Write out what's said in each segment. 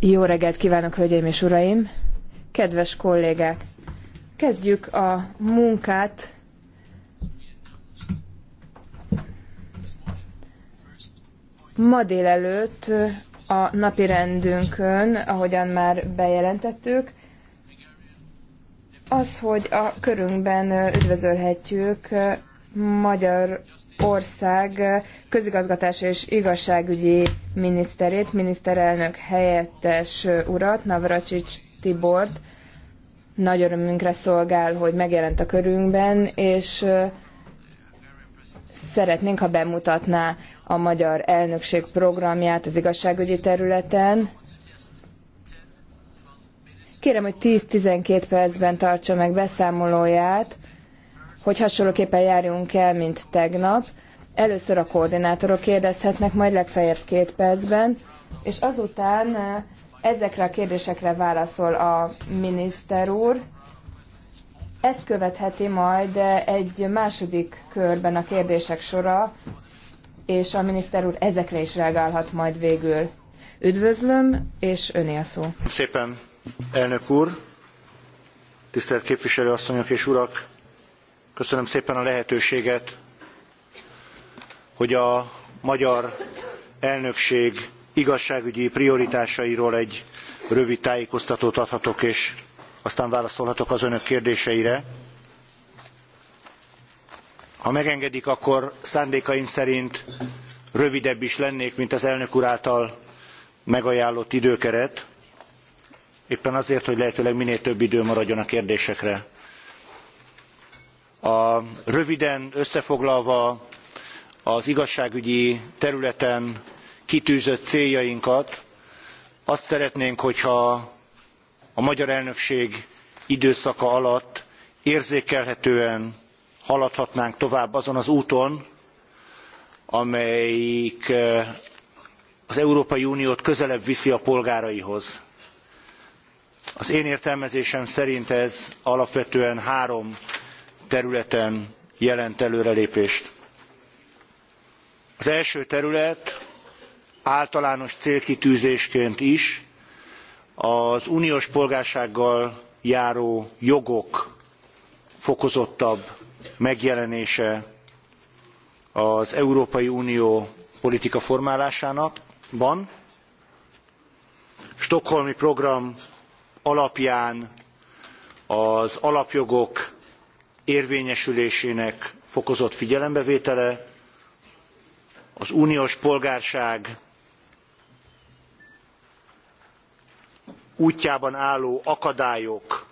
Jó reggelt kívánok, hölgyeim és uraim! Kedves kollégák! Kezdjük a munkát. Ma délelőtt a napirendünkön, ahogyan már bejelentettük, az, hogy a körünkben üdvözölhetjük magyar ország közigazgatás és igazságügyi miniszterét, miniszterelnök helyettes urat, Navracsics Tibort. Nagy örömünkre szolgál, hogy megjelent a körünkben, és szeretnénk, ha bemutatná a magyar elnökség programját az igazságügyi területen. Kérem, hogy 10-12 percben tartsa meg beszámolóját, hogy hasonlóképpen járjunk el, mint tegnap. Először a koordinátorok kérdezhetnek, majd legfeljebb két percben, és azután eh, ezekre a kérdésekre válaszol a miniszter úr. Ezt követheti majd eh, egy második körben a kérdések sora, és a miniszter úr ezekre is reagálhat majd végül. Üdvözlöm, és öné a szó. Szépen, elnök úr, tisztelt képviselő asszonyok és urak! Köszönöm szépen a lehetőséget, hogy a magyar elnökség igazságügyi prioritásairól egy rövid tájékoztatót adhatok, és aztán válaszolhatok az önök kérdéseire. Ha megengedik, akkor szándékaim szerint rövidebb is lennék, mint az elnök úr által megajánlott időkeret, éppen azért, hogy lehetőleg minél több idő maradjon a kérdésekre. A, röviden összefoglalva az igazságügyi területen kitűzött céljainkat, azt szeretnénk, hogyha a magyar elnökség időszaka alatt érzékelhetően haladhatnánk tovább azon az úton, amelyik eh, az Európai Uniót közelebb viszi a polgáraihoz. Az én értelmezésem szerint ez alapvetően három területen jelent előrelépést. Az első terület általános célkitűzésként is az uniós polgársággal járó jogok fokozottabb megjelenése az Európai Unió politika formálásában. Stockholmi program alapján az alapjogok érvényesülésének fokozott figyelembevétele, az uniós polgárság útjában álló akadályok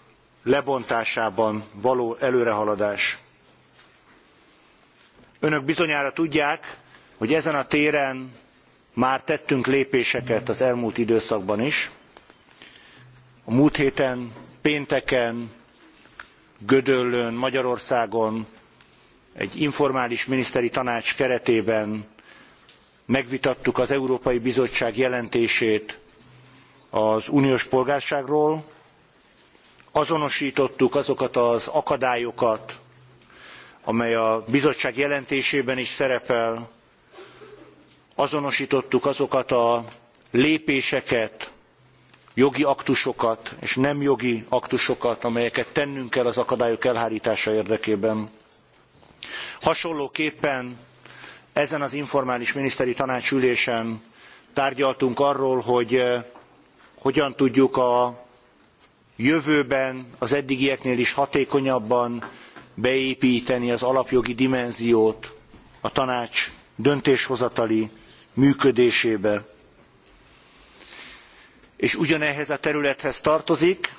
lebontásában való előrehaladás. Önök bizonyára tudják, hogy ezen a téren már tettünk lépéseket az elmúlt időszakban is. A múlt héten pénteken gödöllőn magyarországon egy informális miniszteri tanács keretében megvitattuk az európai bizottság jelentését az uniós polgárságról azonostottuk azokat az akadályokat amely a bizottság jelentésében is szerepel azonostottuk azokat a lépéseket jogi aktusokat és nem jogi aktusokat, amelyeket tennünk kell az akadályok elhárítása érdekében. Hasonlóképpen ezen az informális miniszteri tanácsülésen tárgyaltunk arról, hogy eh, hogyan tudjuk a jövőben az eddigieknél is hatékonyabban beépíteni az alapjogi dimenziót a tanács döntéshozatali működésébe és ugyanehhez a területhez tartozik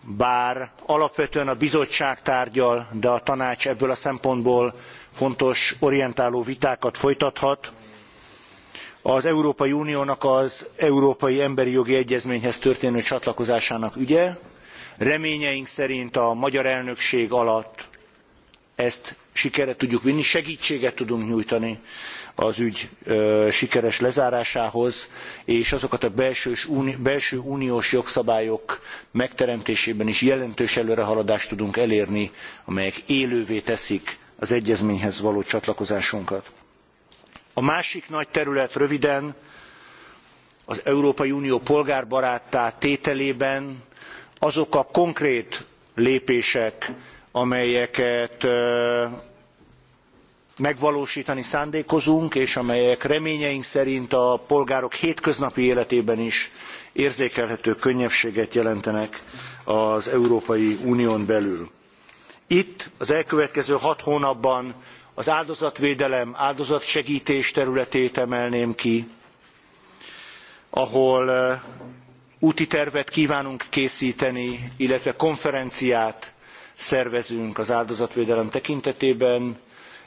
bár alapvetően a bizottság tárgyal de a tanács ebből a szempontból fontos orientáló vitákat folytathat az európai uniónak az európai emberi jogi egyezményhez történő csatlakozásának ügye reményeink szerint a magyar elnökség alatt ezt sikerre tudjuk vinni segtséget tudunk nyújtani az ügy sikeres lezárásához, és azokat a belső uniós jogszabályok megteremtésében is jelentős előrehaladást tudunk elérni, amelyek élővé teszik az egyezményhez való csatlakozásunkat. A másik nagy terület röviden az Európai Unió polgárbaráttá tételében azok a konkrét lépések, amelyeket megvalósítani szándékozunk, és amelyek reményeink szerint a polgárok hétköznapi életében is érzékelhető könnyebbséget jelentenek az Európai Unión belül. Itt az elkövetkező hat hónapban az áldozatvédelem, áldozatsegítés területét emelném ki, ahol eh, úti tervet kívánunk készíteni, illetve konferenciát szervezünk az áldozatvédelem tekintetében,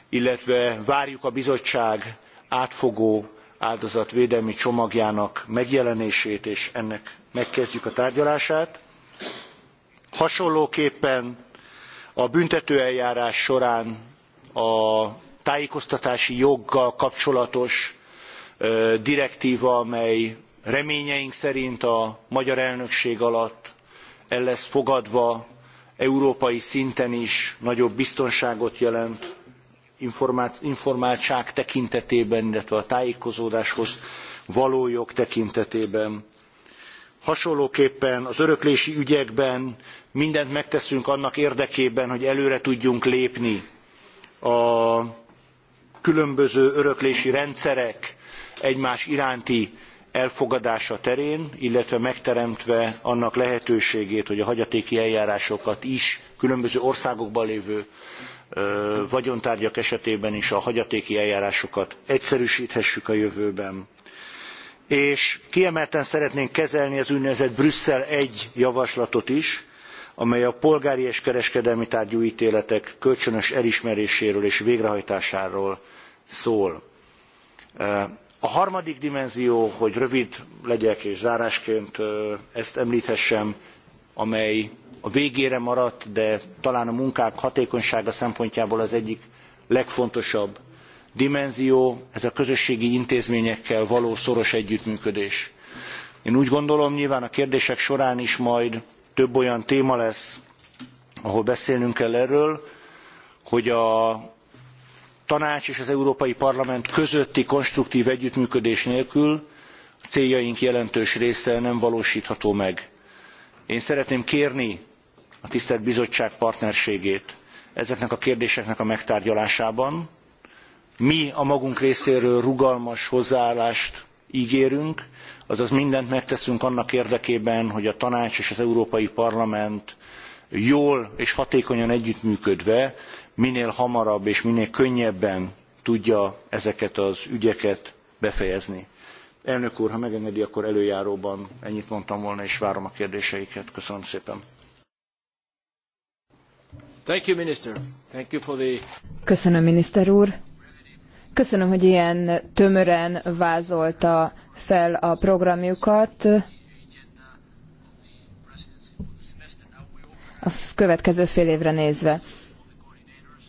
illetve várjuk a bizottság átfogó áldozatvédelmi csomagjának megjelenését, és ennek megkezdjük a tárgyalását. Hasonlóképpen a büntetőeljárás során a tájékoztatási joggal kapcsolatos direktíva, amely reményeink szerint a magyar elnökség alatt el lesz fogadva, európai szinten is nagyobb biztonságot jelent informáltság tekintetében, illetve a tájékozódáshoz való jog tekintetében. Hasonlóképpen az öröklési ügyekben mindent megteszünk annak érdekében, hogy előre tudjunk lépni a különböző öröklési rendszerek egymás iránti elfogadása terén, illetve megteremtve annak lehetőségét, hogy a hagyatéki eljárásokat is különböző országokban lévő vagyontárgyak esetében is a hagyatéki eljárásokat egyszerűsíthessük a jövőben. És kiemelten szeretnénk kezelni az úgynevezett Brüsszel egy javaslatot is, amely a polgári és kereskedelmi tárgyú ítéletek kölcsönös elismeréséről és végrehajtásáról szól. A harmadik dimenzió, hogy rövid legyek és zárásként ezt említhessem, amely a végére maradt, de talán a munkák hatékonysága szempontjából az egyik legfontosabb dimenzió, ez a közösségi intézményekkel való szoros együttműködés. Én úgy gondolom, nyilván a kérdések során is majd több olyan téma lesz, ahol beszélnünk kell erről, hogy a tanács és az Európai Parlament közötti konstruktív együttműködés nélkül a céljaink jelentős része nem valósítható meg. Én szeretném kérni a tisztelt bizottság partnerségét ezeknek a kérdéseknek a megtárgyalásában. Mi a magunk részéről rugalmas hozzáállást ígérünk, azaz mindent megteszünk annak érdekében, hogy a tanács és az Európai Parlament jól és hatékonyan együttműködve minél hamarabb és minél könnyebben tudja ezeket az ügyeket befejezni. Elnök úr, ha megengedi, akkor előjáróban ennyit mondtam volna, és várom a kérdéseiket. Köszönöm szépen. Köszönöm, miniszter úr. Köszönöm, hogy ilyen tömören vázolta fel a programjukat. A következő fél évre nézve.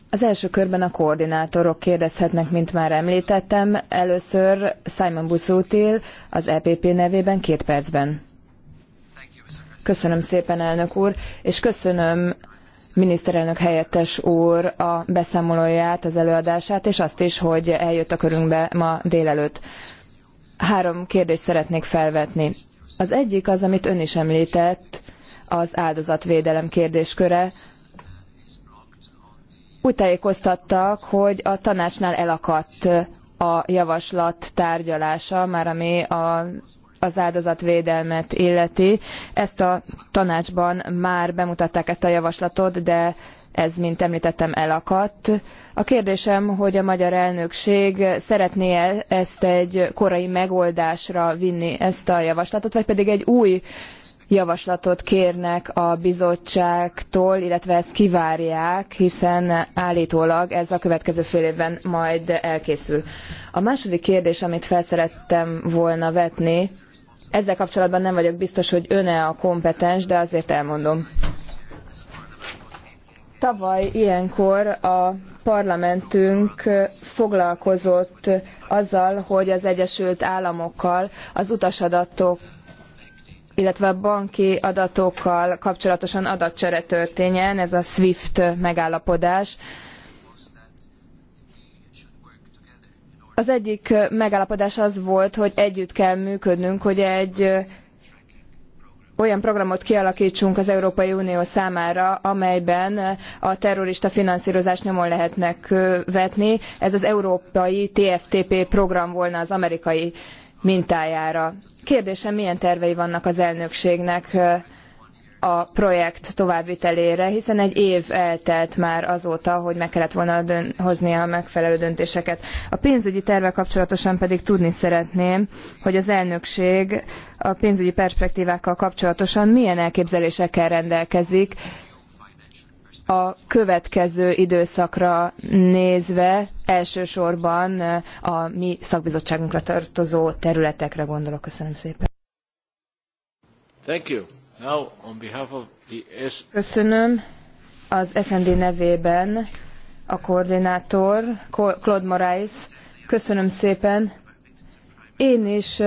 Az első körben a koordinátorok kérdezhetnek, mint már említettem. Először Simon Buszútil az EPP nevében két percben. Köszönöm szépen, elnök úr, és köszönöm miniszterelnök helyettes úr a beszámolóját, az előadását, és azt is, hogy eljött a körünkbe ma délelőtt. Három kérdést szeretnék felvetni. Az egyik az, amit ön is említett, az áldozatvédelem kérdésköre. Úgy tájékoztattak, hogy a tanácsnál elakadt a javaslat tárgyalása, már ami a az áldozatvédelmet illeti. Ezt a tanácsban már bemutatták ezt a javaslatot, de ez, mint említettem, elakadt. A kérdésem, hogy a magyar elnökség szeretné -e ezt egy korai megoldásra vinni ezt a javaslatot, vagy pedig egy új javaslatot kérnek a bizottságtól, illetve ezt kivárják, hiszen állítólag ez a következő fél évben majd elkészül. A második kérdés, amit felszerettem volna vetni, ezzel kapcsolatban nem vagyok biztos, hogy öne a kompetens, de azért elmondom. Tavaly ilyenkor a parlamentünk foglalkozott azzal, hogy az Egyesült Államokkal az utasadatok illetve a banki adatokkal kapcsolatosan adatcsere történjen, ez a SWIFT megállapodás. Az egyik megállapodás az volt, hogy együtt kell működnünk, hogy egy olyan programot kialakítsunk az Európai Unió számára, amelyben a terrorista finanszírozás nyomon lehetne követni. Ez az európai TFTP program volna az amerikai mintájára. Kérdésem, milyen tervei vannak az elnökségnek a projekt továbbvitelére, hiszen egy év eltelt már azóta, hogy meg kellett volna dön- hoznia a megfelelő döntéseket. A pénzügyi tervvel kapcsolatosan pedig tudni szeretném, hogy az elnökség a pénzügyi perspektívákkal kapcsolatosan milyen elképzelésekkel rendelkezik, a következő időszakra nézve elsősorban a mi szakbizottságunkra tartozó területekre gondolok. Köszönöm szépen. Thank you. S Köszönöm. Az SND nevében a koordinátor, Claude Morais. Köszönöm szépen. Én is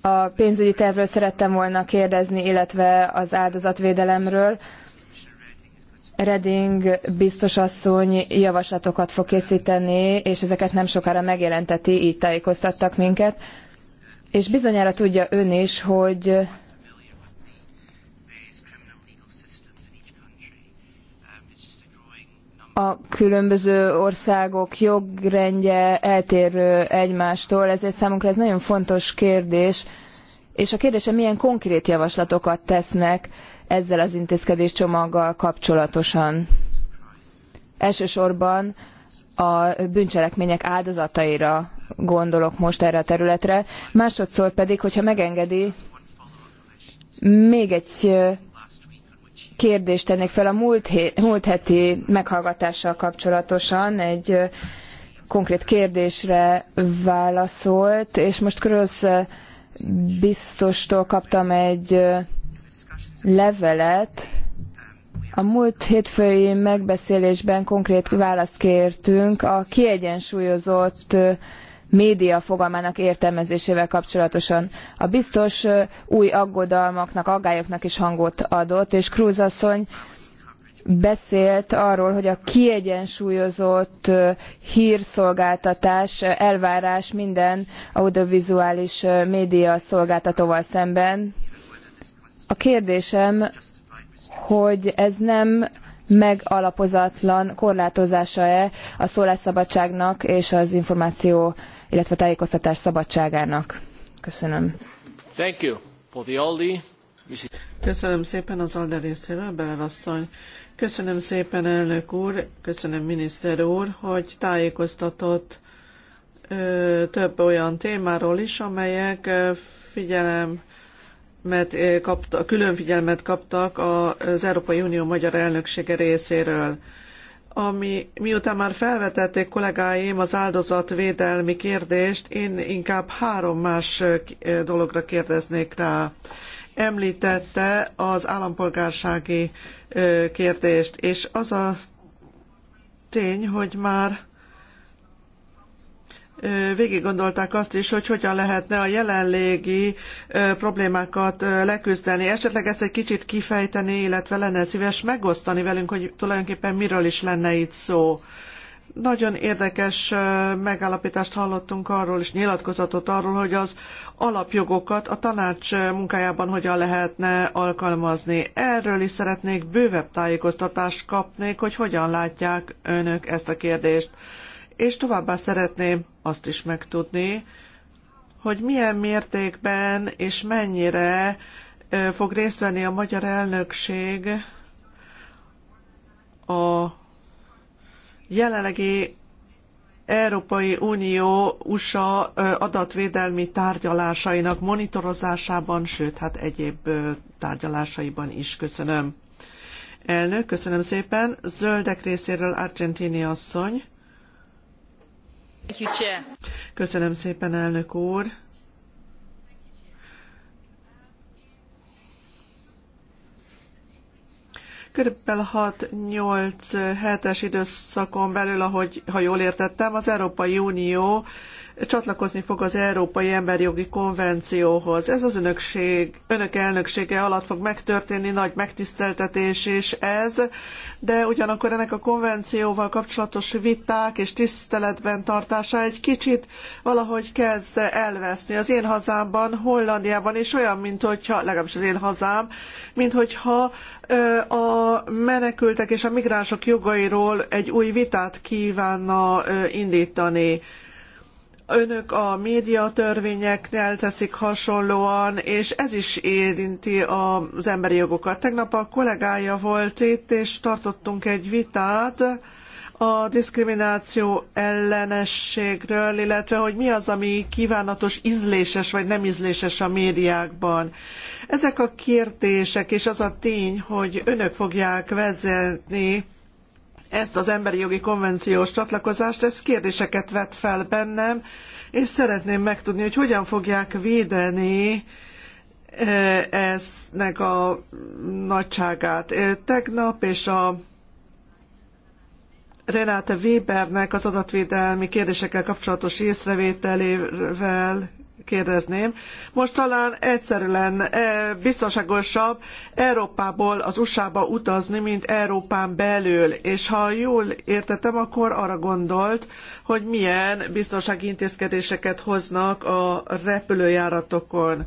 a pénzügyi tervről szerettem volna kérdezni, illetve az áldozatvédelemről. Reding biztos asszony javaslatokat fog készíteni, és ezeket nem sokára megjelenteti, így tájékoztattak minket. És bizonyára tudja ön is, hogy a különböző országok jogrendje eltérő egymástól, ezért számunkra ez nagyon fontos kérdés, és a kérdésem, milyen konkrét javaslatokat tesznek ezzel az intézkedés csomaggal kapcsolatosan. Elsősorban a bűncselekmények áldozataira gondolok most erre a területre, másodszor pedig, hogyha megengedi, még egy kérdést tennék fel a múlt, hé- múlt heti meghallgatással kapcsolatosan. Egy konkrét kérdésre válaszolt, és most Krösz biztostól kaptam egy levelet. A múlt hétfői megbeszélésben konkrét választ kértünk a kiegyensúlyozott média fogalmának értelmezésével kapcsolatosan. A biztos új aggodalmaknak, aggályoknak is hangot adott, és Krúz asszony beszélt arról, hogy a kiegyensúlyozott hírszolgáltatás elvárás minden audiovizuális média szolgáltatóval szemben. A kérdésem, hogy ez nem megalapozatlan korlátozása-e a szólásszabadságnak és az információ illetve tájékoztatás szabadságának. Köszönöm. Thank you for the Aldi. Köszönöm szépen az Alde részéről, Köszönöm szépen, elnök úr, köszönöm, miniszter úr, hogy tájékoztatott ö, több olyan témáról is, amelyek ö, kapta, külön figyelmet kaptak az Európai Unió magyar elnöksége részéről ami miután már felvetették kollégáim az áldozatvédelmi kérdést, én inkább három más dologra kérdeznék rá. Említette az állampolgársági kérdést, és az a tény, hogy már végig gondolták azt is, hogy hogyan lehetne a jelenlegi problémákat leküzdeni. Esetleg ezt egy kicsit kifejteni, illetve lenne szíves megosztani velünk, hogy tulajdonképpen miről is lenne itt szó. Nagyon érdekes megállapítást hallottunk arról, és nyilatkozatot arról, hogy az alapjogokat a tanács munkájában hogyan lehetne alkalmazni. Erről is szeretnék bővebb tájékoztatást kapni, hogy hogyan látják önök ezt a kérdést és továbbá szeretném azt is megtudni, hogy milyen mértékben és mennyire fog részt venni a magyar elnökség a jelenlegi Európai Unió USA adatvédelmi tárgyalásainak monitorozásában, sőt, hát egyéb tárgyalásaiban is köszönöm. Elnök, köszönöm szépen. Zöldek részéről Argentini asszony. Köszönöm szépen, elnök úr. Körülbelül 6-8 hetes időszakon belül, ahogy, ha jól értettem, az Európai Unió csatlakozni fog az Európai Emberi Jogi Konvencióhoz. Ez az önökség, önök elnöksége alatt fog megtörténni, nagy megtiszteltetés is ez, de ugyanakkor ennek a konvencióval kapcsolatos viták és tiszteletben tartása egy kicsit valahogy kezd elveszni. Az én hazámban, Hollandiában is olyan, mint hogyha, legalábbis az én hazám, mint hogyha a menekültek és a migránsok jogairól egy új vitát kívánna indítani. Önök a médiatörvényeknél teszik hasonlóan, és ez is érinti az emberi jogokat. Tegnap a kollégája volt itt, és tartottunk egy vitát a diszkrimináció ellenességről, illetve hogy mi az, ami kívánatos, ízléses vagy nem ízléses a médiákban. Ezek a kérdések, és az a tény, hogy önök fogják vezetni ezt az emberi jogi konvenciós csatlakozást, ez kérdéseket vet fel bennem, és szeretném megtudni, hogy hogyan fogják védeni e, eznek a nagyságát. Tegnap és a Renate Webernek az adatvédelmi kérdésekkel kapcsolatos észrevételével kérdezném. Most talán egyszerű lenne, e, biztonságosabb Európából az USA-ba utazni, mint Európán belül. És ha jól értettem, akkor arra gondolt, hogy milyen biztonsági intézkedéseket hoznak a repülőjáratokon.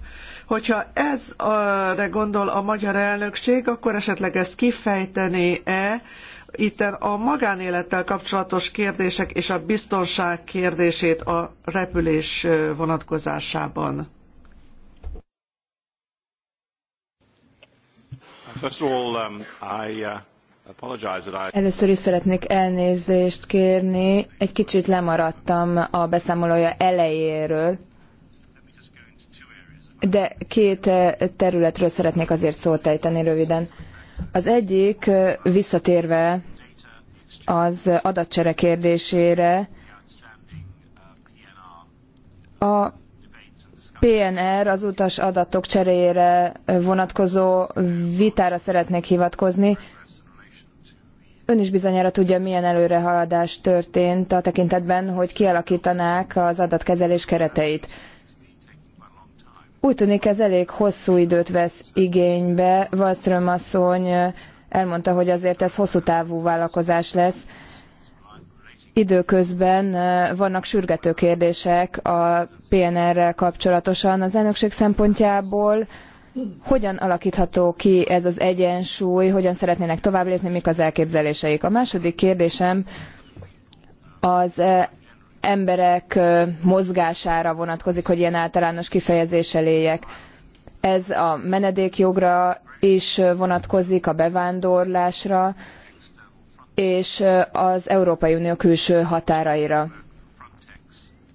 Hogyha ezre gondol a magyar elnökség, akkor esetleg ezt kifejteni e itten a magánélettel kapcsolatos kérdések és a biztonság kérdését a repülés vonatkozásában? Um, uh, Először is szeretnék elnézést kérni. Egy kicsit lemaradtam a beszámolója elejéről, de két területről szeretnék azért szót ejteni röviden. Az egyik visszatérve az adatcsere kérdésére, a PNR az utas adatok cseréjére vonatkozó vitára szeretnék hivatkozni. Ön is bizonyára tudja, milyen előrehaladás történt a tekintetben, hogy kialakítanák az adatkezelés kereteit. Úgy tűnik ez elég hosszú időt vesz igénybe. Wallström asszony elmondta, hogy azért ez hosszú távú vállalkozás lesz. Időközben vannak sürgető kérdések a PNR-rel kapcsolatosan. Az elnökség szempontjából hogyan alakítható ki ez az egyensúly, hogyan szeretnének tovább lépni, mik az elképzeléseik. A második kérdésem az emberek mozgására vonatkozik, hogy ilyen általános kifejezéssel éljek. Ez a menedékjogra is vonatkozik, a bevándorlásra és az Európai Unió külső határaira.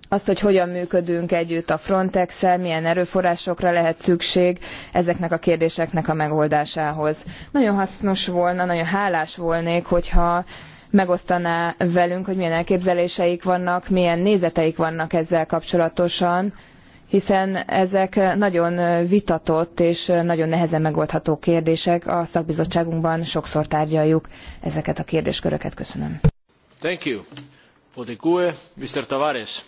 Azt, hogy hogyan működünk együtt a Frontex-el, milyen erőforrásokra lehet szükség ezeknek a kérdéseknek a megoldásához. Nagyon hasznos volna, nagyon hálás volnék, hogyha megosztaná velünk, hogy milyen elképzeléseik vannak, milyen nézeteik vannak ezzel kapcsolatosan, hiszen ezek nagyon vitatott és nagyon nehezen megoldható kérdések. A szakbizottságunkban sokszor tárgyaljuk ezeket a kérdésköröket. Köszönöm. Thank you. For Mr. Tavares.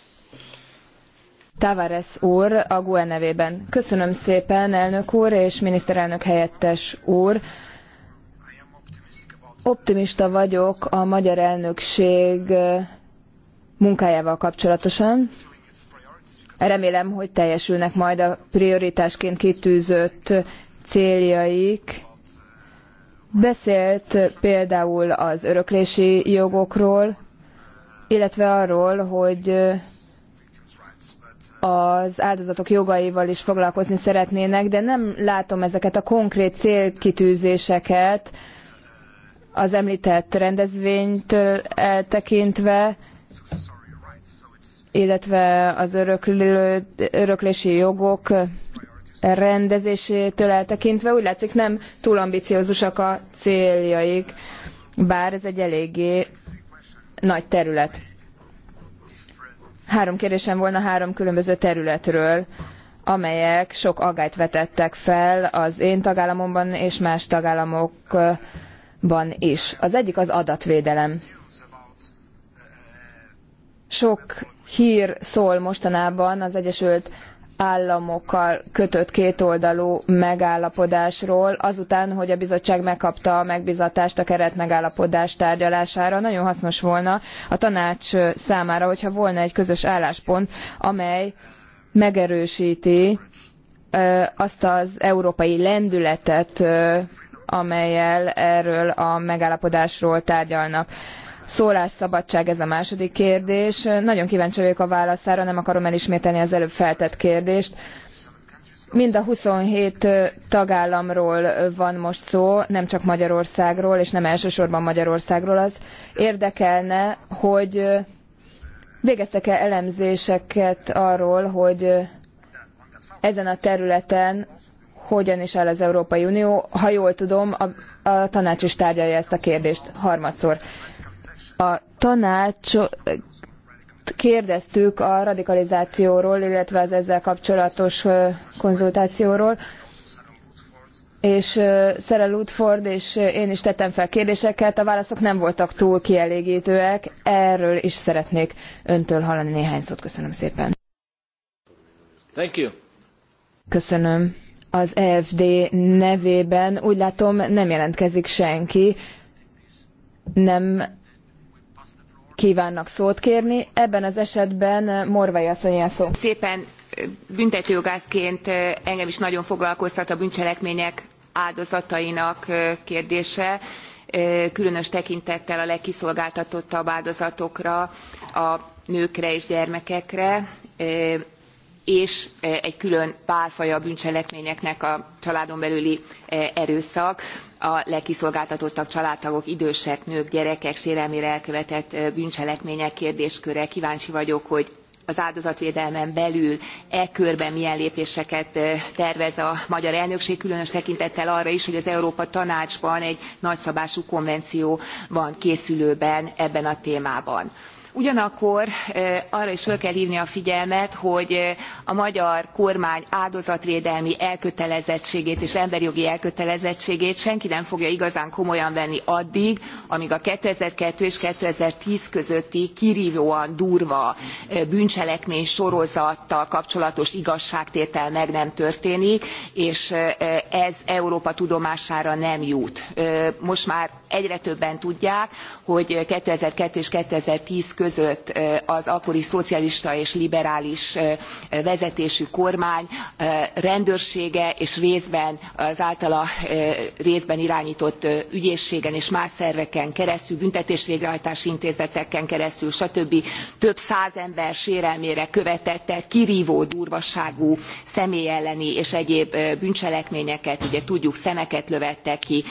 Tavares úr a GUE nevében. Köszönöm szépen, elnök úr és miniszterelnök helyettes úr. Optimista vagyok a magyar elnökség munkájával kapcsolatosan. Remélem, hogy teljesülnek majd a prioritásként kitűzött céljaik. Beszélt például az öröklési jogokról, illetve arról, hogy az áldozatok jogaival is foglalkozni szeretnének, de nem látom ezeket a konkrét célkitűzéseket, az említett rendezvénytől eltekintve, illetve az öröklő, öröklési jogok rendezésétől eltekintve úgy látszik nem túl ambiciózusak a céljaik, bár ez egy eléggé nagy terület. Három kérdésem volna három különböző területről, amelyek sok aggályt vetettek fel az én tagállamomban és más tagállamok van is. Az egyik az adatvédelem. Sok hír szól mostanában az Egyesült államokkal kötött kétoldalú megállapodásról, azután, hogy a bizottság megkapta a megbizatást a megállapodás tárgyalására, nagyon hasznos volna a tanács számára, hogyha volna egy közös álláspont, amely megerősíti azt az európai lendületet, amelyel erről a megállapodásról tárgyalnak. Szólásszabadság ez a második kérdés. Nagyon kíváncsi vagyok a válaszára, nem akarom elismételni az előbb feltett kérdést. Mind a 27 tagállamról van most szó, nem csak Magyarországról, és nem elsősorban Magyarországról az. Érdekelne, hogy végeztek-e elemzéseket arról, hogy ezen a területen hogyan is áll az Európai Unió. Ha jól tudom, a, a tanács is tárgyalja ezt a kérdést harmadszor. A tanács kérdeztük a radikalizációról, illetve az ezzel kapcsolatos konzultációról, és Szerel Ludford és én is tettem fel kérdéseket, a válaszok nem voltak túl kielégítőek, erről is szeretnék öntől hallani néhány szót. Köszönöm szépen. Thank you. Köszönöm az EFD nevében. Úgy látom, nem jelentkezik senki. Nem kívánnak szót kérni. Ebben az esetben Morvai asszony a szó. Szépen büntetőjogászként engem is nagyon foglalkoztat a bűncselekmények áldozatainak kérdése különös tekintettel a legkiszolgáltatottabb áldozatokra a nőkre és gyermekekre és e, egy külön pálfaja a bűncselekményeknek a családon belüli e, erőszak a legkiszolgáltatottabb családtagok idősek nők gyerekek sérelmére elkövetett e, bűncselekmények kérdésköre. kváncsi vagyok hogy az áldozatvédelmen belül e körben milyen lépéseket tervez a magyar elnökség különös tekintettel arra is hogy az európa tanácsban egy nagyszabású konvenció van készülőben ebben a témában ugyanakkor eh, arra is föl kell hvni a figyelmet hogy eh, a magyar kormány áldozatvédelmi elkötelezettségét és emberi jogi elkötelezettségét senki nem fogja igazán komolyan venni addig amg a two thousand and two és two thousand and ten közötti kirvóan durva eh, bűncselekménysorozattal kapcsolatos igazságtétel meg nem történik és ez európa tudomására nem jut. most már egyre többen tudják hogy two thousand and two és two thousand and ten között az akkori szocialista és liberális vezetésű kormány rendőrsége és részben az általa részben iránytott ügyészségen és más szerveken keresztül büntetésvégrehajtási intézeteken keresztül stb. több száz ember sérelmére követett el kirvó durvaságú személy elleni és egyéb bűncselekményeket ugye tudjuk szemeket lövettek ki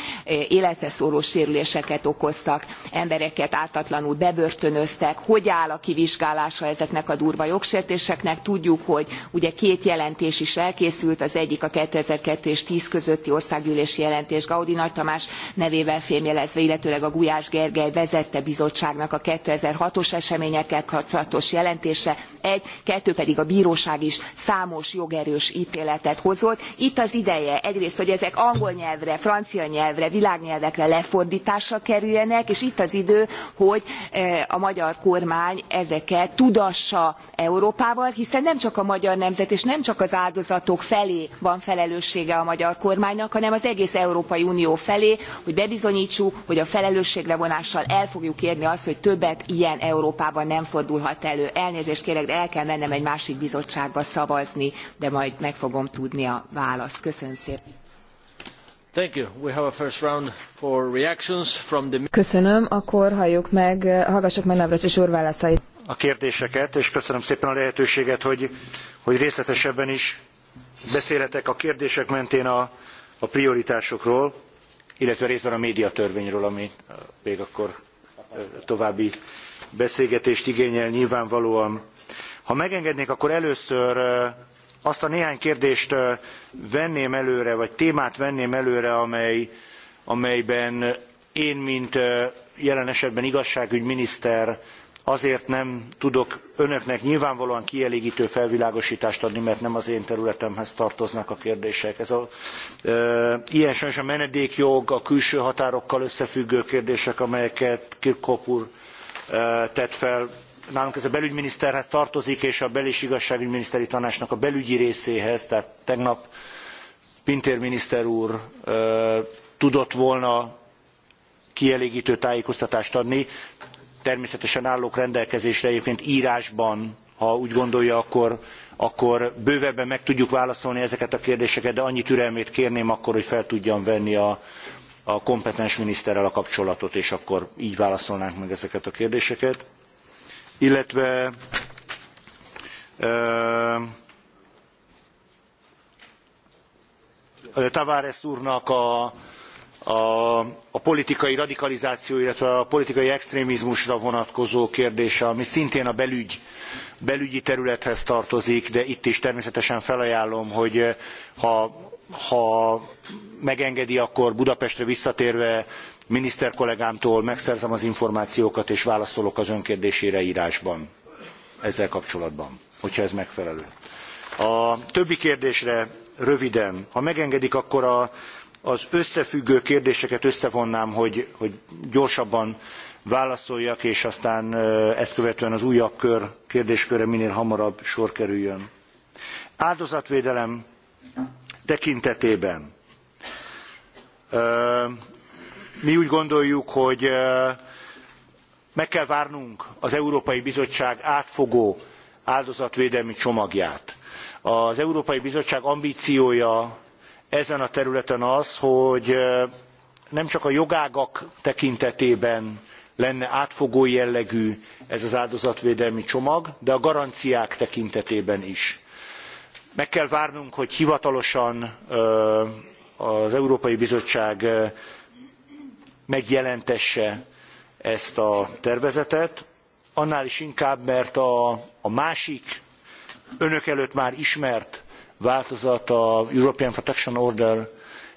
életre szóló sérüléseket okoztak embereket ártatlanul bebörtönöztek hogy áll a kivizsgálása ezeknek a durva jogsértéseknek tudjuk hogy ugye két jelentés is elkészült az egyik a two thousand and two és two thousand közötti országgyűlési jelentés gaudi nagy tamás nevével fémjelezve illetőleg a gulyás gergely vezette bizottságnak a two thousand and six os eseményekkel kapcsolatos jelentése egy kettő pedig a bróság is számos jogerős téletet hozott. itt az ideje egyrészt hogy ezek angol nyelvre francia nyelvre világnyelvekre lefordtásra kerüljenek és itt az idő hogy e, a magyar kormány ezeket tudassa európával hiszen nem csak a magyar nemzet és nem csak az áldozatok felé van felelőssége a magyar kormánynak hanem az egész európai unió felé hogy bebizonytsuk hogy a felelősségre vonással el fogjuk érni azt hogy többet ilyen európában nem fordulhat elő. elnézést kérek de el kell mennem egy másik bizottságba szavazni de majd meg fogom tudni a választ. köszönöm szépen! Köszönöm, akkor halljuk meg, hallgassuk meg Navracsis úr válaszait. A kérdéseket, és köszönöm szépen a lehetőséget, hogy, hogy részletesebben is beszélhetek a kérdések mentén a, a prioritásokról, illetve részben a médiatörvényről, ami eh, még akkor eh, további beszélgetést igényel nyilvánvalóan. Ha megengednék, akkor először eh, azt a néhány kérdést venném előre, vagy témát venném előre, amely, amelyben én, mint jelen esetben igazságügyminiszter azért nem tudok önöknek nyilvánvalóan kielégítő felvilágosítást adni, mert nem az én területemhez tartoznak a kérdések. Ez a, e, ilyen sajnos a menedékjog, a külső határokkal összefüggő kérdések, amelyeket Kirkhope úr e, tett fel, nálunk ez a belügyminiszterhez tartozik, és a bel- és igazságügyminiszteri tanácsnak a belügyi részéhez, tehát tegnap Pintér miniszter úr ö, tudott volna kielégítő tájékoztatást adni. Természetesen állók rendelkezésre egyébként írásban, ha úgy gondolja, akkor, akkor bővebben meg tudjuk válaszolni ezeket a kérdéseket, de annyi türelmét kérném akkor, hogy fel tudjam venni a, a kompetens miniszterrel a kapcsolatot, és akkor így válaszolnánk meg ezeket a kérdéseket illetve tavares úrnak a, a politikai radikalizáció illetve a politikai extrémizmusra vonatkozó kérdése ami szintén a belügy, belügyi területhez tartozik de itt is természetesen felajánlom hogy ha, ha megengedi akkor budapestre visszatérve miniszter kollégámtól megszerzem az információkat és válaszolok az önkérdésére írásban ezzel kapcsolatban, hogyha ez megfelelő. A többi kérdésre röviden, ha megengedik, akkor a, az összefüggő kérdéseket összevonnám, hogy, hogy gyorsabban válaszoljak, és aztán ezt követően az újabb kör kérdésköre minél hamarabb sor kerüljön. Áldozatvédelem tekintetében mi úgy gondoljuk, hogy meg kell várnunk az Európai Bizottság átfogó áldozatvédelmi csomagját. Az Európai Bizottság ambíciója ezen a területen az, hogy nem csak a jogágak tekintetében lenne átfogó jellegű ez az áldozatvédelmi csomag, de a garanciák tekintetében is. Meg kell várnunk, hogy hivatalosan az Európai Bizottság megjelentesse ezt a tervezetet, annál is inkább, mert a, a másik önök előtt már ismert változat a European Protection Order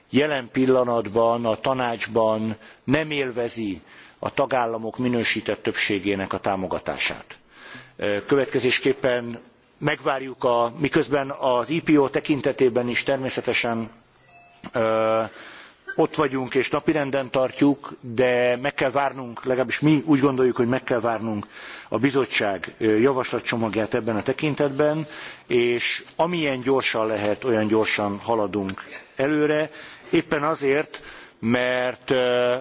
jelen pillanatban a tanácsban nem élvezi a tagállamok minősített többségének a támogatását. Következésképpen megvárjuk, a, miközben az IPO tekintetében is természetesen ott vagyunk és napirenden tartjuk, de meg kell várnunk, legalábbis mi úgy gondoljuk, hogy meg kell várnunk a bizottság javaslatcsomagját ebben a tekintetben, és amilyen gyorsan lehet, olyan gyorsan haladunk előre, éppen azért, mert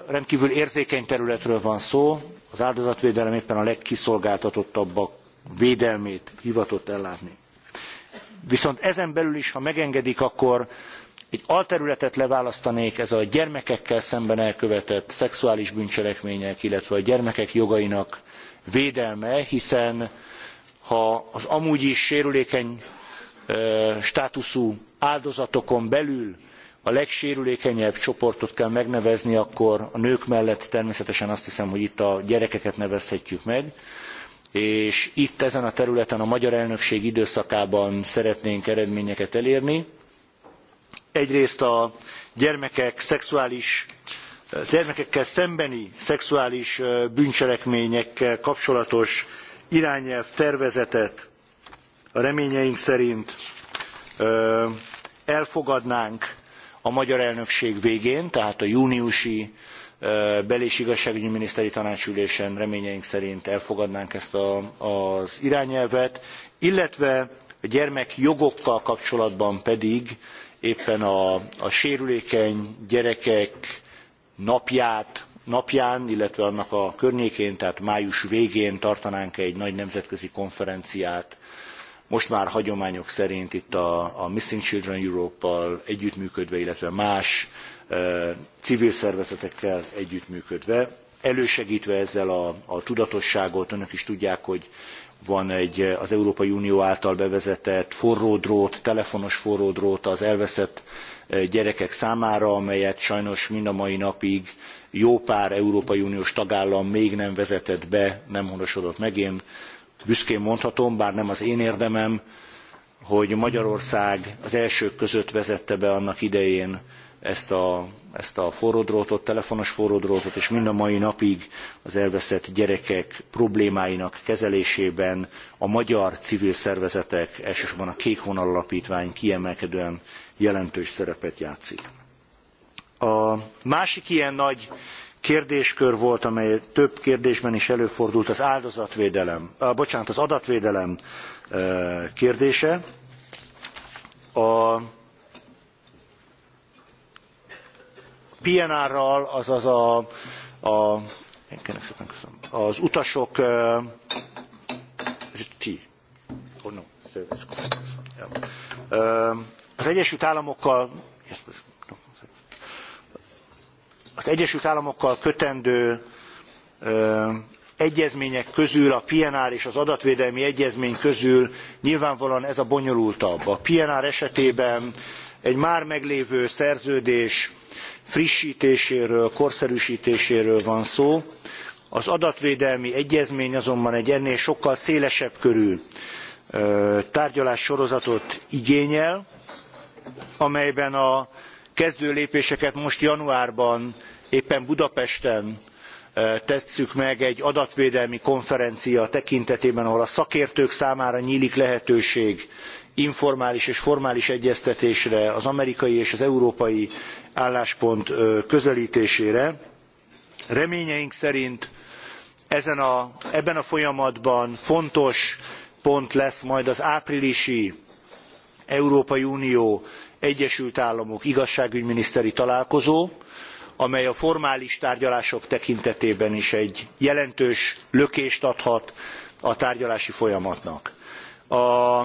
rendkívül érzékeny területről van szó, az áldozatvédelem éppen a legkiszolgáltatottabbak védelmét hivatott ellátni. Viszont ezen belül is, ha megengedik, akkor egy alterületet leválasztanék, ez a gyermekekkel szemben elkövetett szexuális bűncselekmények, illetve a gyermekek jogainak védelme, hiszen ha az amúgy is sérülékeny státuszú áldozatokon belül a legsérülékenyebb csoportot kell megnevezni, akkor a nők mellett természetesen azt hiszem, hogy itt a gyerekeket nevezhetjük meg, és itt ezen a területen a magyar elnökség időszakában szeretnénk eredményeket elérni egyrészt a gyermekek szexuális gyermekekkel szembeni szexuális bűncselekményekkel kapcsolatos irányelv tervezetet a reményeink szerint elfogadnánk a magyar elnökség végén, tehát a júniusi bel- és igazságügyi miniszteri tanácsülésen reményeink szerint elfogadnánk ezt a, az irányelvet, illetve a gyermekjogokkal kapcsolatban pedig éppen a, sérülékeny gyerekek napját, napján, illetve annak a környékén, tehát május végén tartanánk egy nagy nemzetközi konferenciát, most már hagyományok szerint itt a, a Missing Children Europe-al együttműködve, illetve más e, civil szervezetekkel együttműködve, elősegítve ezzel a, a tudatosságot, önök is tudják, hogy van egy eh, az Európai Unió által bevezetett forródrót, telefonos forródrót az elveszett eh, gyerekek számára, amelyet sajnos mind a mai napig jó pár Európai Uniós tagállam még nem vezetett be, nem honosodott meg. Én büszkén mondhatom, bár nem az én érdemem, hogy Magyarország az elsők között vezette be annak idején ezt a, ezt a forródrótot, telefonos forródrótot, és mind a mai napig az elveszett gyerekek problémáinak kezelésében a magyar civil szervezetek, elsősorban a Kék Vonal Alapítvány kiemelkedően jelentős szerepet játszik. A másik ilyen nagy kérdéskör volt, amely több kérdésben is előfordult, az áldozatvédelem, a, bocsánat, az adatvédelem eh, kérdése. A, PNR-ral, azaz a, a az utasok az Egyesült Államokkal az Egyesült Államokkal kötendő egyezmények közül a PNR és az adatvédelmi egyezmény közül nyilvánvalóan ez a bonyolultabb. A PNR esetében egy már meglévő szerződés frisstéséről korszerűstéséről van szó. Az adatvédelmi egyezmény azonban egy ennél sokkal szélesebb körű tárgyalás sorozatot igényel, amelyben a kezdő lépéseket most januárban éppen Budapesten tesszük meg egy adatvédelmi konferencia tekintetében, ahol a szakértők számára nyílik lehetőség informális és formális egyeztetésre az amerikai és az európai álláspont közeltésére. reményeink szerint ebben a folyamatban fontos pont lesz majd az áprilisi európai unió egyesült államok igazságügyminiszteri találkozó amely a formális tárgyalások tekintetében is egy jelentős lökést adhat a tárgyalási folyamatnak. a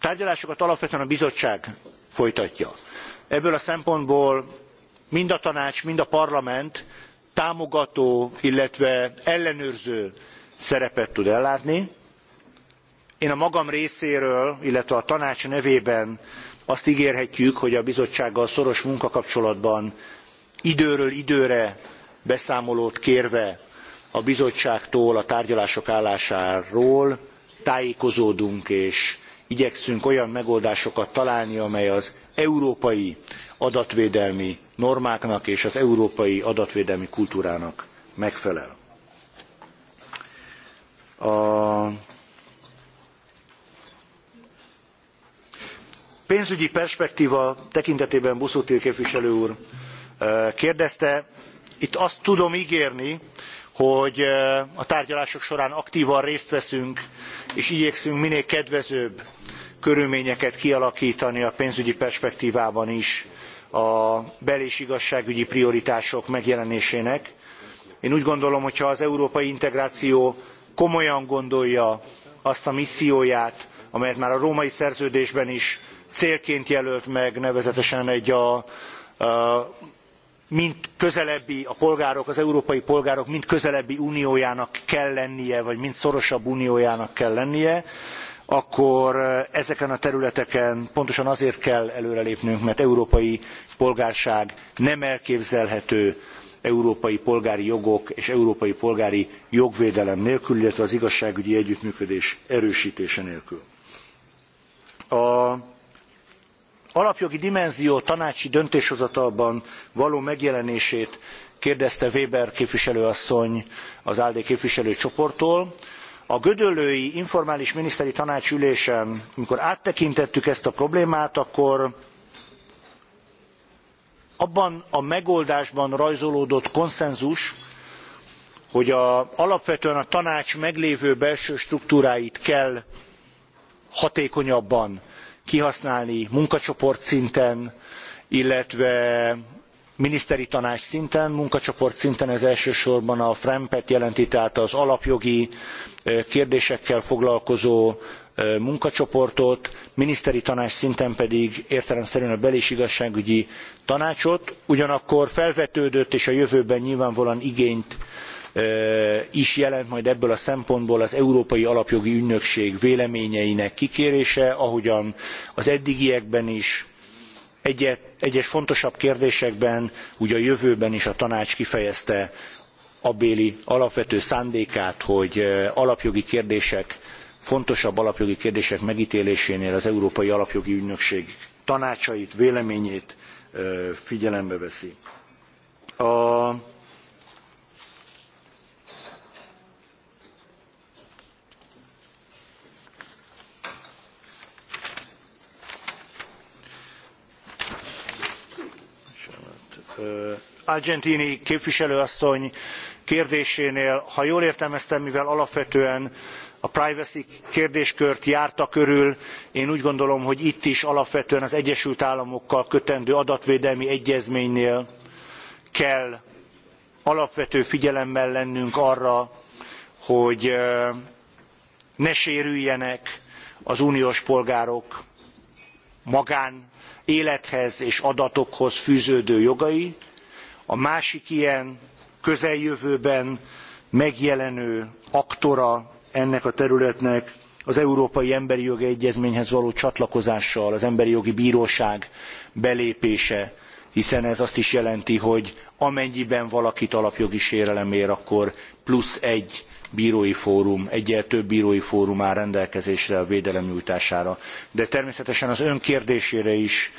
tárgyalásokat alapvetően a bizottság folytatja ebből a szempontból mind a tanács mind a parlament támogató illetve ellenőrző szerepet tud ellátni. én a magam részéről illetve a tanács nevében azt gérhetjük hogy a bizottsággal szoros munkakapcsolatban időről időre beszámolót kérve a bizottságtól a tárgyalások állásáról tájékozódunk és igyekszünk olyan megoldásokat találni amely az európai adatvédelmi normáknak és az európai adatvédelmi kultúrának megfelel. A pénzügyi perspektíva tekintetében Buszutil képviselő úr eh, kérdezte, itt azt tudom ígérni, hogy eh, a tárgyalások során aktívan részt veszünk, és igyekszünk minél kedvezőbb körülményeket kialakítani a pénzügyi perspektívában is a bel- és igazságügyi prioritások megjelenésének. Én úgy gondolom, hogy ha az európai integráció komolyan gondolja azt a misszióját, amelyet már a római szerződésben is célként jelölt meg, nevezetesen egy a, a közelebbi a polgárok, az európai polgárok mint közelebbi uniójának kell lennie, vagy mint szorosabb uniójának kell lennie, akkor ezeken a területeken pontosan azért kell előrelépnünk mert európai polgárság nem elképzelhető európai polgári jogok és európai polgári jogvédelem nélkül illetve az igazságügyi együttműködés erőstése nélkül. az alapjogi dimenzió tanácsi döntéshozatalban való megjelenését kérdezte weber képviselő asszony az alde képviselőcsoporttól a gödöllői informális miniszteri tanács ülésen, amikor áttekintettük ezt a problémát, akkor abban a megoldásban rajzolódott konszenzus, hogy a, alapvetően a tanács meglévő belső struktúráit kell hatékonyabban kihasználni munkacsoportszinten, illetve miniszteri tanács szinten, munkacsoport szinten ez elsősorban a FREMPET jelenti, tehát az alapjogi kérdésekkel foglalkozó munkacsoportot, miniszteri tanács szinten pedig értelemszerűen a bel- és igazságügyi tanácsot. Ugyanakkor felvetődött, és a jövőben nyilvánvalóan igényt is jelent majd ebből a szempontból az Európai Alapjogi Ügynökség véleményeinek kikérése, ahogyan az eddigiekben is egyes fontosabb kérdésekben ugye a jövőben is a tanács kifejezte abbéli alapvető szándékát, hogy alapjogi kérdések, fontosabb alapjogi kérdések megítélésénél az Európai Alapjogi Ügynökség tanácsait, véleményét figyelembe veszi. A Argentini képviselőasszony kérdésénél, ha jól értelmeztem, mivel alapvetően a privacy kérdéskört járta körül én úgy gondolom hogy itt is alapvetően az egyesült államokkal kötendő adatvédelmi egyezménynél kell alapvető figyelemmel lennünk arra hogy ne sérüljenek az uniós polgárok magánélethez és adatokhoz fűződő jogai a másik ilyen közeljövőben megjelenő aktora ennek a területnek az Európai Emberi Jogi Egyezményhez való csatlakozással az Emberi Jogi Bíróság belépése, hiszen ez azt is jelenti, hogy amennyiben valakit alapjogi sérelem ér, akkor plusz egy bírói fórum, egyel több bírói fórum áll rendelkezésre a védelem nyújtására. De természetesen az ön kérdésére is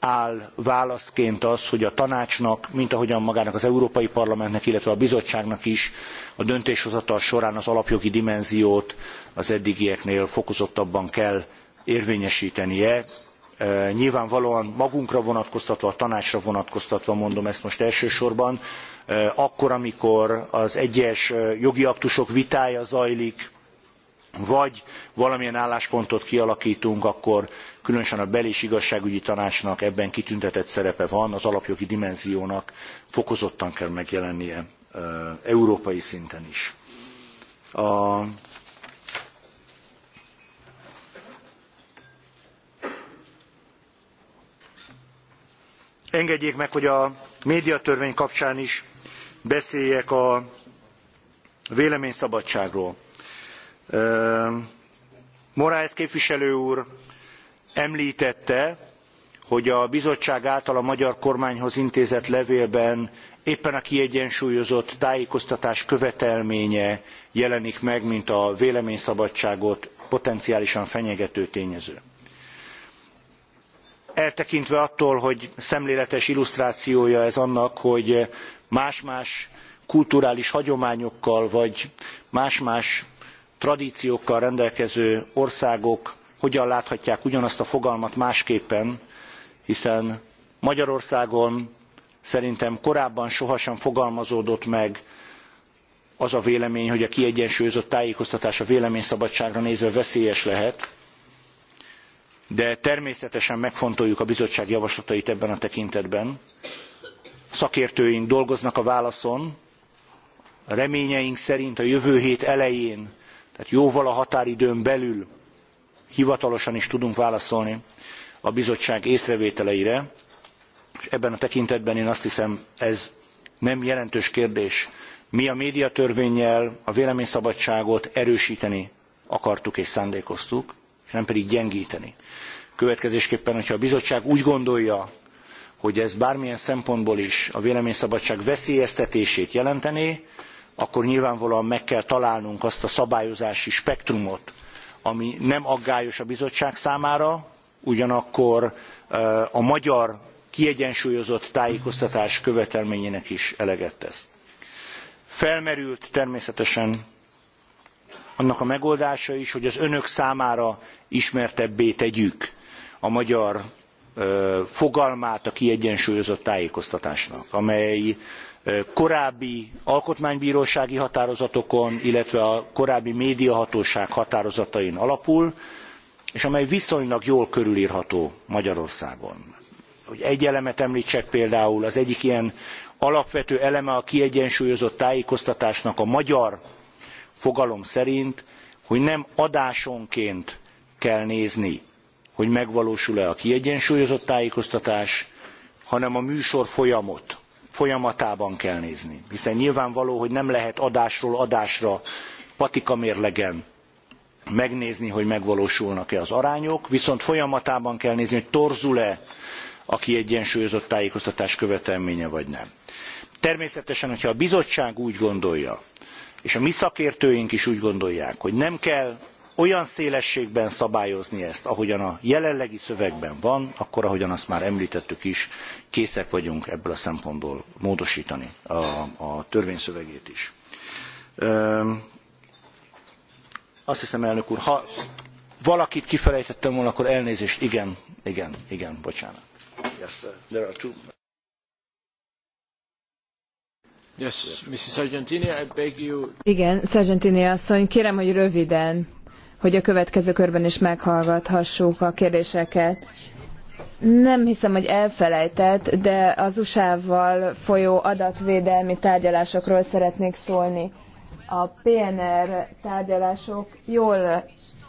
áll válaszként az, hogy a tanácsnak, mint ahogyan magának az Európai Parlamentnek, illetve a bizottságnak is a döntéshozatal során az alapjogi dimenziót az eddigieknél fokozottabban kell érvényesítenie. E, nyilvánvalóan magunkra vonatkoztatva, a tanácsra vonatkoztatva mondom ezt most elsősorban, e, akkor, amikor az egyes jogi aktusok vitája zajlik, vagy valamilyen álláspontot kialakítunk, akkor különösen a bel- és igazságügyi tanácsnak ebben kitüntetett szerepe van, az alapjogi dimenziónak fokozottan kell megjelennie európai szinten is. A engedjék meg hogy a médiatörvény kapcsán is beszéljek a véleményszabadságról. moraes képviselő úr emltette hogy a bizottság által a magyar kormányhoz intézett levélben éppen a kiegyensúlyozott tájékoztatás követelménye jelenik meg mint a véleményszabadságot potenciálisan fenyegető tényező. eltekintve attól hogy szemléletes illusztrációja ez annak hogy más más kulturális hagyományokkal vagy más más tradciókkal rendelkező országok hogyan láthatják ugyanazt a fogalmat másképpen, hiszen Magyarországon szerintem korábban sohasem fogalmazódott meg az a vélemény, hogy a kiegyensúlyozott tájékoztatás a véleményszabadságra nézve veszélyes lehet, de természetesen megfontoljuk a bizottság javaslatait ebben a tekintetben. Szakértőink dolgoznak a válaszon, reményeink szerint a jövő hét elején, tehát jóval a határidőn belül hivatalosan is tudunk válaszolni a bizottság észrevételeire, és ebben a tekintetben én azt hiszem ez nem jelentős kérdés. Mi a médiatörvényel a véleményszabadságot erősíteni akartuk és szándékoztuk, és nem pedig gyengíteni. Következésképpen, hogyha a bizottság úgy gondolja, hogy ez bármilyen szempontból is a véleményszabadság veszélyeztetését jelentené, akkor nyilvánvalóan meg kell találnunk azt a szabályozási spektrumot, ami nem aggályos a bizottság számára, ugyanakkor a magyar kiegyensúlyozott tájékoztatás követelményének is eleget tesz. Felmerült természetesen annak a megoldása is, hogy az önök számára ismertebbé tegyük a magyar fogalmát a kiegyensúlyozott tájékoztatásnak, amely korábbi alkotmánybrósági határozatokon illetve a korábbi médiahatóság határozatain alapul és amely viszonylag jól körülrható magyarországon. hogy egy elemet emltsek például az egyik ilyen alapvető eleme a kiegyensúlyozott tájékoztatásnak a magyar fogalom szerint hogy nem adásonként kell nézni hogy megvalósul e a kiegyensúlyozott tájékoztatás hanem a műsor folyamot folyamatában kell nézni. Hiszen nyilvánvaló, hogy nem lehet adásról adásra patikamérlegen megnézni, hogy megvalósulnak-e az arányok, viszont folyamatában kell nézni, hogy torzul-e a kiegyensúlyozott tájékoztatás követelménye, vagy nem. Természetesen, hogyha a bizottság úgy gondolja, és a mi szakértőink is úgy gondolják, hogy nem kell olyan szélességben szabályozni ezt, ahogyan a jelenlegi szövegben van, akkor ahogyan azt már említettük is, készek vagyunk ebből a szempontból módosítani a, a törvényszövegét is. azt hiszem, elnök úr, ha valakit kifelejtettem volna, akkor elnézést, igen, igen, igen, bocsánat. Yes, sir. there are two. Yes, Mrs. Sargentini, I beg you. Igen, Sargentini asszony, kérem, hogy röviden hogy a következő körben is meghallgathassuk a kérdéseket. Nem hiszem, hogy elfelejtett, de az USA-val folyó adatvédelmi tárgyalásokról szeretnék szólni. A PNR tárgyalások jól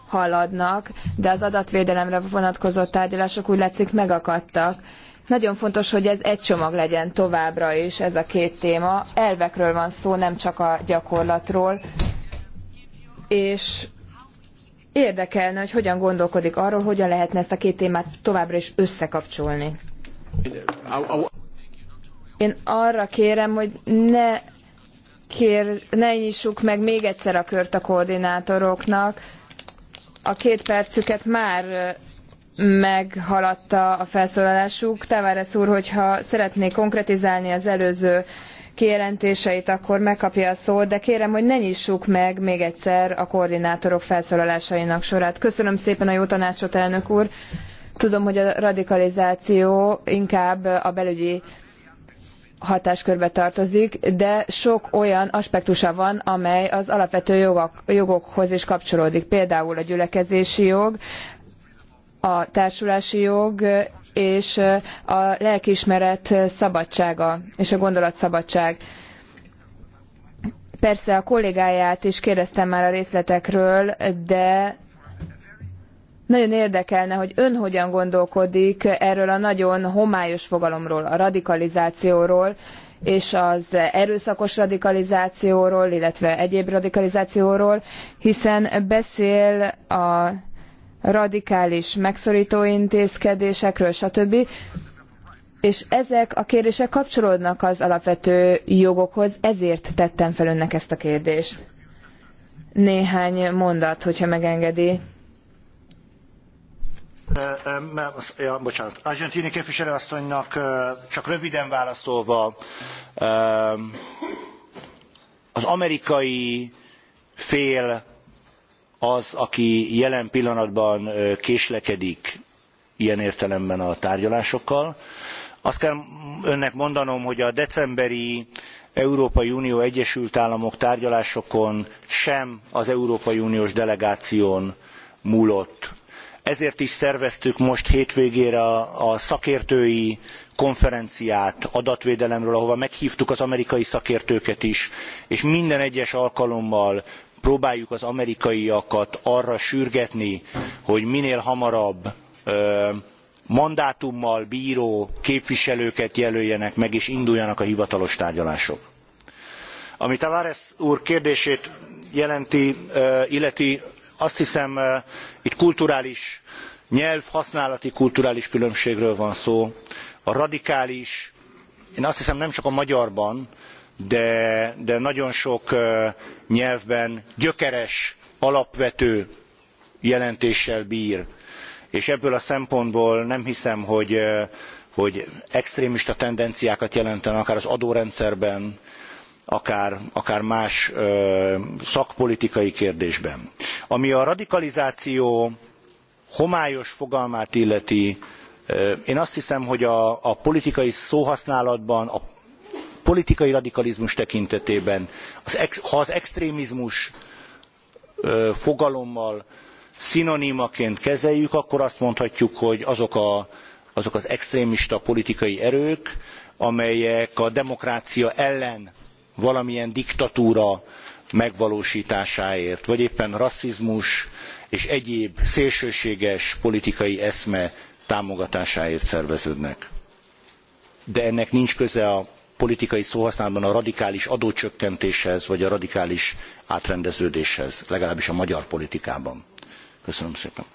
haladnak, de az adatvédelemre vonatkozó tárgyalások úgy látszik megakadtak. Nagyon fontos, hogy ez egy csomag legyen továbbra is, ez a két téma. Elvekről van szó, nem csak a gyakorlatról. És Érdekelne, hogy hogyan gondolkodik arról, hogyan lehetne ezt a két témát továbbra is összekapcsolni. Én arra kérem, hogy ne, kér, ne nyissuk meg még egyszer a kört a koordinátoroknak. A két percüket már meghaladta a felszólalásuk. Tavares úr, hogyha szeretné konkretizálni az előző kijelentéseit, akkor megkapja a szót, de kérem, hogy ne nyissuk meg még egyszer a koordinátorok felszólalásainak sorát. Köszönöm szépen a jó tanácsot, elnök úr. Tudom, hogy a radikalizáció inkább a belügyi hatáskörbe tartozik, de sok olyan aspektusa van, amely az alapvető jogok, jogokhoz is kapcsolódik. Például a gyülekezési jog, a társulási jog és a lelkiismeret szabadsága és a gondolatszabadság. Persze a kollégáját is kérdeztem már a részletekről, de nagyon érdekelne, hogy ön hogyan gondolkodik erről a nagyon homályos fogalomról, a radikalizációról, és az erőszakos radikalizációról, illetve egyéb radikalizációról, hiszen beszél a radikális megszorító intézkedésekről, stb. És ezek a kérdések kapcsolódnak az alapvető jogokhoz, ezért tettem fel önnek ezt a kérdést. Néhány mondat, hogyha megengedi. Ja, bocsánat. Argentini képviselőasszonynak csak röviden válaszolva az amerikai fél az, aki jelen pillanatban késlekedik ilyen értelemben a tárgyalásokkal. Azt kell önnek mondanom, hogy a decemberi Európai Unió Egyesült Államok tárgyalásokon sem az Európai Uniós delegáción múlott. Ezért is szerveztük most hétvégére a, a szakértői konferenciát adatvédelemről, ahova meghívtuk az amerikai szakértőket is, és minden egyes alkalommal próbáljuk az amerikaiakat arra sürgetni, hogy minél hamarabb mandátummal bró képviselőket jelöljenek meg és induljanak a hivatalos tárgyalások. ami tavares úr kérdését jelenti, illeti azt hiszem itt kulturális nyelvhasználati kulturális különbségről van szó a radikális én azt hiszem nem csak a magyarban de, de nagyon sok nyelvben gyökeres, alapvető jelentéssel bír. És ebből a szempontból nem hiszem, hogy, hogy extrémista tendenciákat jelentene akár az adórendszerben, akár, akár más ö, szakpolitikai kérdésben. Ami a radikalizáció homályos fogalmát illeti, én azt hiszem, hogy a, a politikai szóhasználatban, a politikai radikalizmus tekintetében, az ex, ha az extrémizmus ö, fogalommal szinonimaként kezeljük, akkor azt mondhatjuk, hogy azok, a, azok az extrémista politikai erők, amelyek a demokrácia ellen valamilyen diktatúra megvalósításáért, vagy éppen rasszizmus és egyéb szélsőséges politikai eszme támogatásáért szerveződnek. De ennek nincs köze a politikai szóhasználatban a radikális adócsökkentéshez, vagy a radikális átrendeződéshez, legalábbis a magyar politikában. Köszönöm szépen.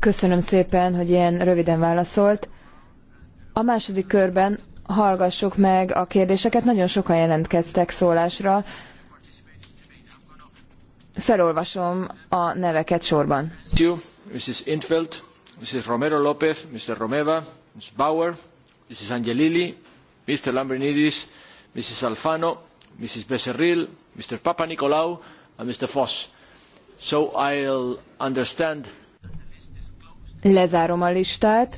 Köszönöm szépen, hogy ilyen röviden válaszolt. A második körben hallgassuk meg a kérdéseket. Nagyon sokan jelentkeztek szólásra. Felolvasom a neveket sorban. Mrs. Intfeld, Mrs. Romero López, Mr. Romeva, Ms. Bauer, Angelilli, Mr. Lambrinidis, Alfano, Becerril, Mr. Papanikolaou, and Mr. So understand. Lezárom a listát.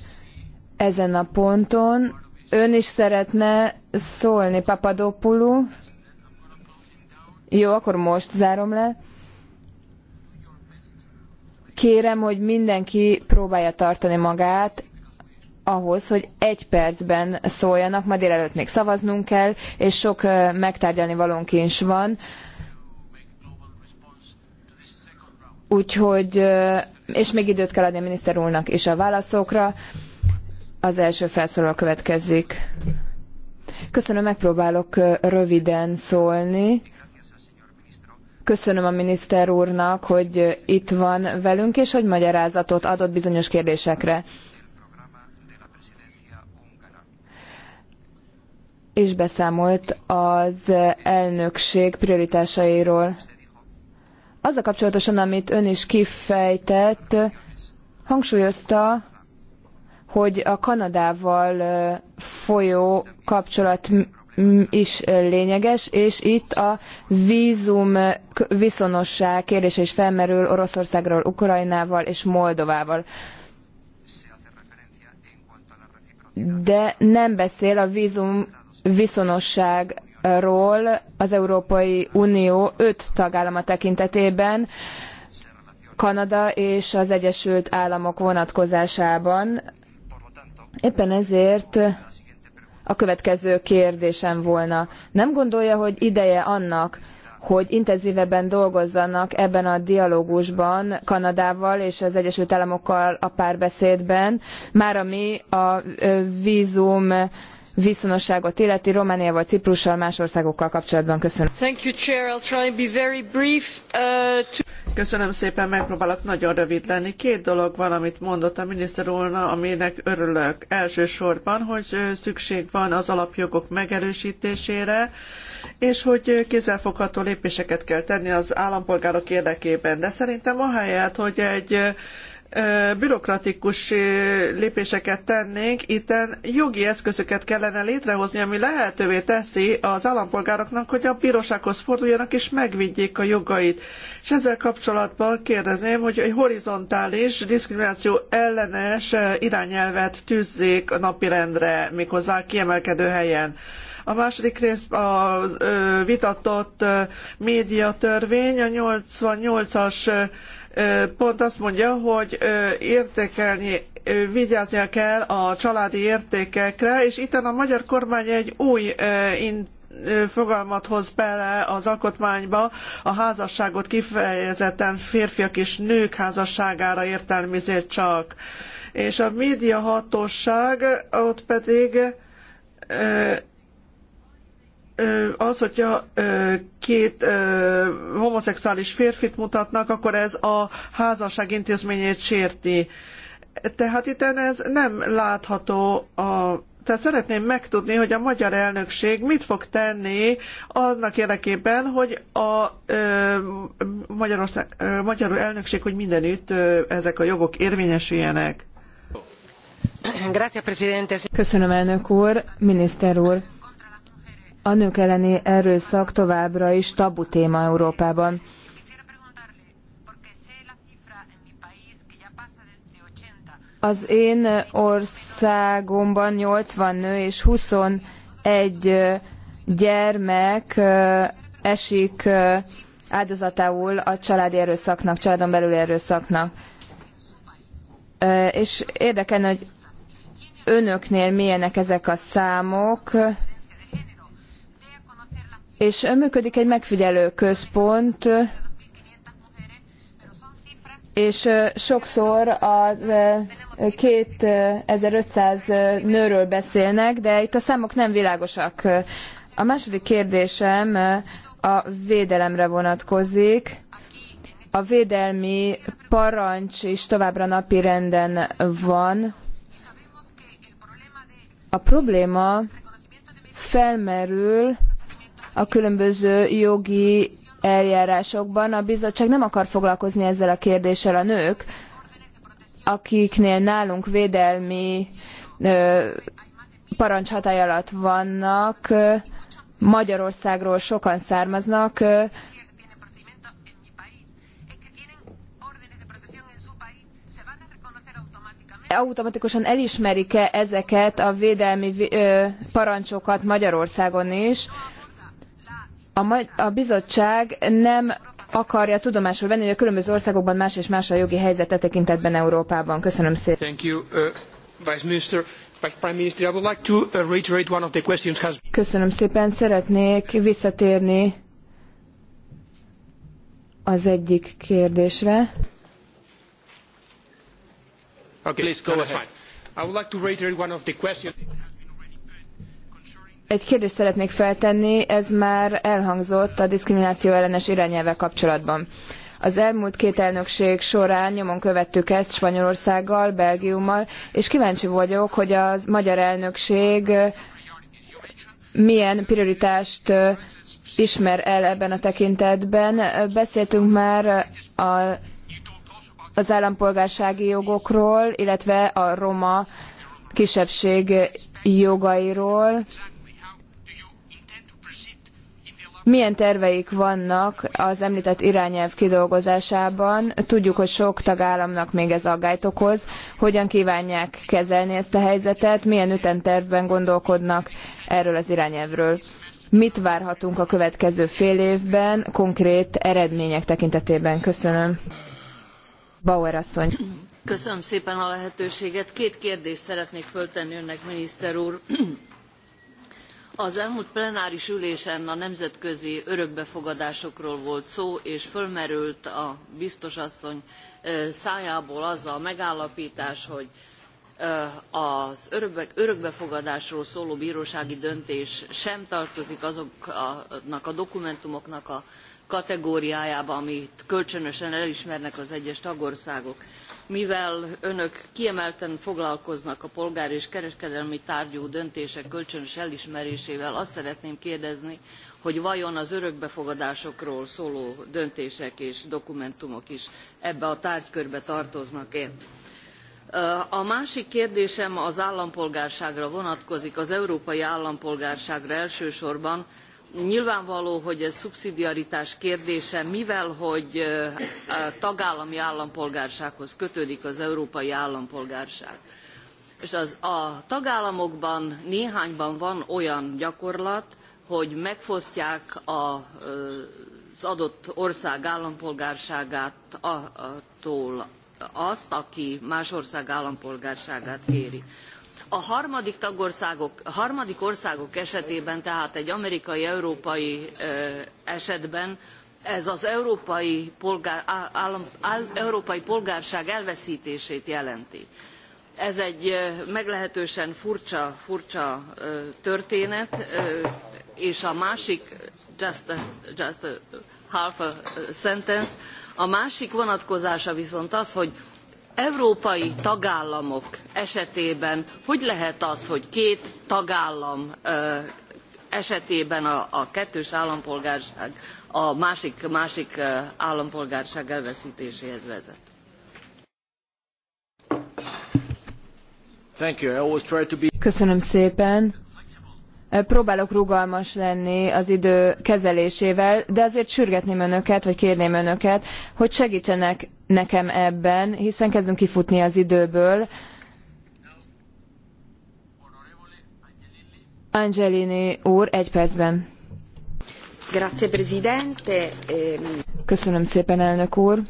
Ezen a ponton ön is szeretne szólni, Papadopoulou. Jó, akkor most zárom le. Kérem, hogy mindenki próbálja tartani magát ahhoz, hogy egy percben szóljanak, ma délelőtt még szavaznunk kell, és sok megtárgyalni valónk is van. Úgyhogy, és még időt kell adni a miniszter úrnak és a válaszokra. Az első felszólaló következik. Köszönöm, megpróbálok röviden szólni. Köszönöm a miniszter úrnak, hogy itt van velünk, és hogy magyarázatot adott bizonyos kérdésekre. és beszámolt az elnökség prioritásairól. Azzal kapcsolatosan, amit ön is kifejtett, hangsúlyozta, hogy a Kanadával folyó kapcsolat is lényeges, és itt a vízum viszonosság kérdése is felmerül Oroszországról, Ukrajnával és Moldovával. De nem beszél a vízum viszonosságról az Európai Unió öt tagállama tekintetében, Kanada és az Egyesült Államok vonatkozásában. Éppen ezért a következő kérdésem volna. Nem gondolja, hogy ideje annak, hogy intenzívebben dolgozzanak ebben a dialógusban Kanadával és az Egyesült Államokkal a párbeszédben, már ami a vízum viszonosságot illeti Romániával, Ciprussal, más országokkal kapcsolatban. Köszönöm. Thank you, Chair. I'll try and be very brief. Uh, Köszönöm szépen, megpróbálok nagyon rövid lenni. Két dolog van, amit mondott a miniszter úrna, aminek örülök. Elsősorban, hogy szükség van az alapjogok megerősítésére, és hogy kézzelfogható lépéseket kell tenni az állampolgárok érdekében. De szerintem ahelyett, hogy egy bürokratikus lépéseket tennénk, itten jogi eszközöket kellene létrehozni, ami lehetővé teszi az állampolgároknak, hogy a bírósághoz forduljanak és megvédjék a jogait. És ezzel kapcsolatban kérdezném, hogy egy horizontális, diszkrimináció ellenes irányelvet tűzzék a napirendre, méghozzá kiemelkedő helyen. A második rész a vitatott médiatörvény, a 88-as pont azt mondja, hogy értékelni vigyáznia kell a családi értékekre, és itt a magyar kormány egy új fogalmat hoz bele az alkotmányba, a házasságot kifejezetten férfiak és nők házasságára értelmezett csak. És a médiahatóság ott pedig az, hogyha két homoszexuális férfit mutatnak, akkor ez a házasság intézményét sérti. Tehát itt ez nem látható a tehát szeretném megtudni, hogy a magyar elnökség mit fog tenni annak érdekében, hogy a Magyarország, magyar elnökség, hogy mindenütt ezek a jogok érvényesüljenek. Köszönöm, elnök úr, miniszter úr. A nők elleni erőszak továbbra is tabu téma Európában. Az én országomban 80 nő és 21 gyermek esik áldozatául a családi erőszaknak, családon belüli erőszaknak. És érdekelne, hogy önöknél milyenek ezek a számok, és működik egy megfigyelő központ, és sokszor a 2500 nőről beszélnek, de itt a számok nem világosak. A második kérdésem a védelemre vonatkozik. A védelmi parancs is továbbra napirenden van. A probléma felmerül, a különböző jogi eljárásokban. A bizottság nem akar foglalkozni ezzel a kérdéssel a nők, akiknél nálunk védelmi parancshatály alatt vannak, Magyarországról sokan származnak, automatikusan elismerik-e ezeket a védelmi parancsokat Magyarországon is, a, a bizottság nem akarja tudomásul venni, hogy a különböző országokban más és más a jogi helyzete tekintetben Európában. Köszönöm szépen. Thank you, uh, Vice Minister. Uh, Köszönöm szépen. Szeretnék visszatérni az egyik kérdésre. Okay, please go ahead. I would like to reiterate one of the questions. Egy kérdést szeretnék feltenni, ez már elhangzott a diszkrimináció ellenes irányelvvel kapcsolatban. Az elmúlt két elnökség során nyomon követtük ezt Spanyolországgal, Belgiummal, és kíváncsi vagyok, hogy a magyar elnökség milyen prioritást ismer el ebben a tekintetben. Beszéltünk már a, az állampolgársági jogokról, illetve a roma kisebbség jogairól milyen terveik vannak az említett irányelv kidolgozásában. Tudjuk, hogy sok tagállamnak még ez aggályt okoz. Hogyan kívánják kezelni ezt a helyzetet? Milyen ütemtervben gondolkodnak erről az irányelvről? Mit várhatunk a következő fél évben konkrét eredmények tekintetében? Köszönöm. Bauer asszony. Köszönöm szépen a lehetőséget. Két kérdést szeretnék föltenni önnek, miniszter úr az elmúlt plenáris ülésen a nemzetközi örökbefogadásokról volt szó, és fölmerült a biztos asszony szájából az a megállapítás, hogy az örökbefogadásról szóló bírósági döntés sem tartozik azoknak a dokumentumoknak a kategóriájába, amit kölcsönösen elismernek az egyes tagországok mivel önök kiemelten foglalkoznak a polgári és kereskedelmi tárgyú döntések kölcsönös elismerésével, azt szeretném kérdezni, hogy vajon az örökbefogadásokról szóló döntések és dokumentumok is ebbe a tárgykörbe tartoznak-e. A másik kérdésem az állampolgárságra vonatkozik, az európai állampolgárságra elsősorban, nyilvánvaló hogy ez szubszidiaritás kérdése mivel hogy tagállami állampolgársághoz kötődik az európai állampolgárság és az, a tagállamokban néhányban van olyan gyakorlat hogy megfosztják a, az adott ország attól azt aki más ország állampolgárságát kéri a harmadik, harmadik országok esetében, tehát egy amerikai-európai esetben ez az európai, polgárság elvesztését jelenti. Ez egy meglehetősen furcsa, furcsa történet, és a másik, just just a half a sentence, a másik vonatkozása viszont az, hogy európai tagállamok esetében hogy lehet az, hogy két tagállam esetében a, kettős állampolgárság a másik, másik állampolgárság elvesztéséhez vezet? Köszönöm szépen. Próbálok rugalmas lenni az idő kezelésével, de azért sürgetném önöket, vagy kérném önöket, hogy segítsenek nekem ebben, hiszen kezdünk kifutni az időből. Angelini úr, egy percben. Grazie, Presidente. Ehm, Köszönöm szépen, elnök úr.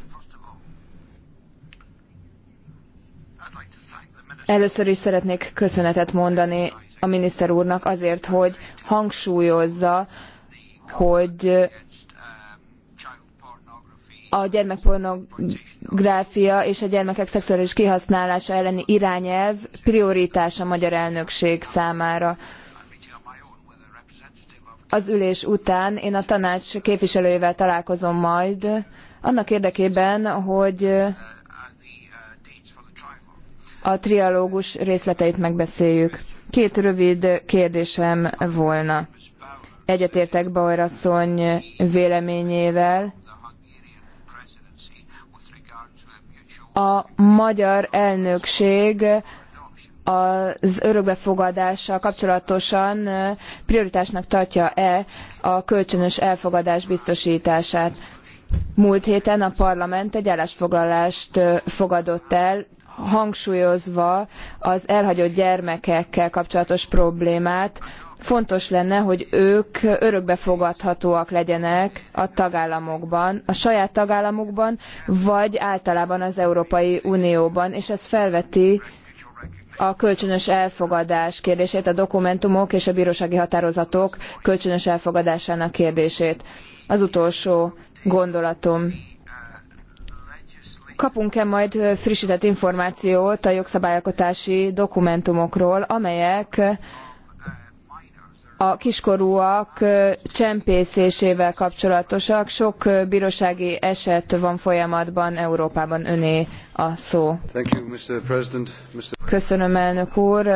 Először is szeretnék köszönetet mondani a miniszter úrnak azért, hogy hangsúlyozza, hogy a gyermekpornográfia és a gyermekek szexuális kihasználása elleni irányelv prioritás a magyar elnökség számára. Az ülés után én a tanács képviselőjével találkozom majd, annak érdekében, hogy a trialógus részleteit megbeszéljük. Két rövid kérdésem volna. Egyetértek Bauer asszony véleményével, a magyar elnökség az örökbefogadással kapcsolatosan prioritásnak tartja-e a kölcsönös elfogadás biztosítását. Múlt héten a parlament egy állásfoglalást fogadott el, hangsúlyozva az elhagyott gyermekekkel kapcsolatos problémát, fontos lenne, hogy ők örökbefogadhatóak legyenek a tagállamokban, a saját tagállamukban, vagy általában az Európai Unióban, és ez felveti a kölcsönös elfogadás kérdését, a dokumentumok és a bírósági határozatok kölcsönös elfogadásának kérdését. Az utolsó gondolatom. Kapunk-e majd frissített információt a jogszabályalkotási dokumentumokról, amelyek a kiskorúak csempészésével kapcsolatosak. Sok bírósági eset van folyamatban Európában öné a szó. Köszönöm, elnök úr,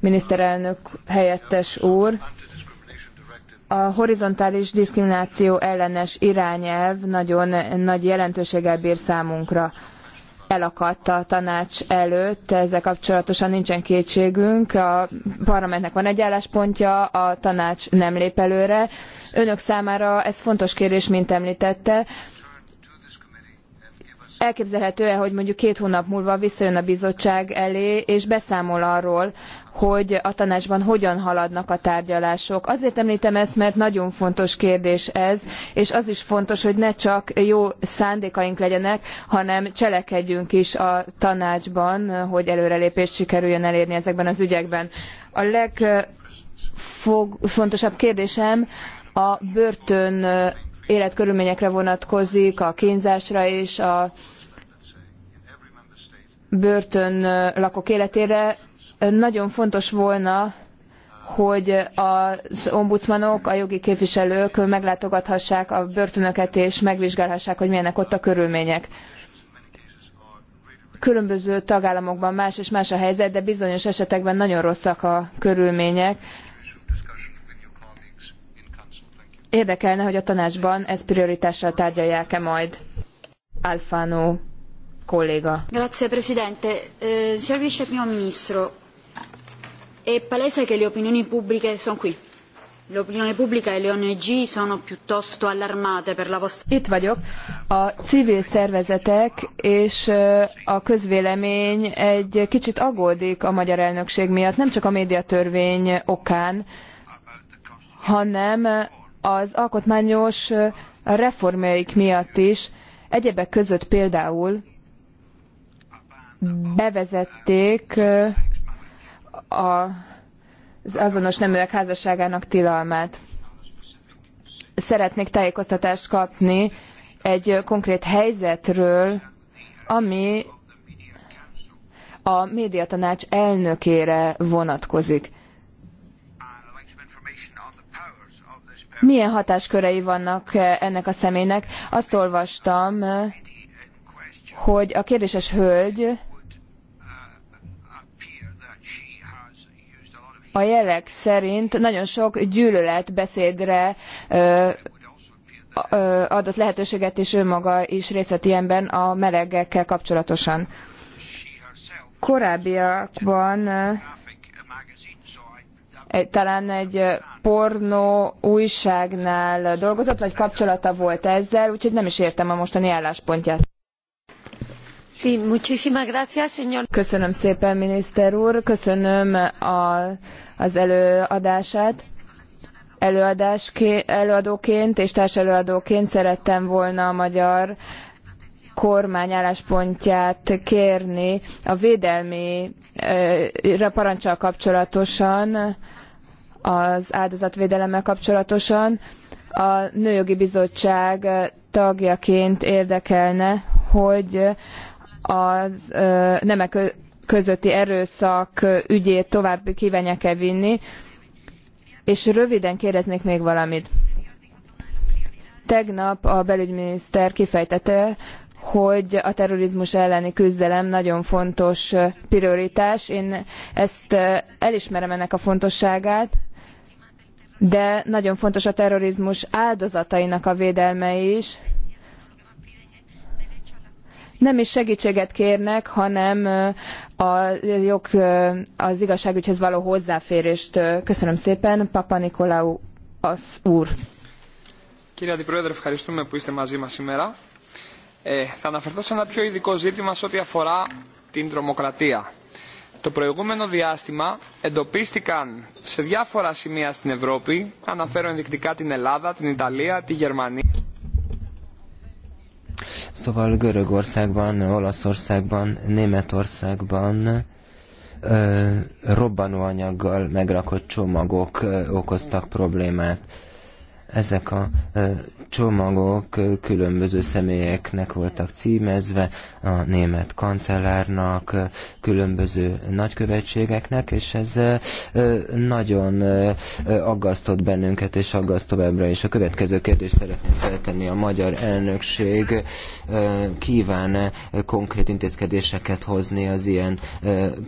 miniszterelnök helyettes úr. A horizontális diszkrimináció ellenes irányelv nagyon nagy jelentőséggel bír számunkra elakadt a tanács előtt, ezzel kapcsolatosan nincsen kétségünk, a parlamentnek van egy álláspontja, a tanács nem lép előre. Önök számára ez fontos kérdés, mint említette, elképzelhető-e, hogy mondjuk két hónap múlva visszajön a bizottság elé, és beszámol arról, hogy a tanácsban hogyan haladnak a tárgyalások. Azért említem ezt, mert nagyon fontos kérdés ez, és az is fontos, hogy ne csak jó szándékaink legyenek, hanem cselekedjünk is a tanácsban, hogy előrelépést sikerüljön elérni ezekben az ügyekben. A legfontosabb kérdésem a börtön életkörülményekre vonatkozik, a kínzásra és a börtön lakók életére. Nagyon fontos volna, hogy az ombudsmanok, a jogi képviselők meglátogathassák a börtönöket és megvizsgálhassák, hogy milyenek ott a körülmények. Különböző tagállamokban más és más a helyzet, de bizonyos esetekben nagyon rosszak a körülmények Érdekelne, hogy a tanácsban ez prioritással tárgyalják-e majd. Alfano kolléga. Grazie Presidente. Uh, mio Ministro, è palese che le opinioni pubbliche sono qui. L'opinione pubblica e le ONG sono piuttosto allarmate per la vostra... Itt vagyok. A civil szervezetek és eh, a közvélemény egy kicsit aggódik a magyar elnökség miatt, nem csak a médiatörvény okán, hanem az alkotmányos reformjaik miatt is. Egyebek között például bevezették az azonos neműek házasságának tilalmát. Szeretnék tájékoztatást kapni egy konkrét helyzetről, ami a médiatanács elnökére vonatkozik. milyen hatáskörei vannak ennek a személynek. Azt olvastam, hogy a kérdéses hölgy a jelek szerint nagyon sok gyűlöletbeszédre beszédre adott lehetőséget, és ő maga is részt vett ilyenben a melegekkel kapcsolatosan. Korábbiakban talán egy pornó újságnál dolgozott, vagy kapcsolata volt ezzel, úgyhogy nem is értem a mostani álláspontját. Sí, muchísimas gracias, señor. Köszönöm szépen, miniszter úr, köszönöm a, az előadását. előadóként és társelőadóként szerettem volna a magyar kormány álláspontját kérni a védelmi parancsal kapcsolatosan az áldozatvédelemmel kapcsolatosan. A Nőjogi Bizottság tagjaként érdekelne, hogy a nemek közötti erőszak ügyét tovább kívánják-e vinni. És röviden kérdeznék még valamit. Tegnap a belügyminiszter kifejtette, hogy a terrorizmus elleni küzdelem nagyon fontos prioritás. Én ezt elismerem ennek a fontosságát, de nagyon fontos a terrorizmus áldozatainak a védelme is. Nem is segítséget kérnek, hanem a jog, az igazságügyhöz való hozzáférést. Köszönöm szépen, Papa Nikolaou az úr. Κύριε Αντιπρόεδρε, ευχαριστούμε που είστε μαζί μας σήμερα. Ε, θα αναφερθώ σε ένα πιο ειδικό ζήτημα σε ό,τι αφορά την τρομοκρατία. Το προηγούμενο διάστημα εντοπίστηκαν σε διάφορα σημεία στην Ευρώπη, αναφέρω ενδεικτικά την Ελλάδα, την Ιταλία, τη Γερμανία. Szóval Görögországban, Olaszországban, Németországban ö, robbanóanyaggal megrakott csomagok ö, okoztak problémát. Ezek a ö, csomagok különböző személyeknek voltak címezve, a német kancellárnak, különböző nagykövetségeknek, és ez nagyon aggasztott bennünket, és aggaszt továbbra is. A következő kérdést szeretném feltenni a magyar elnökség. Kíván-e konkrét intézkedéseket hozni az ilyen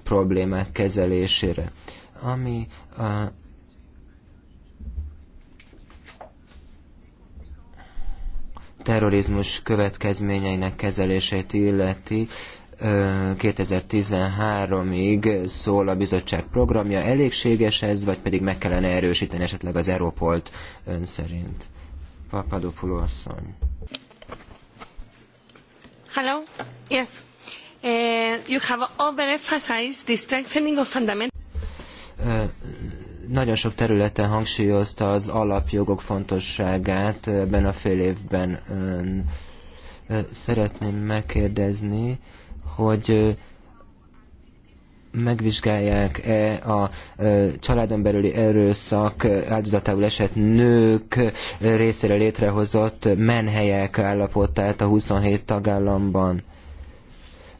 problémák kezelésére? Ami terrorizmus következményeinek kezelését illeti, 2013-ig szól a bizottság programja. Elégséges ez, vagy pedig meg kellene erősíteni esetleg az Európolt ön szerint? Papadopoulou asszony. Hello? Yes. Uh, you have overemphasized the strengthening of fundamental nagyon sok területen hangsúlyozta az alapjogok fontosságát ebben a fél évben. Ön, szeretném megkérdezni, hogy megvizsgálják-e a családon belüli erőszak áldozatául esett nők részére létrehozott menhelyek állapotát a 27 tagállamban.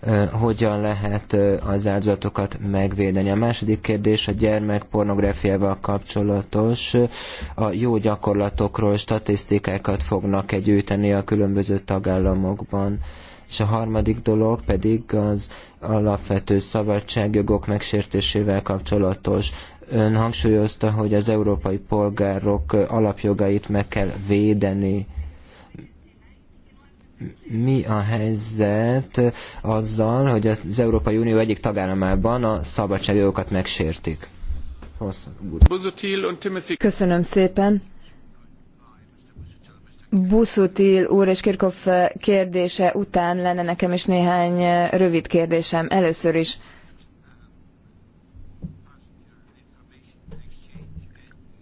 Eh, hogyan lehet eh, az áldozatokat megvédeni. A második kérdés a gyermekpornográfiával kapcsolatos. A jó gyakorlatokról statisztikákat fognak együteni a különböző tagállamokban. És a harmadik dolog pedig az alapvető szabadságjogok megsértésével kapcsolatos. Ön hangsúlyozta, hogy az európai polgárok eh, alapjogait meg kell védeni mi a helyzet azzal, hogy az Európai Unió egyik tagállamában a szabadságjogokat megsértik? Köszönöm szépen. Buszutil úr és Kirkov kérdése után lenne nekem is néhány rövid kérdésem. Először is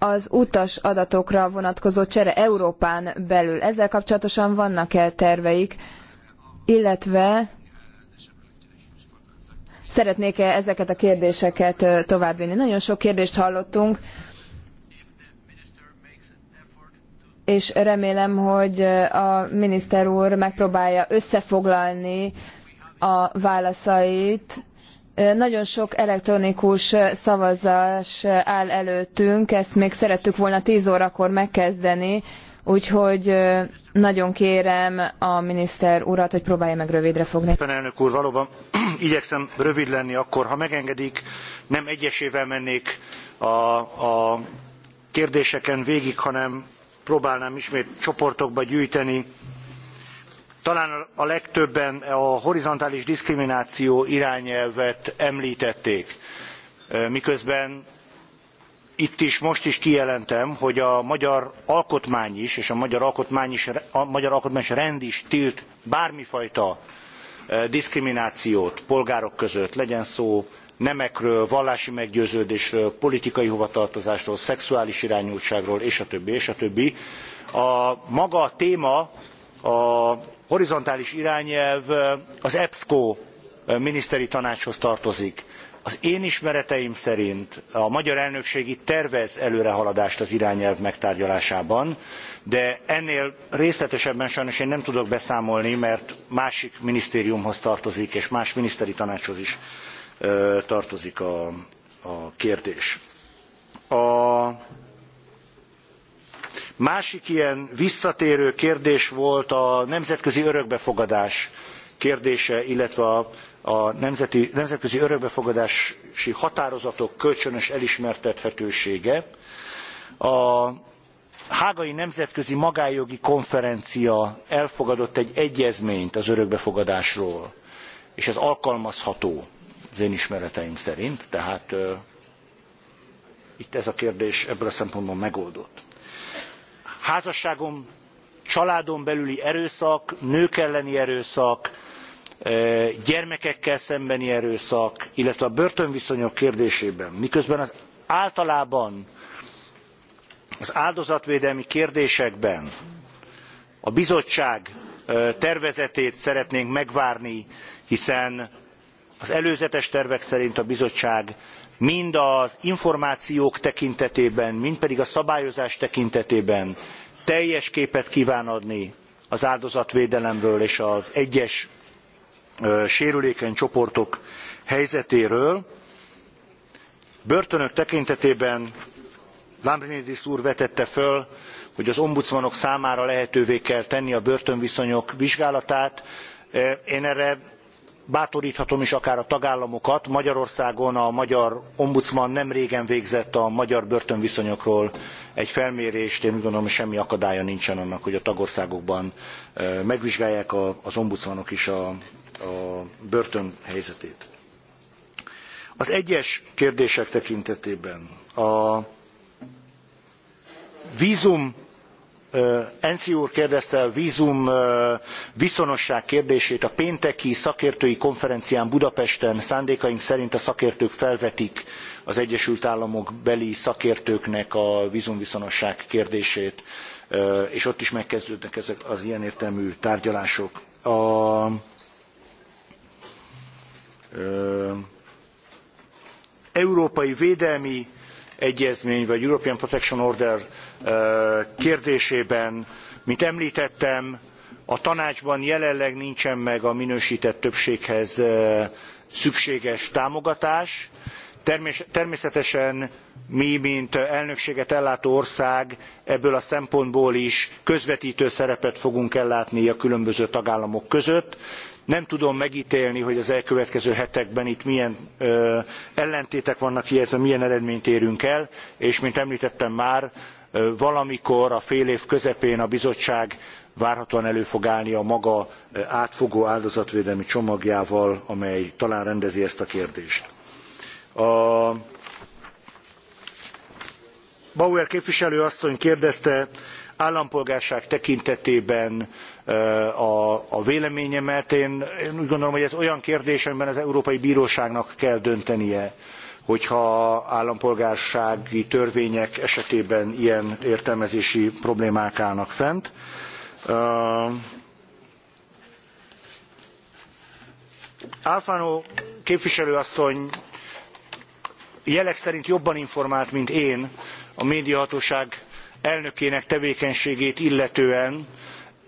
az utas adatokra vonatkozó csere Európán belül. Ezzel kapcsolatosan vannak-e terveik, illetve szeretnék-e ezeket a kérdéseket továbbvinni? Nagyon sok kérdést hallottunk, és remélem, hogy a miniszter úr megpróbálja összefoglalni a válaszait, nagyon sok elektronikus szavazás áll előttünk, ezt még szerettük volna 10 órakor megkezdeni, úgyhogy nagyon kérem a miniszter urat, hogy próbálja meg rövidre fogni. elnök úr, valóban igyekszem rövid lenni akkor, ha megengedik, nem egyesével mennék a, a kérdéseken végig, hanem próbálnám ismét csoportokba gyűjteni talán a legtöbben a horizontális diszkrimináció irányelvet emltették miközben itt is most is kijelentem hogy a magyar alkotmány is és a magyar, alkotmány is, a magyar alkotmányos rend is tilt bármifajta diszkriminációt polgárok között legyen szó nemekről vallási meggyőződésről politikai hovatartozásról szexuális irányultságról és a többi és a többi. a maga a téma a horizontális irányelv az epsco miniszteri tanácshoz tartozik. az én ismereteim szerint a magyar elnökség itt tervez előrehaladást az irányelv megtárgyalásában de ennél részletesebben sajnos én nem tudok beszámolni mert másik minisztériumhoz tartozik és más miniszteri tanácshoz is tartozik a, kérdés. a Másik ilyen visszatérő kérdés volt a nemzetközi örökbefogadás kérdése, illetve a, a nemzeti, nemzetközi örökbefogadási határozatok kölcsönös elismertethetősége. A Hágai Nemzetközi Magájogi Konferencia elfogadott egy egyezményt az örökbefogadásról, és ez alkalmazható az én ismereteim szerint, tehát uh, itt ez a kérdés ebből a szempontból megoldott házasságon, családon belüli erőszak, nők elleni erőszak, gyermekekkel szembeni erőszak, illetve a börtönviszonyok kérdésében, miközben az általában az áldozatvédelmi kérdésekben a bizottság tervezetét szeretnénk megvárni, hiszen az előzetes tervek szerint a bizottság mind az információk tekintetében, mind pedig a szabályozás tekintetében teljes képet kíván adni az áldozatvédelemről és az egyes sérülékeny csoportok helyzetéről. Börtönök tekintetében Lambrinidis úr vetette föl, hogy az ombudsmanok számára lehetővé kell tenni a börtönviszonyok vizsgálatát. Én erre bátorthatom is akár a tagállamokat magyarországon a magyar ombudsman nem régen végzett a magyar börtönviszonyokról egy felmérést én úgy gondolom hogy semmi akadálya nincsen annak hogy a tagországokban megvizsgálják az ombudsmanok is a, a börtön helyzetét. az egyes kérdések tekintetében a vízum Enci úr kérdezte a vízum viszonosság kérdését. A pénteki szakértői konferencián Budapesten szándékaink szerint a szakértők felvetik az Egyesült Államok beli szakértőknek a vízumviszonosság kérdését, és ott is megkezdődnek ezek az ilyen értelmű tárgyalások. A, európai Védelmi Egyezmény, vagy European Protection Order kérdésében mint emltettem a tanácsban jelenleg nincsen meg a minőstett többséghez szükséges támogatás természetesen mi mint elnökséget ellátó ország ebből a szempontból is közvettő szerepet fogunk ellátni a különböző tagállamok között. nem tudom megtélni hogy az elkövetkező hetekben itt milyen ellentétek vannak illetve milyen eredményt érünk el és mint emltettem már valamikor a félév közepén a bizottság várhatóan elő fog állni a maga átfogó áldozatvédelmi csomagjával, amely talán rendezi ezt a kérdést. A Bauer képviselő asszony kérdezte állampolgárság tekintetében a, véleményemet. Én, úgy gondolom, hogy ez olyan kérdés, amiben az Európai Bíróságnak kell döntenie hogyha állampolgársági törvények esetében ilyen értelmezési problémák állnak fent. Alfano képviselőasszony jelek szerint jobban informált, mint én a médiahatóság elnökének tevékenységét illetően.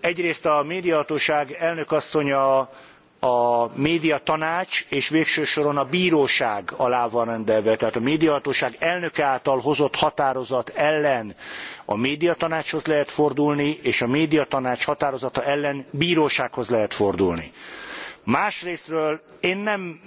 Egyrészt a médiahatóság asszonya a médiatanács és végső soron a bíróság alá van rendelve. Tehát a médiahatóság elnöke által hozott határozat ellen a médiatanácshoz lehet fordulni, és a médiatanács határozata ellen bírósághoz lehet fordulni. Másrésztről én nem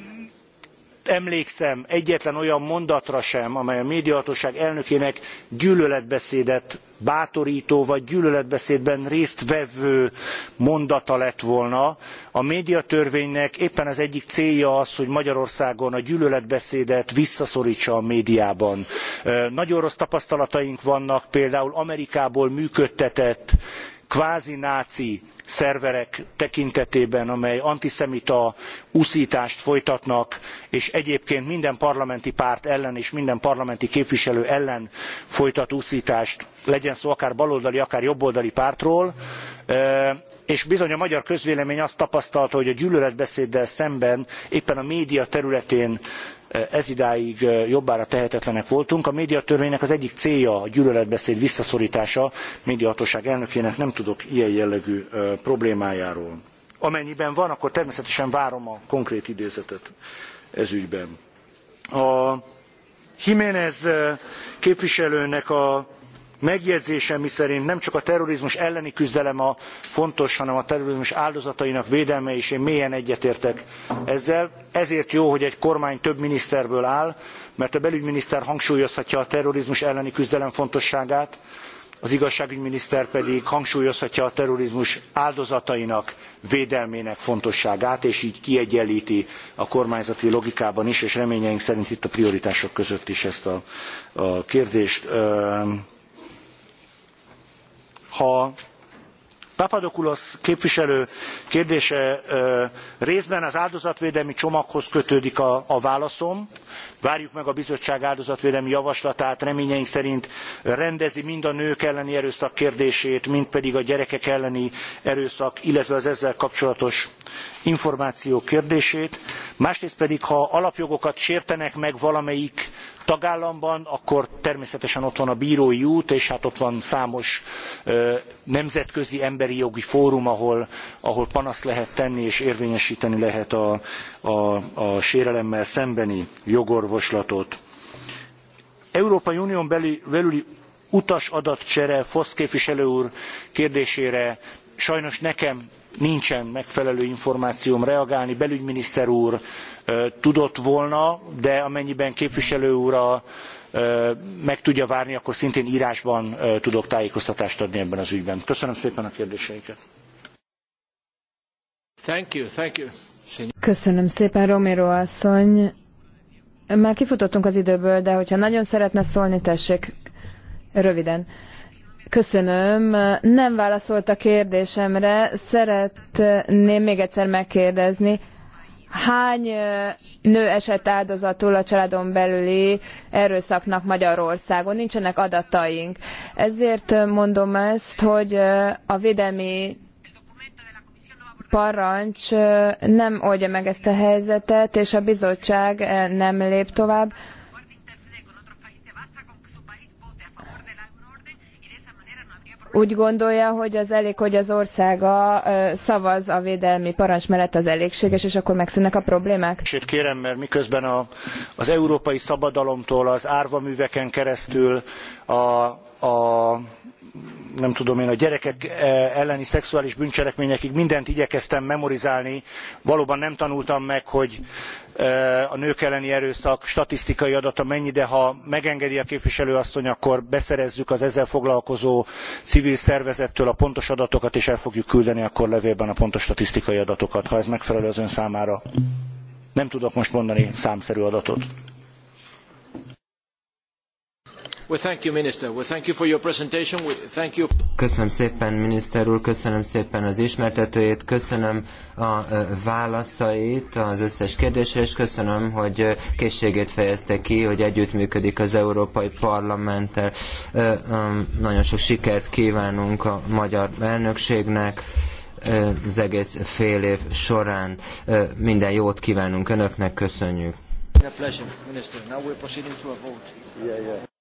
emlékszem egyetlen olyan mondatra sem amely a médiahatóság elnökének gyűlöletbeszédet bátortó vagy gyűlöletbeszédben részt vevő mondata lett volna. a médiatörvénynek éppen az egyik célja az hogy magyarországon a gyűlöletbeszédet visszaszortsa a médiában. nagyon rossz tapasztalataink vannak például amerikából működtetett kvázi náci szerverek tekintetében, amely antiszemita usztást folytatnak, és egyébként minden parlamenti párt ellen és minden parlamenti képviselő ellen folytat usztást legyen szó akár baloldali, akár jobboldali pártról, és bizony a magyar közvélemény azt tapasztalta hogy a gyűlöletbeszéddel szemben éppen a média területén ezidáig jobbára tehetetlenek voltunk. a médiatörvénynek az egyik célja a gyűlöletbeszéd visszaszortása médiahatóság elnökének nem tudok ilyen jellegű problémájáról. amennyiben van akkor természetesen várom a konkrét idézetet ez ügyben. a jiménez képviselőnek a megjegyzésem miszerint nem csak a terrorizmus elleni küzdelem a fontos, hanem a terrorizmus áldozatainak védelme is, én mélyen egyetértek ezzel. Ezért jó, hogy egy kormány több miniszterből áll, mert a belügyminiszter hangsúlyozhatja a terrorizmus elleni küzdelem fontosságát, az igazságügyminiszter pedig hangsúlyozhatja a terrorizmus áldozatainak védelmének fontosságát, és így kiegyenlíti a kormányzati logikában is, és reményeink szerint itt a prioritások között is ezt a, a kérdést. Ö- ha Papadopoulos képviselő kérdése részben az áldozatvédelmi csomaghoz kötődik a, a válaszom. Várjuk meg a bizottság áldozatvédelmi javaslatát, reményeink szerint rendezi mind a nők elleni erőszak kérdését, mind pedig a gyerekek elleni erőszak, illetve az ezzel kapcsolatos információk kérdését. Másrészt pedig, ha alapjogokat sértenek meg valamelyik tagállamban, akkor természetesen ott van a bírói út, és hát ott van számos nemzetközi emberi jogi fórum, ahol, ahol panaszt lehet tenni és érvényesíteni lehet a, a, a sérelemmel szembeni jogorvoslatot. Európai Unión belüli utas adatcsere, Fosz képviselő úr kérdésére sajnos nekem nincsen megfelelő információm reagálni. Belügyminiszter úr tudott volna, de amennyiben képviselő úr a, meg tudja várni, akkor szintén írásban tudok tájékoztatást adni ebben az ügyben. Köszönöm szépen a kérdéseiket. Thank you, thank you. Köszönöm szépen, Romero asszony. Már kifutottunk az időből, de hogyha nagyon szeretne szólni, tessék, röviden. Köszönöm. Nem válaszolt a kérdésemre. Szeretném még egyszer megkérdezni, hány nő esett áldozatul a családon belüli erőszaknak Magyarországon? Nincsenek adataink. Ezért mondom ezt, hogy a védelmi parancs nem oldja meg ezt a helyzetet, és a bizottság nem lép tovább úgy gondolja, hogy az elég, hogy az országa szavaz a védelmi parancs mellett az elégséges, és akkor megszűnnek a problémák? Sőt kérem, mert miközben a, az európai szabadalomtól az árvaműveken keresztül a, a nem tudom én, a gyerekek e, elleni szexuális bűncselekményekig mindent igyekeztem memorizálni. Valóban nem tanultam meg, hogy Eh, a nők elleni erőszak statisztikai adata mennyi de ha megengedi a képviselő asszony akkor beszerezzük az ezzel foglalkozó civil szervezettől a pontos adatokat és el fogjuk küldeni akkor levélben a pontos statisztikai adatokat ha ez megfelelő az ön számára. nem tudok most mondani számszerű adatot. Köszönöm szépen, miniszter úr, köszönöm szépen az ismertetőjét, köszönöm a válaszait az összes kérdésre, és köszönöm, hogy készségét fejezte ki, hogy együttműködik az Európai Parlamenttel. Nagyon sok sikert kívánunk a magyar elnökségnek az egész fél év során. Minden jót kívánunk önöknek, köszönjük. A pleasure, Minister. Now we're proceeding to a vote. Yeah, yeah.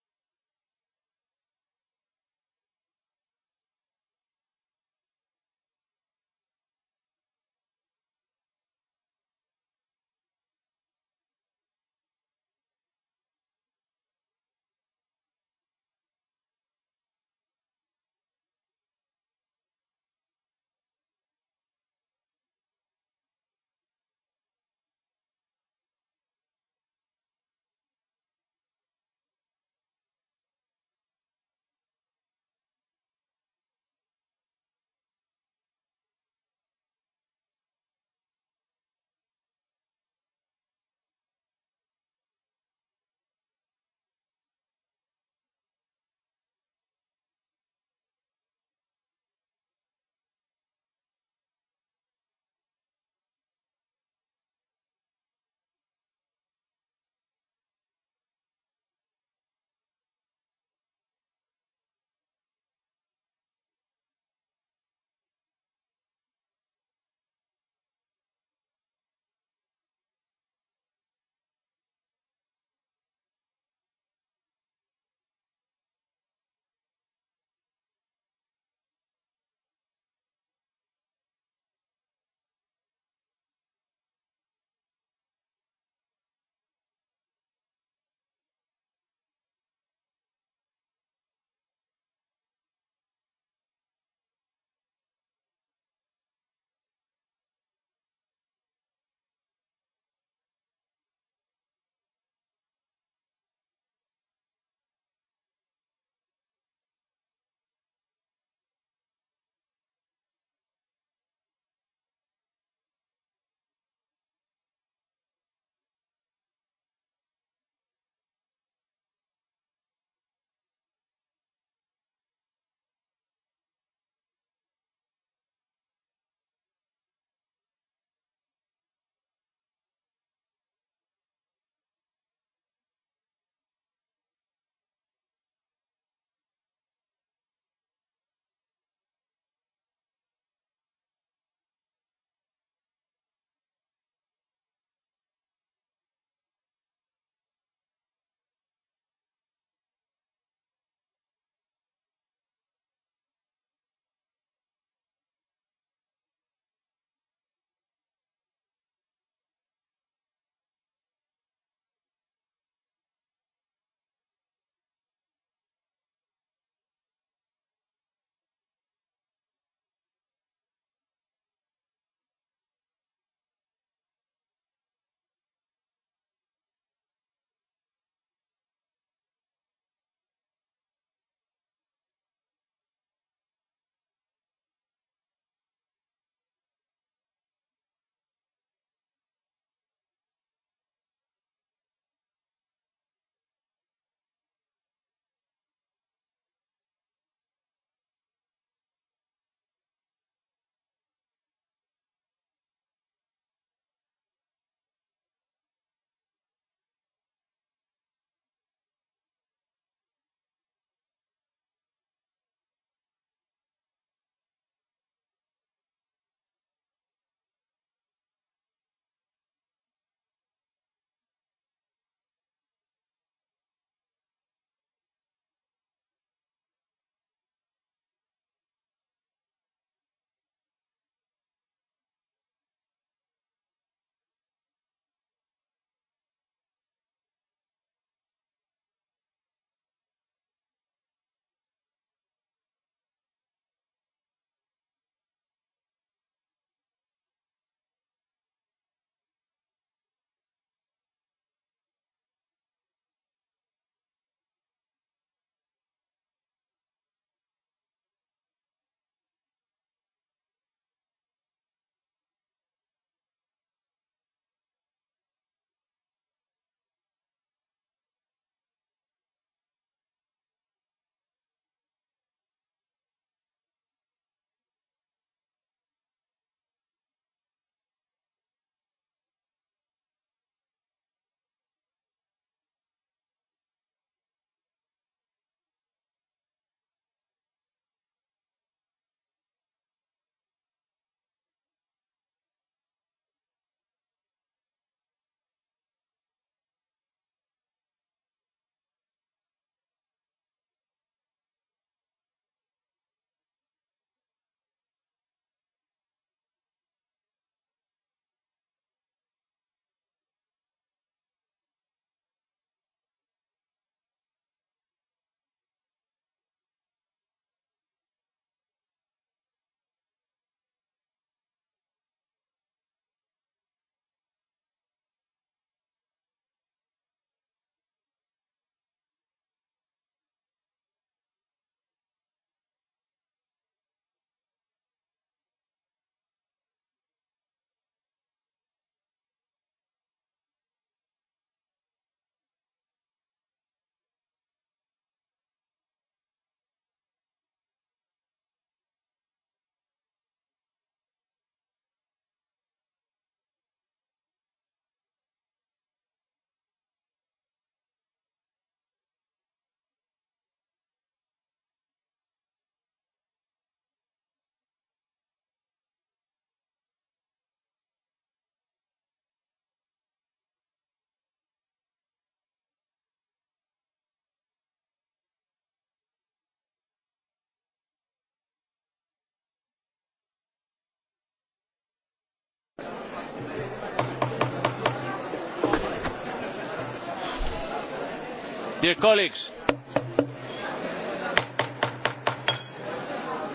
Dear colleagues,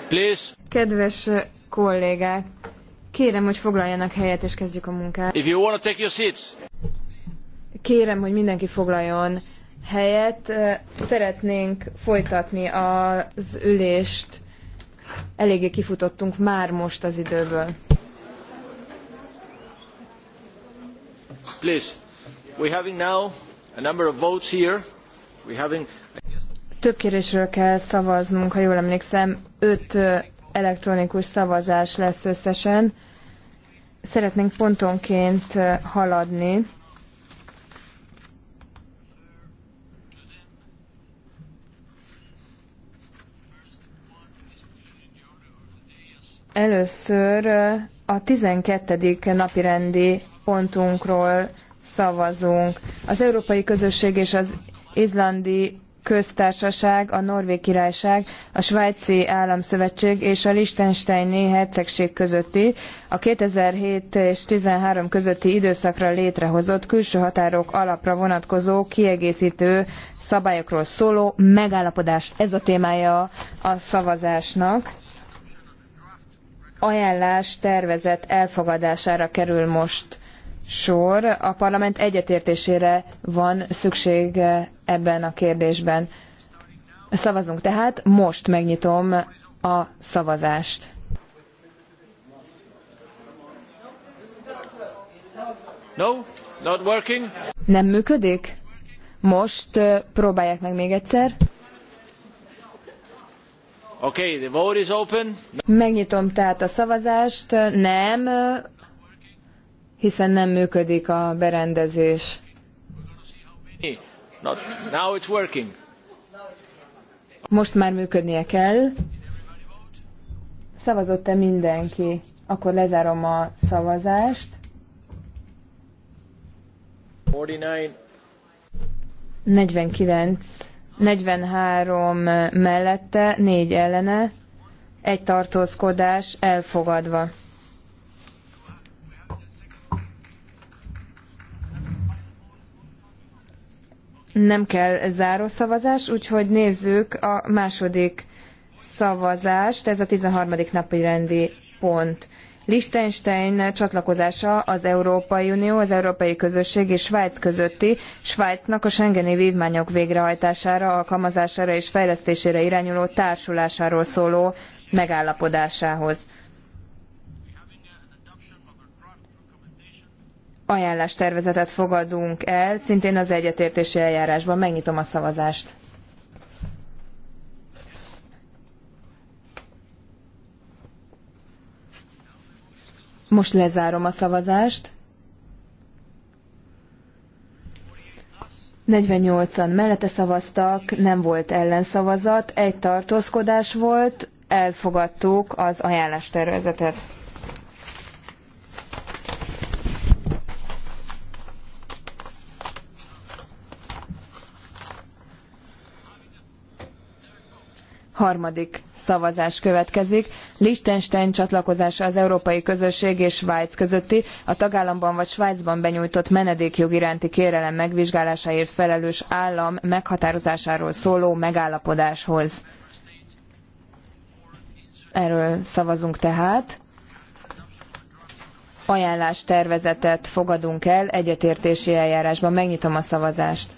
please. Kedves kollégák, kérem, hogy foglaljanak helyet, és kezdjük a munkát. If you want to take your seats. Kérem, hogy mindenki foglaljon helyet. Szeretnénk folytatni az ülést. Eléggé kifutottunk már most az időből. Please, we having now a number of votes here. Több kérdésről kell szavaznunk, ha jól emlékszem. Öt elektronikus szavazás lesz összesen. Szeretnénk pontonként haladni. Először a 12. napirendi pontunkról szavazunk. Az Európai Közösség és az izlandi köztársaság, a Norvég királyság, a svájci államszövetség és a Liechtensteini hercegség közötti a 2007 és 13 közötti időszakra létrehozott külső határok alapra vonatkozó kiegészítő szabályokról szóló megállapodás. Ez a témája a szavazásnak. Ajánlás tervezett elfogadására kerül most sor. A parlament egyetértésére van szükség ebben a kérdésben. Szavazunk tehát, most megnyitom a szavazást. No, not working. Nem működik? Most próbálják meg még egyszer. Okay, the vote is open. Megnyitom tehát a szavazást. Nem, hiszen nem működik a berendezés. Most már működnie kell. Szavazott-e mindenki? Akkor lezárom a szavazást. 49. 43 mellette, 4 ellene, egy tartózkodás elfogadva. nem kell záró szavazás, úgyhogy nézzük a második szavazást, ez a 13. napi rendi pont. Liechtenstein csatlakozása az Európai Unió, az Európai Közösség és Svájc közötti Svájcnak a Schengeni vívmányok végrehajtására, alkalmazására és fejlesztésére irányuló társulásáról szóló megállapodásához. ajánlástervezetet fogadunk el, szintén az egyetértési eljárásban. Megnyitom a szavazást. Most lezárom a szavazást. 48-an mellette szavaztak, nem volt ellenszavazat, egy tartózkodás volt, elfogadtuk az ajánlástervezetet. harmadik szavazás következik. Liechtenstein csatlakozása az Európai Közösség és Svájc közötti a tagállamban vagy Svájcban benyújtott menedékjog iránti kérelem megvizsgálásáért felelős állam meghatározásáról szóló megállapodáshoz. Erről szavazunk tehát. Ajánlástervezetet fogadunk el egyetértési eljárásban. Megnyitom a szavazást.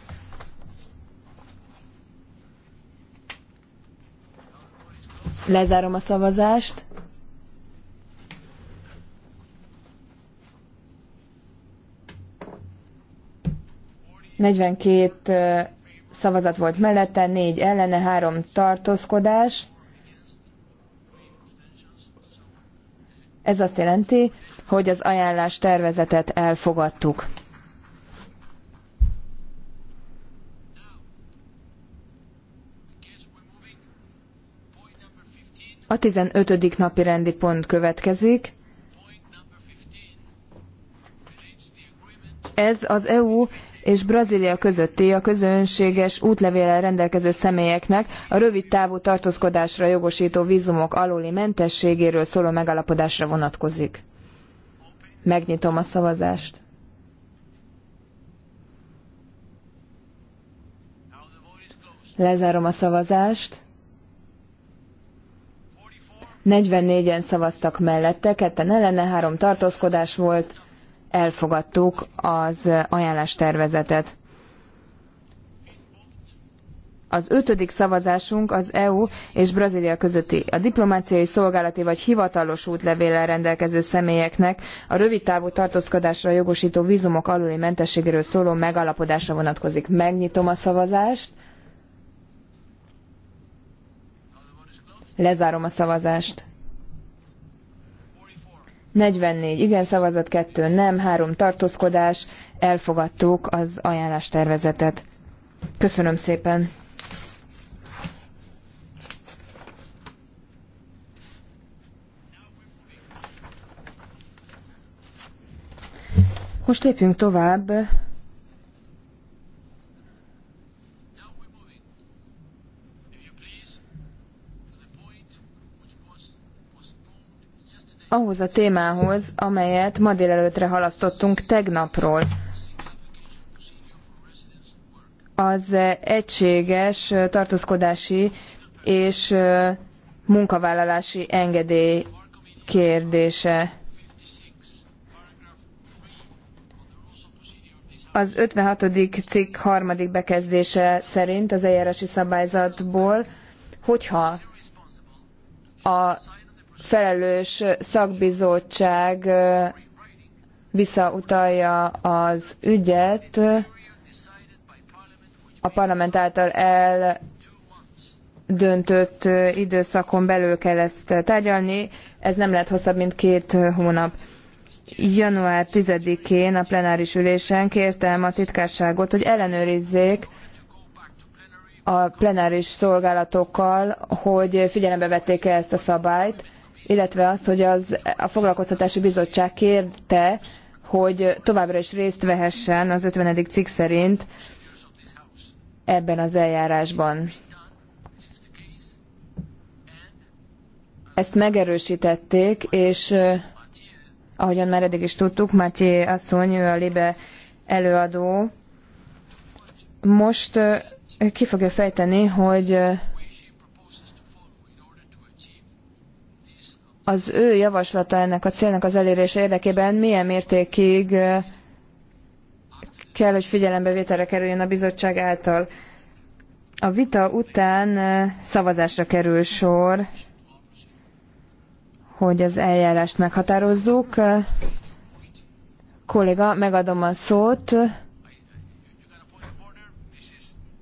Lezárom a szavazást. Negyvenkét szavazat volt mellette, négy ellene, három tartózkodás. Ez azt jelenti, hogy az ajánlás tervezetet elfogadtuk. A 15. napi rendi pont következik. Ez az EU és Brazília közötti a közönséges útlevéllel rendelkező személyeknek a rövid távú tartózkodásra jogosító vízumok aluli mentességéről szóló megalapodásra vonatkozik. Megnyitom a szavazást. Lezárom a szavazást. 44-en szavaztak mellette, ketten ellene, három tartózkodás volt, elfogadtuk az tervezetet. Az ötödik szavazásunk az EU és Brazília közötti a diplomáciai szolgálati vagy hivatalos útlevéllel rendelkező személyeknek a rövidtávú tartózkodásra jogosító vízumok aluli mentességéről szóló megállapodásra vonatkozik. Megnyitom a szavazást. Lezárom a szavazást. 44 igen szavazat, 2 nem, 3 tartózkodás. Elfogadtuk az ajánlástervezetet. Köszönöm szépen. Most lépjünk tovább ahhoz a témához, amelyet ma délelőtre halasztottunk tegnapról. Az egységes tartózkodási és munkavállalási engedély kérdése. Az 56. cikk harmadik bekezdése szerint az eljárási szabályzatból, hogyha a felelős szakbizottság visszautalja az ügyet a parlament által eldöntött időszakon belül kell ezt tárgyalni, ez nem lehet hosszabb, mint két hónap. Január 10-én a plenáris ülésen kértem a titkárságot, hogy ellenőrizzék, a plenáris szolgálatokkal, hogy figyelembe vették-e ezt a szabályt, illetve az, hogy az, a foglalkoztatási bizottság kérte, hogy továbbra is részt vehessen az 50. cikk szerint ebben az eljárásban. Ezt megerősítették, és eh, ahogyan már eddig is tudtuk, Mátyé asszony, ő a Libe előadó, most eh, ki fogja fejteni, hogy eh, az ő javaslata ennek a célnak az elérése érdekében milyen mértékig kell, hogy figyelembevételre kerüljön a bizottság által. A vita után szavazásra kerül sor, hogy az eljárást meghatározzuk. Kolléga, megadom a szót.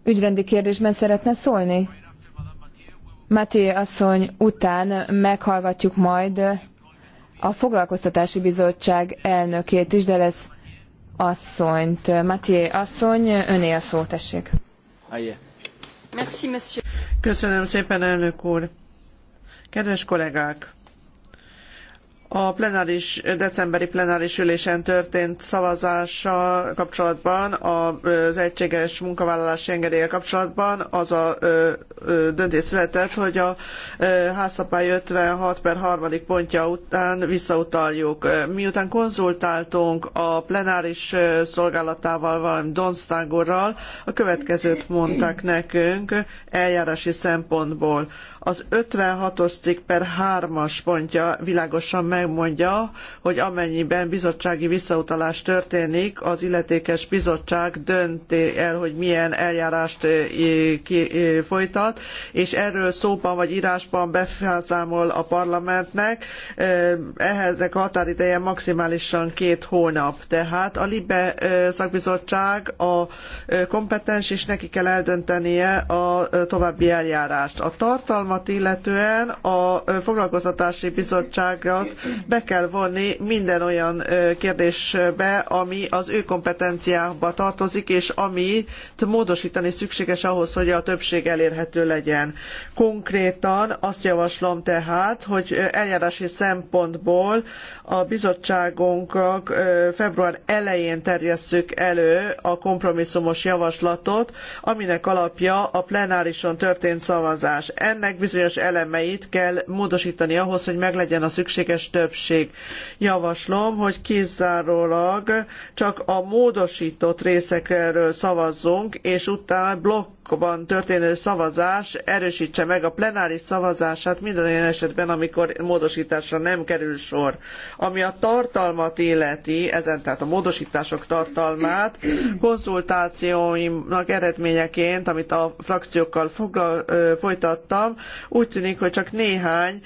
Ügyrendi kérdésben szeretne szólni? Máté asszony után meghallgatjuk majd a Foglalkoztatási Bizottság elnökét is, de lesz asszonyt. Máté asszony, öné a szó, tessék. Köszönöm szépen, elnök úr. Kedves kollégák! A plenáris, decemberi plenáris ülésen történt szavazással kapcsolatban, az egységes munkavállalási engedélye kapcsolatban az a döntés született, hogy a házszabály 56 per 3. pontja után visszautaljuk. Miután konzultáltunk a plenáris szolgálatával, valamint Donsztágorral, a következőt mondták nekünk eljárási szempontból. Az 56-os cikk per 3-as pontja világosan megmondja, hogy amennyiben bizottsági visszautalás történik, az illetékes bizottság dönti el, hogy milyen eljárást folytat, és erről szóban vagy írásban beszámol a parlamentnek. ehhez a határideje maximálisan két hónap. Tehát a LIBE szakbizottság a kompetens, és neki kell eldöntenie a további eljárást. A tartalma reformat illetően a foglalkoztatási bizottságot be kell vonni minden olyan kérdésbe, ami az ő kompetenciába tartozik, és amit módosítani szükséges ahhoz, hogy a többség elérhető legyen. Konkrétan azt javaslom tehát, hogy eljárási szempontból a bizottságunknak február elején terjesszük elő a kompromisszumos javaslatot, aminek alapja a plenárison történt szavazás. Ennek bizonyos elemeit kell módosítani ahhoz, hogy meglegyen a szükséges többség. Javaslom, hogy kizárólag csak a módosított részekről szavazzunk, és utána blokk Irakban történő szavazás erősítse meg a plenáris szavazását minden olyan esetben, amikor módosításra nem kerül sor. Ami a tartalmat illeti, ezen tehát a módosítások tartalmát, konzultációimnak eredményeként, amit a frakciókkal fogla, folytattam, úgy tűnik, hogy csak néhány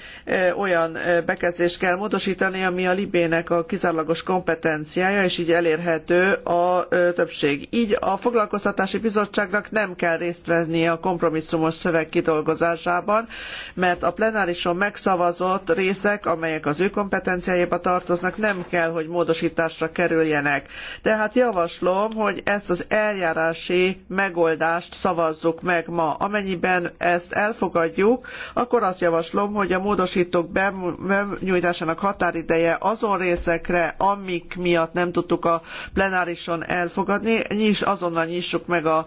olyan bekezdést kell módosítani, ami a libének a kizárólagos kompetenciája, és így elérhető a többség. Így a foglalkoztatási bizottságnak nem kell részt vennie a kompromisszumos szöveg kidolgozásában, mert a plenárison megszavazott részek, amelyek az ő kompetenciájába tartoznak, nem kell, hogy módosításra kerüljenek. Tehát javaslom, hogy ezt az eljárási megoldást szavazzuk meg ma. Amennyiben ezt elfogadjuk, akkor azt javaslom, hogy a módosítók benyújtásának határideje azon részekre, amik miatt nem tudtuk a plenárison elfogadni, nyis, azonnal nyissuk meg a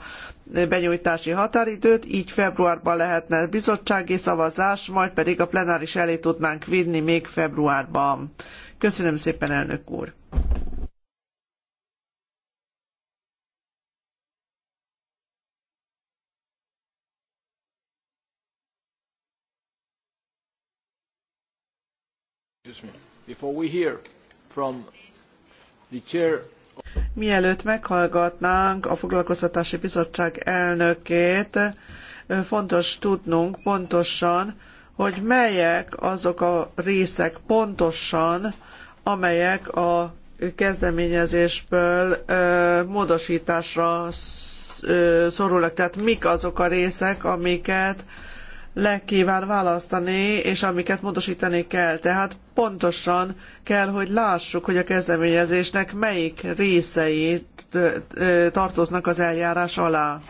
benyújtási határidőt, így februárban lehetne bizottsági szavazás, majd pedig a plenáris elé tudnánk vinni még februárban. Köszönöm szépen, elnök úr! Before we hear from the chair Mielőtt meghallgatnánk a Foglalkoztatási Bizottság elnökét, fontos tudnunk pontosan, hogy melyek azok a részek pontosan, amelyek a kezdeményezésből ö, módosításra szorulnak. Tehát mik azok a részek, amiket le kíván választani, és amiket módosítani kell. Tehát pontosan kell, hogy lássuk, hogy a kezdeményezésnek melyik részei tartoznak az eljárás alá.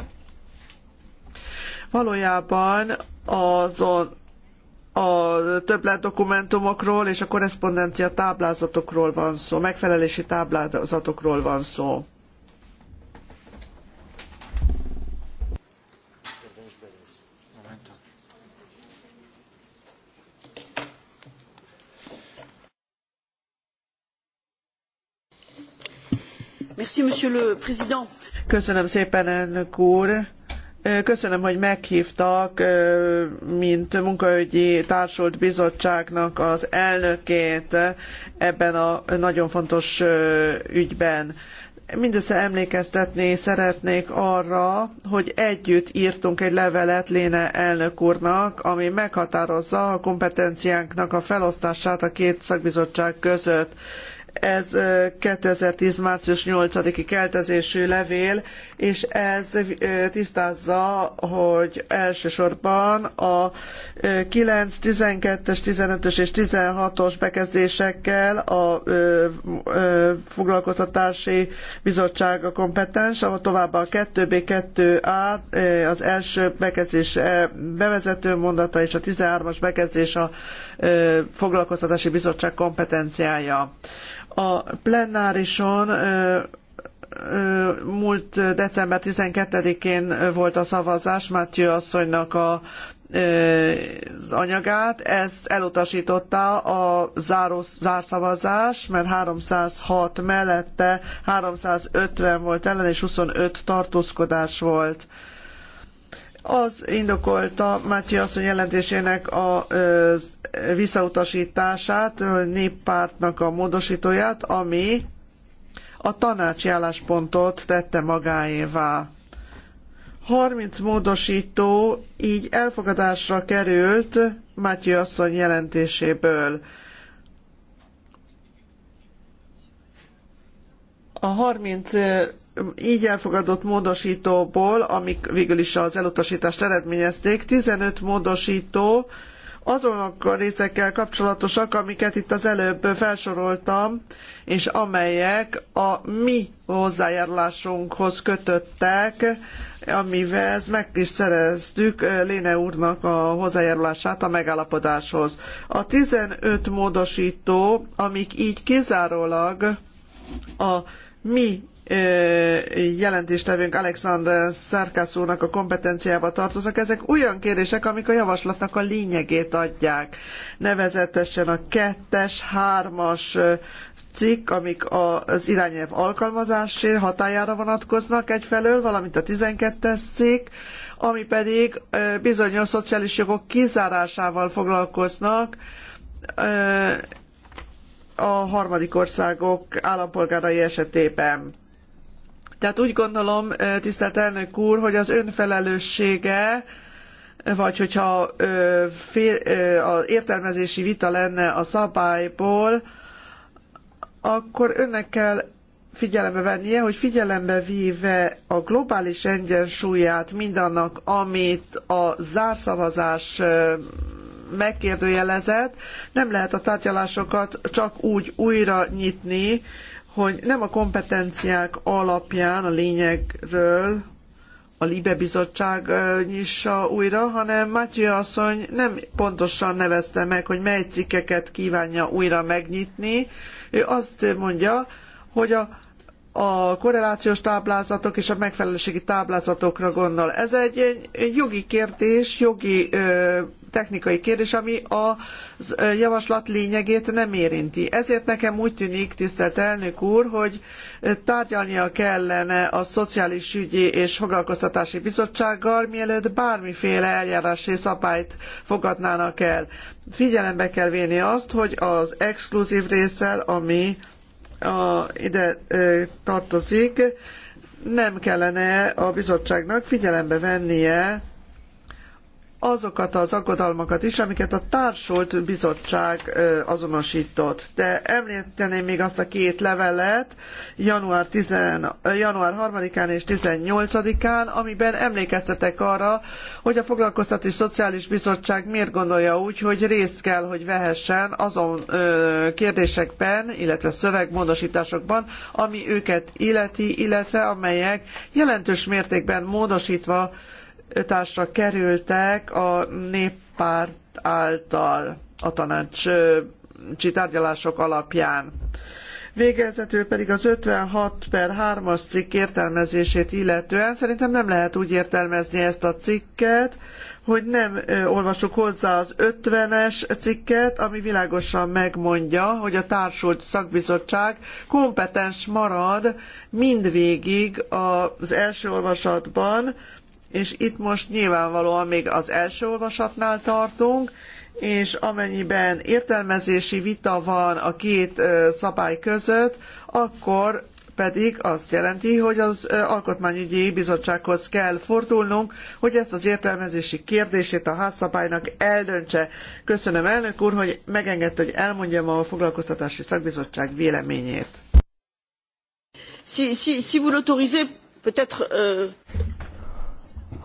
Valójában azon a többletdokumentumokról és a korrespondencia táblázatokról van szó, megfelelési táblázatokról van szó. Monsieur le Président. Köszönöm szépen, elnök úr. Köszönöm, hogy meghívtak, mint munkaügyi társult bizottságnak az elnökét ebben a nagyon fontos ügyben. Mindössze emlékeztetni szeretnék arra, hogy együtt írtunk egy levelet Léne elnök úrnak, ami meghatározza a kompetenciánknak a felosztását a két szakbizottság között ez 2010. március 8-i keltezésű levél, és ez tisztázza, hogy elsősorban a 9, 12-es, 15-ös és 16-os bekezdésekkel a foglalkoztatási bizottság a kompetens, továbbá a 2B2A az első bekezdés bevezető mondata és a 13-as bekezdés a foglalkoztatási bizottság kompetenciája. A plenárison múlt december 12-én volt a szavazás Mátyő asszonynak a az anyagát, ezt elutasította a záró, zárszavazás, mert 306 mellette 350 volt ellen, és 25 tartózkodás volt. Az indokolta Mátyi asszony jelentésének az visszautasítását, néppártnak a módosítóját, ami a tanácsi álláspontot tette magáévá. 30 módosító így elfogadásra került Mátyő asszony jelentéséből. A 30 így elfogadott módosítóból, amik végül is az elutasítást eredményezték, 15 módosító azonok a részekkel kapcsolatosak, amiket itt az előbb felsoroltam, és amelyek a mi hozzájárulásunkhoz kötöttek, amivel ez meg is szereztük eh, Léne úrnak a hozzájárulását a megállapodáshoz. A 15 módosító, amik így kizárólag a mi jelentéstevőnk Alexandre Szerkász úrnak a kompetenciába tartoznak. Ezek olyan kérdések, amik a javaslatnak a lényegét adják. Nevezetesen a kettes, hármas cikk, amik az irányelv alkalmazási hatájára vonatkoznak egyfelől, valamint a 12-es cikk, ami pedig bizonyos szociális jogok kizárásával foglalkoznak, a harmadik országok állampolgárai esetében. Tehát úgy gondolom, tisztelt elnök úr, hogy az önfelelőssége, vagy hogyha fél, a értelmezési vita lenne a szabályból, akkor önnek kell figyelembe vennie, hogy figyelembe véve a globális egyensúlyát mindannak, amit a zárszavazás megkérdőjelezett, nem lehet a tárgyalásokat csak úgy újra nyitni, hogy nem a kompetenciák alapján a lényegről a Libe Bizottság nyissa újra, hanem Matyő asszony nem pontosan nevezte meg, hogy mely cikkeket kívánja újra megnyitni. Ő azt mondja, hogy a a korrelációs táblázatok és a megfelelőségi táblázatokra gondol. Ez egy jogi kérdés, jogi technikai kérdés, ami a javaslat lényegét nem érinti. Ezért nekem úgy tűnik, tisztelt elnök úr, hogy tárgyalnia kellene a Szociális Ügyi és Foglalkoztatási Bizottsággal, mielőtt bármiféle eljárási szabályt fogadnának el. Figyelembe kell venni azt, hogy az exkluzív részsel, ami a, ide ö, tartozik, nem kellene a bizottságnak figyelembe vennie azokat az aggodalmakat is, amiket a társult bizottság azonosított. De említeném még azt a két levelet január, 10, január 3-án és 18-án, amiben emlékeztetek arra, hogy a Foglalkoztatási Szociális Bizottság miért gondolja úgy, hogy részt kell, hogy vehessen azon kérdésekben, illetve szövegmódosításokban, ami őket illeti, illetve amelyek jelentős mértékben módosítva társra kerültek a néppárt által a tanácsi tárgyalások alapján. Végezetül pedig az 56 per 3-as cikk értelmezését illetően szerintem nem lehet úgy értelmezni ezt a cikket, hogy nem olvasok hozzá az 50-es cikket, ami világosan megmondja, hogy a társult szakbizottság kompetens marad mindvégig az első olvasatban és itt most nyilvánvalóan még az első olvasatnál tartunk, és amennyiben értelmezési vita van a két szabály között, akkor pedig azt jelenti, hogy az Alkotmányügyi Bizottsághoz kell fordulnunk, hogy ezt az értelmezési kérdését a házszabálynak eldöntse. Köszönöm elnök úr, hogy megengedte, hogy elmondjam a foglalkoztatási szakbizottság véleményét. Si, si, si vous l'autorisez, peut-être... Euh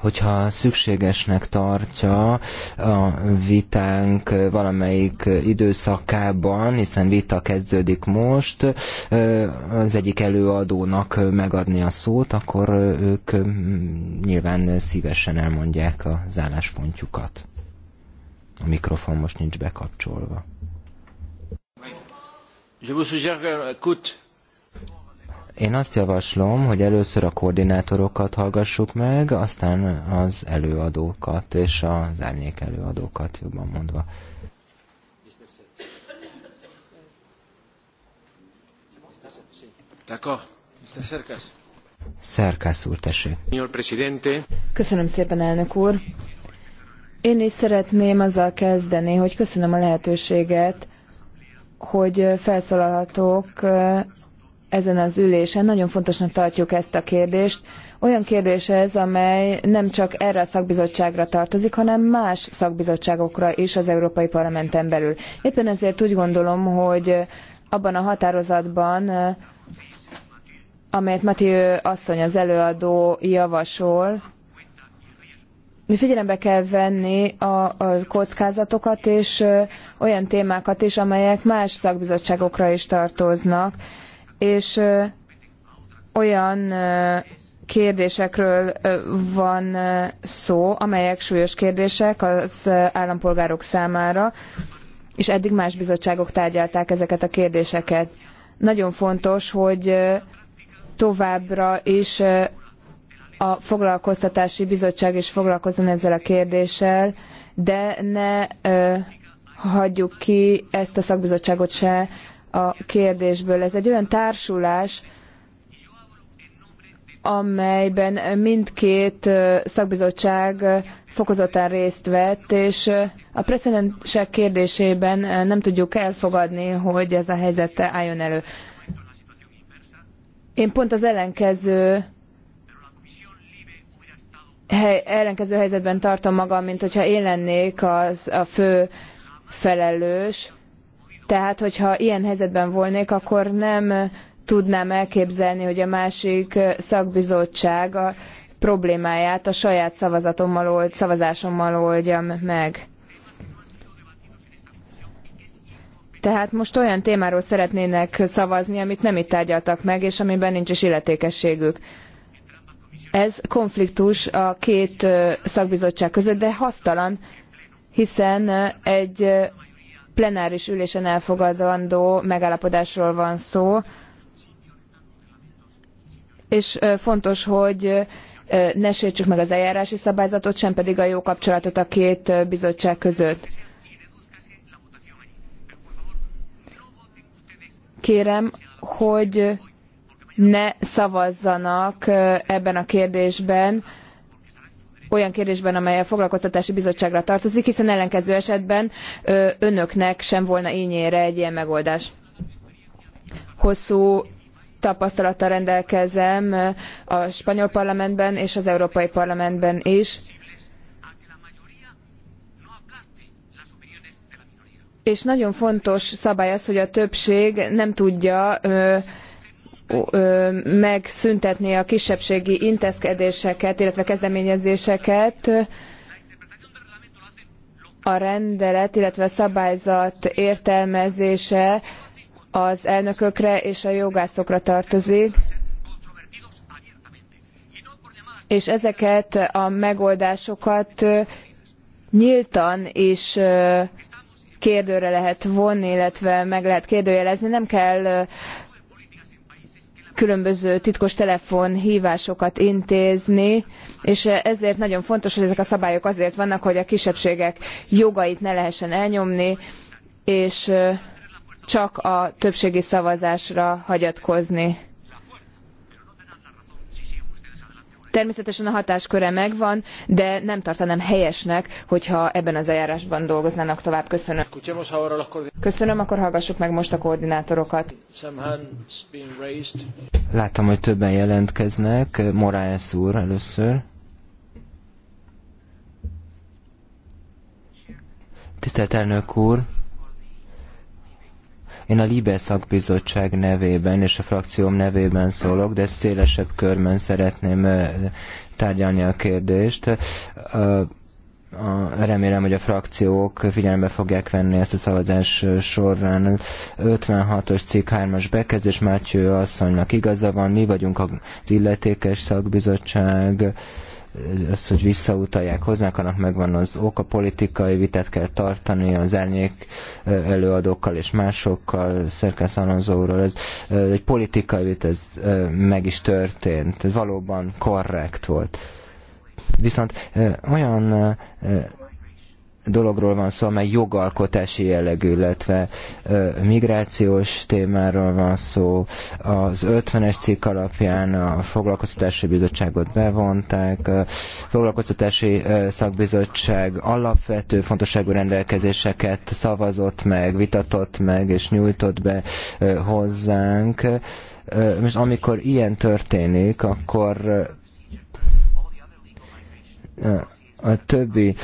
hogyha szükségesnek tartja a vitánk valamelyik időszakában, hiszen vita kezdődik most, az egyik előadónak megadni a szót, akkor ők nyilván szívesen elmondják az álláspontjukat. A mikrofon most nincs bekapcsolva. Je vous suggère écoute én azt javaslom, hogy először a koordinátorokat hallgassuk meg, aztán az előadókat és az árnyék előadókat, jobban mondva. Szerkász úr, tessék. Köszönöm szépen, elnök úr. Én is szeretném azzal kezdeni, hogy köszönöm a lehetőséget, hogy felszólalhatok ezen az ülésen. Nagyon fontosnak tartjuk ezt a kérdést. Olyan kérdés ez, amely nem csak erre a szakbizottságra tartozik, hanem más szakbizottságokra is az Európai Parlamenten belül. Éppen ezért úgy gondolom, hogy abban a határozatban, amelyet Matthieu asszony az előadó javasol, figyelembe kell venni a, a kockázatokat és olyan témákat is, amelyek más szakbizottságokra is tartoznak és olyan kérdésekről van szó, amelyek súlyos kérdések az állampolgárok számára, és eddig más bizottságok tárgyalták ezeket a kérdéseket. Nagyon fontos, hogy továbbra is a foglalkoztatási bizottság is foglalkozzon ezzel a kérdéssel, de ne hagyjuk ki ezt a szakbizottságot se a kérdésből. Ez egy olyan társulás, amelyben mindkét szakbizottság fokozottan részt vett, és a precedensek kérdésében nem tudjuk elfogadni, hogy ez a helyzet álljon elő. Én pont az ellenkező hely, ellenkező helyzetben tartom magam, mint hogyha én lennék az, a fő felelős, tehát, hogyha ilyen helyzetben volnék, akkor nem tudnám elképzelni, hogy a másik szakbizottság a problémáját a saját szavazatommal, szavazásommal oldjam meg. Tehát most olyan témáról szeretnének szavazni, amit nem itt tárgyaltak meg, és amiben nincs is illetékességük. Ez konfliktus a két szakbizottság között, de hasztalan, hiszen egy plenáris ülésen elfogadandó megállapodásról van szó, és fontos, hogy ne sértsük meg az eljárási szabályzatot, sem pedig a jó kapcsolatot a két bizottság között. Kérem, hogy ne szavazzanak ebben a kérdésben, olyan kérdésben, amely a foglalkoztatási bizottságra tartozik, hiszen ellenkező esetben önöknek sem volna ényére egy ilyen megoldás. Hosszú tapasztalattal rendelkezem a spanyol parlamentben és az európai parlamentben is. És nagyon fontos szabály az, hogy a többség nem tudja megszüntetni a kisebbségi intézkedéseket, illetve kezdeményezéseket, a rendelet, illetve a szabályzat értelmezése az elnökökre és a jogászokra tartozik, és ezeket a megoldásokat nyíltan is kérdőre lehet vonni, illetve meg lehet kérdőjelezni. Nem kell különböző titkos telefonhívásokat intézni, és ezért nagyon fontos, hogy ezek a szabályok azért vannak, hogy a kisebbségek jogait ne lehessen elnyomni, és csak a többségi szavazásra hagyatkozni. Természetesen a hatásköre megvan, de nem tartanám helyesnek, hogyha ebben az eljárásban dolgoznának tovább. Köszönöm. Köszönöm, akkor hallgassuk meg most a koordinátorokat. Láttam, hogy többen jelentkeznek. Morales úr először. Tisztelt elnök úr, én a Libe szakbizottság nevében és a frakcióm nevében szólok, de szélesebb körben szeretném tárgyalni a kérdést remélem, hogy a frakciók figyelembe fogják venni ezt a szavazás során. 56-os cikk 3-as bekezdés, Mátyő asszonynak igaza van, mi vagyunk az illetékes szakbizottság, az, hogy visszautalják, hozzá annak megvan az oka, politikai vitát kell tartani az árnyék előadókkal és másokkal, Szerkesz Alonso ez egy politikai vita, ez meg is történt, ez valóban korrekt volt. Viszont olyan dologról van szó, amely jogalkotási jellegű, illetve migrációs témáról van szó. Az 50-es cikk alapján a foglalkoztatási bizottságot bevonták, a foglalkoztatási szakbizottság alapvető fontosságú rendelkezéseket szavazott meg, vitatott meg és nyújtott be hozzánk. Most amikor ilyen történik, akkor a többi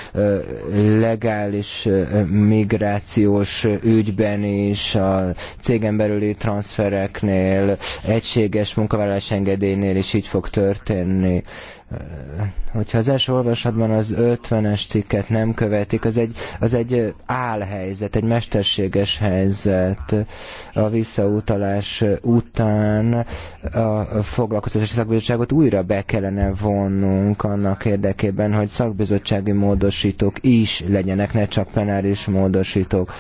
legális migrációs ügyben is, a cégen belüli transfereknél, egységes munkavállalás engedélynél is így fog történni hogyha az első olvasatban az 50-es cikket nem követik, az egy, az egy álhelyzet, egy mesterséges helyzet a visszautalás után a foglalkoztatási szakbizottságot újra be kellene vonnunk annak érdekében, hogy szakbizottsági módosítók is legyenek, ne csak penális módosítók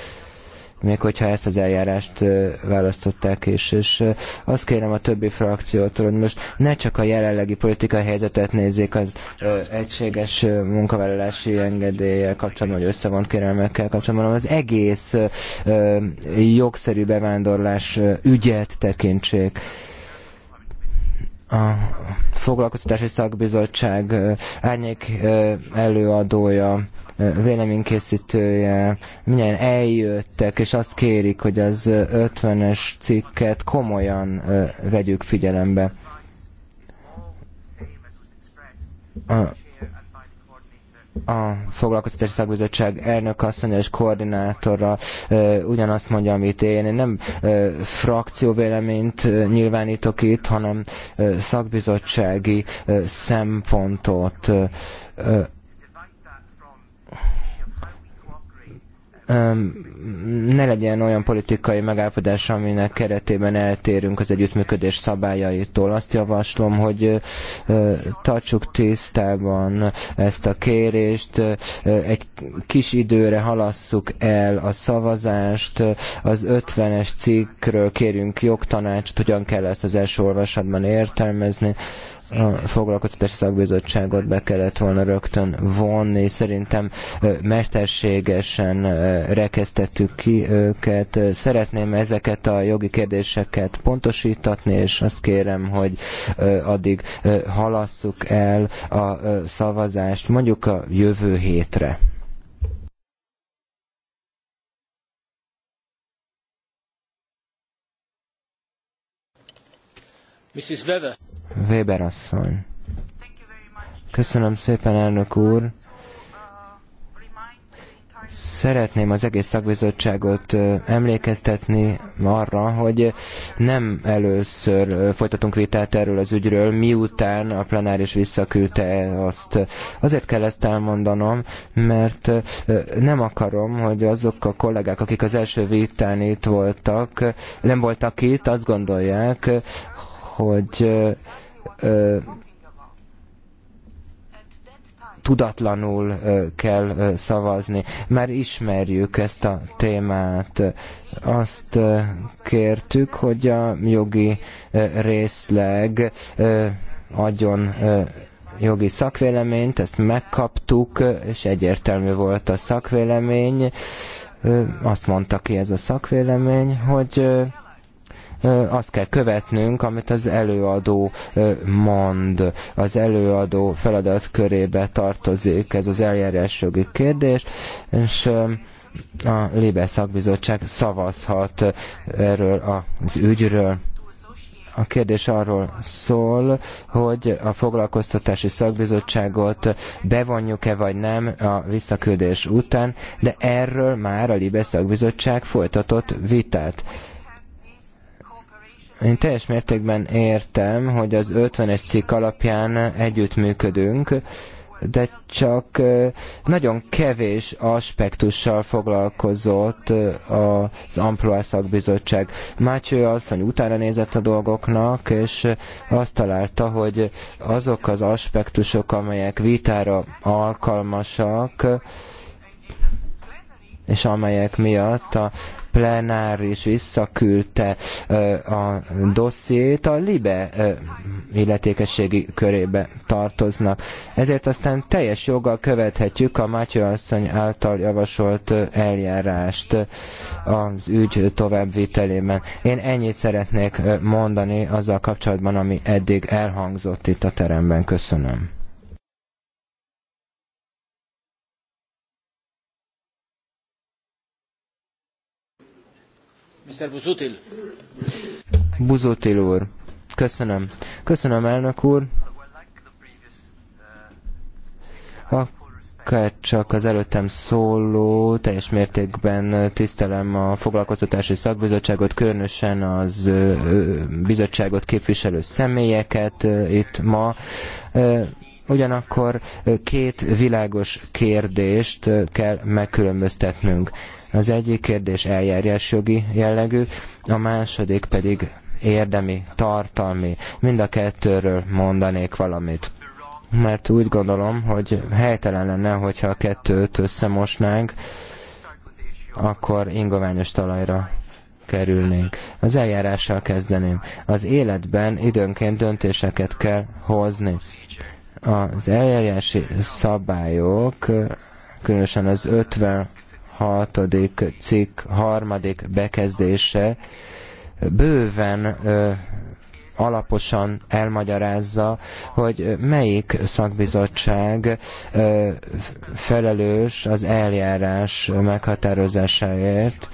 még hogyha ezt az eljárást választották is. És azt kérem a többi frakciótól, hogy most ne csak a jelenlegi politikai helyzetet nézzék az egységes munkavállalási engedéllyel kapcsolatban, vagy összevont kérelmekkel kapcsolatban, hanem az egész jogszerű bevándorlás ügyet tekintsék a foglalkoztatási szakbizottság árnyék előadója véleménykészítője, milyen eljöttek, és azt kérik, hogy az 50-es cikket komolyan vegyük figyelembe. A a foglalkoztatási szakbizottság elnök asszony és koordinátora e, ugyanazt mondja, amit én. Én nem e, frakcióvéleményt e, nyilvánítok itt, hanem e, szakbizottsági e, szempontot. E, e, ne legyen olyan politikai megállapodás, aminek keretében eltérünk az együttműködés szabályaitól. Azt javaslom, hogy tartsuk tisztában ezt a kérést, egy kis időre halasszuk el a szavazást, az 50-es cikkről kérünk jogtanácsot, hogyan kell ezt az első olvasatban értelmezni, a foglalkoztatási szakbizottságot be kellett volna rögtön vonni. Szerintem mesterségesen rekesztettük ki őket. Szeretném ezeket a jogi kérdéseket pontosítatni, és azt kérem, hogy addig halasszuk el a szavazást, mondjuk a jövő hétre. Mrs. Weber. Weber asszony. Köszönöm szépen, elnök úr. Szeretném az egész szakbizottságot emlékeztetni arra, hogy nem először folytatunk vitát erről az ügyről, miután a plenáris visszaküldte azt. Azért kell ezt elmondanom, mert nem akarom, hogy azok a kollégák, akik az első vitán itt voltak, nem voltak itt, azt gondolják, hogy tudatlanul kell szavazni. Már ismerjük ezt a témát. Azt kértük, hogy a jogi részleg adjon jogi szakvéleményt, ezt megkaptuk, és egyértelmű volt a szakvélemény. Azt mondta ki ez a szakvélemény, hogy azt kell követnünk, amit az előadó mond. Az előadó feladat körébe tartozik ez az eljárásjogi kérdés, és a Libe szakbizottság szavazhat erről az ügyről. A kérdés arról szól, hogy a foglalkoztatási szakbizottságot bevonjuk-e vagy nem a visszaküldés után, de erről már a Libe szakbizottság folytatott vitát. Én teljes mértékben értem, hogy az 50-es cikk alapján együttműködünk, de csak nagyon kevés aspektussal foglalkozott az Amploa szakbizottság. Mátyő asszony utána nézett a dolgoknak, és azt találta, hogy azok az aspektusok, amelyek vitára alkalmasak, és amelyek miatt a plenáris visszaküldte a dossziét a LIBE illetékességi körébe tartoznak. Ezért aztán teljes joggal követhetjük a Mátyó asszony által javasolt eljárást az ügy továbbvitelében. Én ennyit szeretnék mondani azzal kapcsolatban, ami eddig elhangzott itt a teremben. Köszönöm. Mr. Buzutil. úr. Köszönöm. Köszönöm, elnök úr. Akár csak az előttem szóló, teljes mértékben tisztelem a foglalkoztatási szakbizottságot, különösen az bizottságot képviselő személyeket itt ma ugyanakkor két világos kérdést kell megkülönböztetnünk. Az egyik kérdés eljárásjogi jellegű, a második pedig érdemi, tartalmi. Mind a kettőről mondanék valamit mert úgy gondolom, hogy helytelen lenne, hogyha a kettőt összemosnánk, akkor ingoványos talajra kerülnénk. Az eljárással kezdeném. Az életben időnként döntéseket kell hozni. Az eljárási szabályok, különösen az 50 hatodik cikk harmadik bekezdése bőven alaposan elmagyarázza, hogy melyik szakbizottság felelős az eljárás meghatározásáért,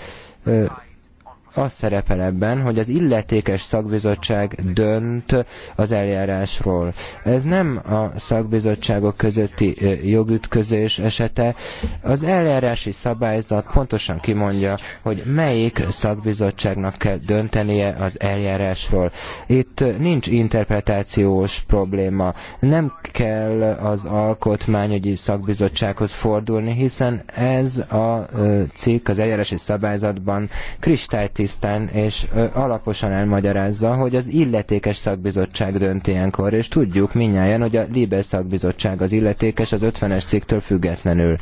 az szerepel ebben, hogy az illetékes szakbizottság dönt az eljárásról. Ez nem a szakbizottságok közötti jogütközés esete. Az eljárási szabályzat pontosan kimondja, hogy melyik szakbizottságnak kell döntenie az eljárásról. Itt nincs interpretációs probléma. Nem kell az alkotmányügyi szakbizottsághoz fordulni, hiszen ez a cikk az eljárási szabályzatban kristályt tisztán és alaposan elmagyarázza, hogy az illetékes szakbizottság dönt ilyenkor, és tudjuk minnyáján, hogy a Libe szakbizottság az illetékes az 50-es cikktől függetlenül.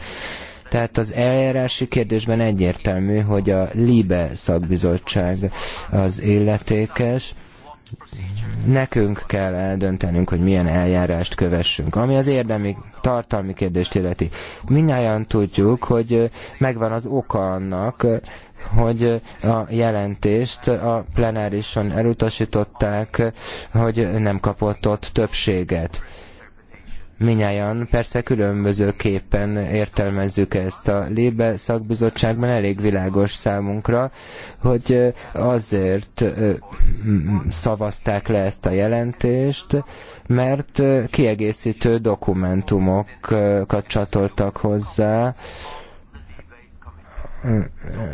Tehát az eljárási kérdésben egyértelmű, hogy a LIBE szakbizottság az illetékes, nekünk kell eldöntenünk, hogy milyen eljárást kövessünk. Ami az érdemi, tartalmi kérdést illeti. Minnyáján tudjuk, hogy megvan az oka annak, hogy a jelentést a plenárison elutasították, hogy nem kapott ott többséget. Minnyáján persze különbözőképpen értelmezzük ezt. A Lébe szakbizottságban elég világos számunkra, hogy azért szavazták le ezt a jelentést, mert kiegészítő dokumentumokat csatoltak hozzá,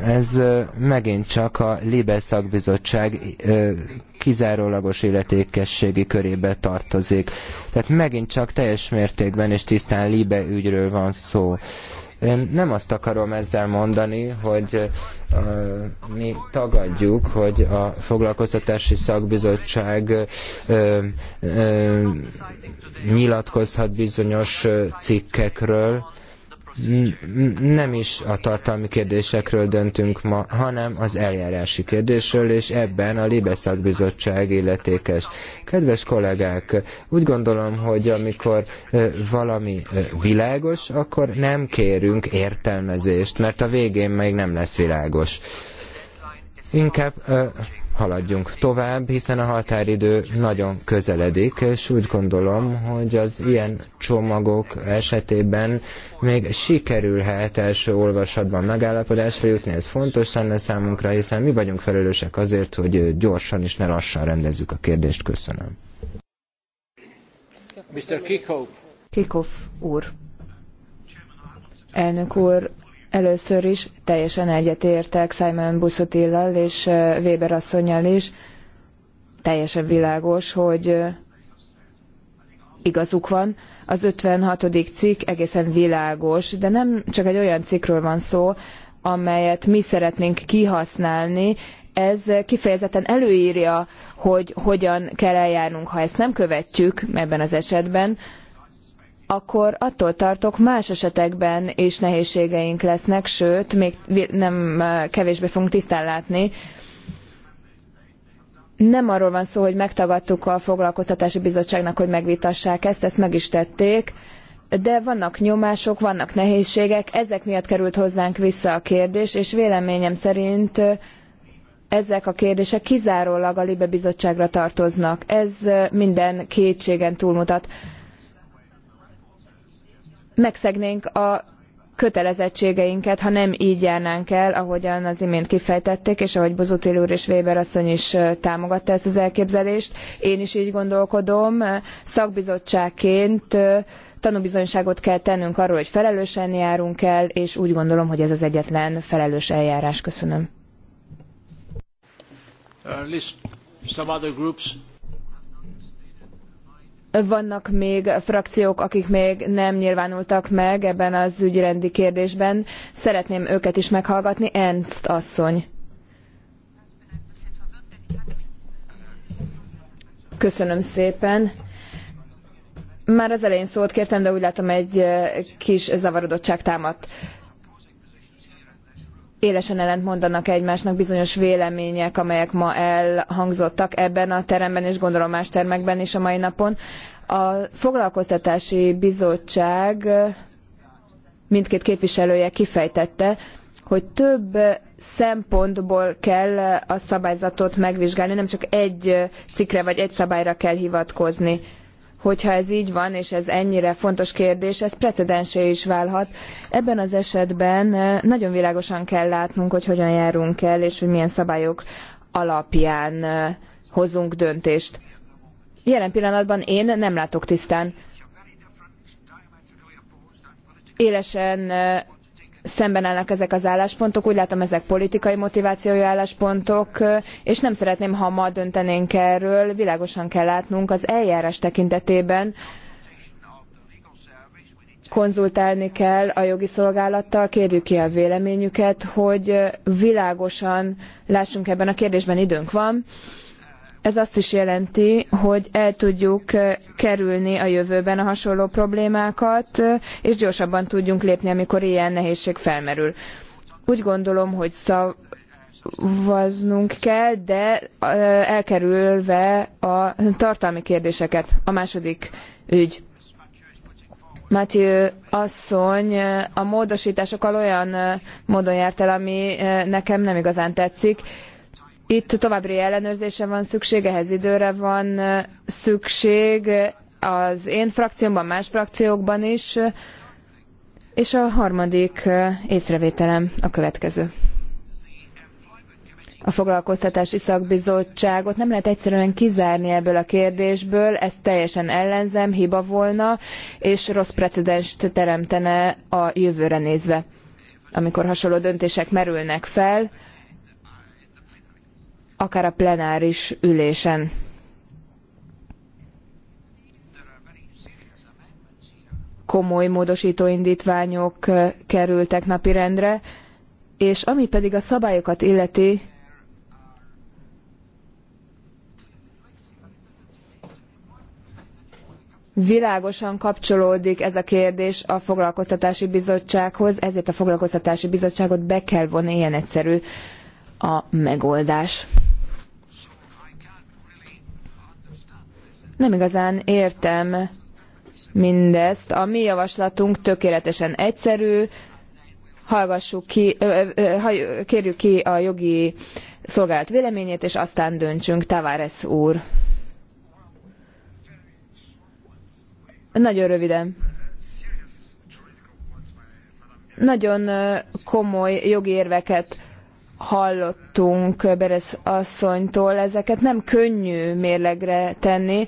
ez megint csak a Libe szakbizottság kizárólagos illetékességi körébe tartozik. Tehát megint csak teljes mértékben és tisztán Libe ügyről van szó. Én nem azt akarom ezzel mondani, hogy uh, mi tagadjuk, hogy a foglalkoztatási szakbizottság uh, uh, nyilatkozhat bizonyos cikkekről, nem is a tartalmi kérdésekről döntünk ma, hanem az eljárási kérdésről, és ebben a Libeszak Bizottság illetékes. Kedves kollégák, úgy gondolom, hogy amikor valami világos, akkor nem kérünk értelmezést, mert a végén még nem lesz világos. Inkább haladjunk tovább, hiszen a határidő nagyon közeledik, és úgy gondolom, hogy az ilyen csomagok esetében még sikerülhet első olvasatban megállapodásra jutni, ez fontos lenne számunkra, hiszen mi vagyunk felelősek azért, hogy gyorsan és ne lassan rendezzük a kérdést. Köszönöm. Mr. Kikov. Kikov úr. Elnök úr, Először is teljesen egyetértek Simon Buszotillal és Weber asszonyjal is. Teljesen világos, hogy igazuk van. Az 56. cikk egészen világos, de nem csak egy olyan cikkről van szó, amelyet mi szeretnénk kihasználni, ez kifejezetten előírja, hogy hogyan kell eljárnunk, ha ezt nem követjük ebben az esetben, akkor attól tartok, más esetekben is nehézségeink lesznek, sőt, még nem kevésbé fogunk tisztán látni. Nem arról van szó, hogy megtagadtuk a foglalkoztatási bizottságnak, hogy megvitassák ezt, ezt meg is tették, de vannak nyomások, vannak nehézségek, ezek miatt került hozzánk vissza a kérdés, és véleményem szerint ezek a kérdések kizárólag a Libe Bizottságra tartoznak. Ez minden kétségen túlmutat megszegnénk a kötelezettségeinket, ha nem így járnánk el, ahogyan az imént kifejtették, és ahogy Bozutil úr és Weber asszony is támogatta ezt az elképzelést. Én is így gondolkodom. Szakbizottságként tanúbizonyságot kell tennünk arról, hogy felelősen járunk el, és úgy gondolom, hogy ez az egyetlen felelős eljárás. Köszönöm. Uh, list some other groups vannak még frakciók, akik még nem nyilvánultak meg ebben az ügyrendi kérdésben. Szeretném őket is meghallgatni. Ernst asszony. Köszönöm szépen. Már az elején szót kértem, de úgy látom egy kis zavarodottság támadt élesen ellentmondanak egymásnak bizonyos vélemények, amelyek ma elhangzottak ebben a teremben, és gondolom más termekben is a mai napon. A foglalkoztatási bizottság mindkét képviselője kifejtette, hogy több szempontból kell a szabályzatot megvizsgálni, nem csak egy cikkre vagy egy szabályra kell hivatkozni hogyha ez így van, és ez ennyire fontos kérdés, ez precedensé is válhat. Ebben az esetben nagyon világosan kell látnunk, hogy hogyan járunk el, és hogy milyen szabályok alapján hozunk döntést. Jelen pillanatban én nem látok tisztán. Élesen szemben állnak ezek az álláspontok. Úgy látom, ezek politikai motivációjú álláspontok, és nem szeretném, ha ma döntenénk erről. Világosan kell látnunk az eljárás tekintetében, konzultálni kell a jogi szolgálattal, kérjük ki a véleményüket, hogy világosan lássunk ebben a kérdésben, időnk van. Ez azt is jelenti, hogy el tudjuk eh, kerülni a jövőben a hasonló problémákat, eh, és gyorsabban tudjunk lépni, amikor ilyen nehézség felmerül. Úgy gondolom, hogy szavaznunk kell, de eh, elkerülve a tartalmi kérdéseket. A második ügy. Matthew asszony a módosításokkal olyan módon járt el, ami nekem nem igazán tetszik itt további ellenőrzése van szükség, ehhez időre van szükség az én frakciómban, más frakciókban is. És a harmadik észrevételem a következő. A foglalkoztatási szakbizottságot nem lehet egyszerűen kizárni ebből a kérdésből, ezt teljesen ellenzem, hiba volna, és rossz precedenst teremtene a jövőre nézve, amikor hasonló döntések merülnek fel akár a plenáris ülésen. Komoly módosító indítványok eh, kerültek napirendre, és ami pedig a szabályokat illeti, világosan kapcsolódik ez a kérdés a foglalkoztatási bizottsághoz, ezért a foglalkoztatási bizottságot be kell vonni, ilyen egyszerű a megoldás. Nem igazán értem mindezt. A mi javaslatunk tökéletesen egyszerű, hallgassuk ki, kérjük ki a jogi szolgálat véleményét, és aztán döntsünk, Tavares úr. Nagyon röviden. Nagyon komoly jogi érveket hallottunk Berez asszonytól, ezeket nem könnyű mérlegre tenni,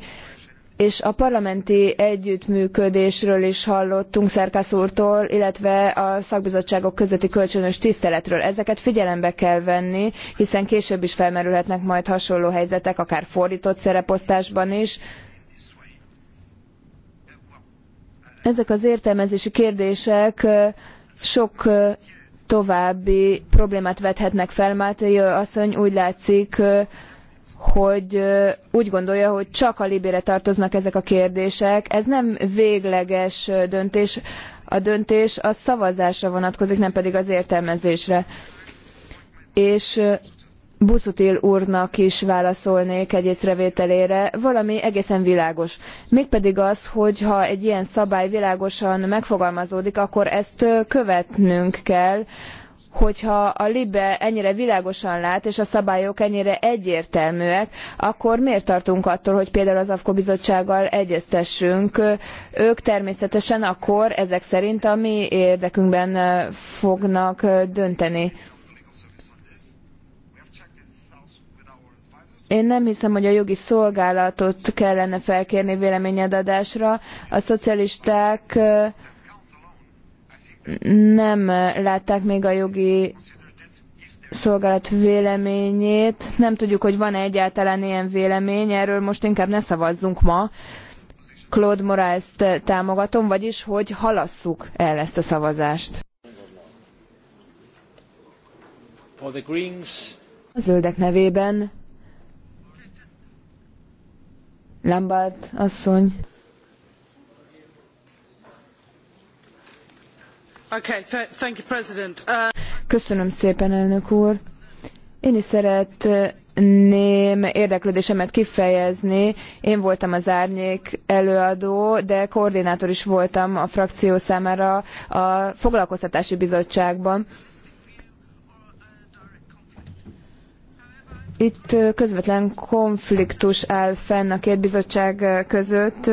és a parlamenti együttműködésről is hallottunk Szerkász úrtól, illetve a szakbizottságok közötti kölcsönös tiszteletről. Ezeket figyelembe kell venni, hiszen később is felmerülhetnek majd hasonló helyzetek, akár fordított szereposztásban is. Ezek az értelmezési kérdések sok további problémát vethetnek fel. Máté asszony úgy látszik, hogy úgy gondolja, hogy csak a libére tartoznak ezek a kérdések. Ez nem végleges döntés, a döntés a szavazásra vonatkozik, nem pedig az értelmezésre. És busuttil úrnak is válaszolnék egy észrevételére, valami egészen világos. Mégpedig az, hogy ha egy ilyen szabály világosan megfogalmazódik, akkor ezt követnünk kell, hogyha a LIBE ennyire világosan lát, és a szabályok ennyire egyértelműek, akkor miért tartunk attól, hogy például az AFKO bizottsággal egyeztessünk? Ők természetesen akkor ezek szerint a mi érdekünkben fognak dönteni. Én nem hiszem, hogy a jogi szolgálatot kellene felkérni véleményedadásra. A szocialisták nem látták még a jogi szolgálat véleményét. Nem tudjuk, hogy van-e egyáltalán ilyen vélemény, erről most inkább ne szavazzunk ma. Claude Moraes-t támogatom, vagyis hogy halasszuk el ezt a szavazást. A zöldek nevében Lambert asszony. Okay, thank you, President. Uh... Köszönöm szépen, elnök úr. Én is szeretném érdeklődésemet kifejezni. Én voltam az árnyék előadó, de koordinátor is voltam a frakció számára a foglalkoztatási bizottságban. Itt közvetlen konfliktus áll fenn a két bizottság között,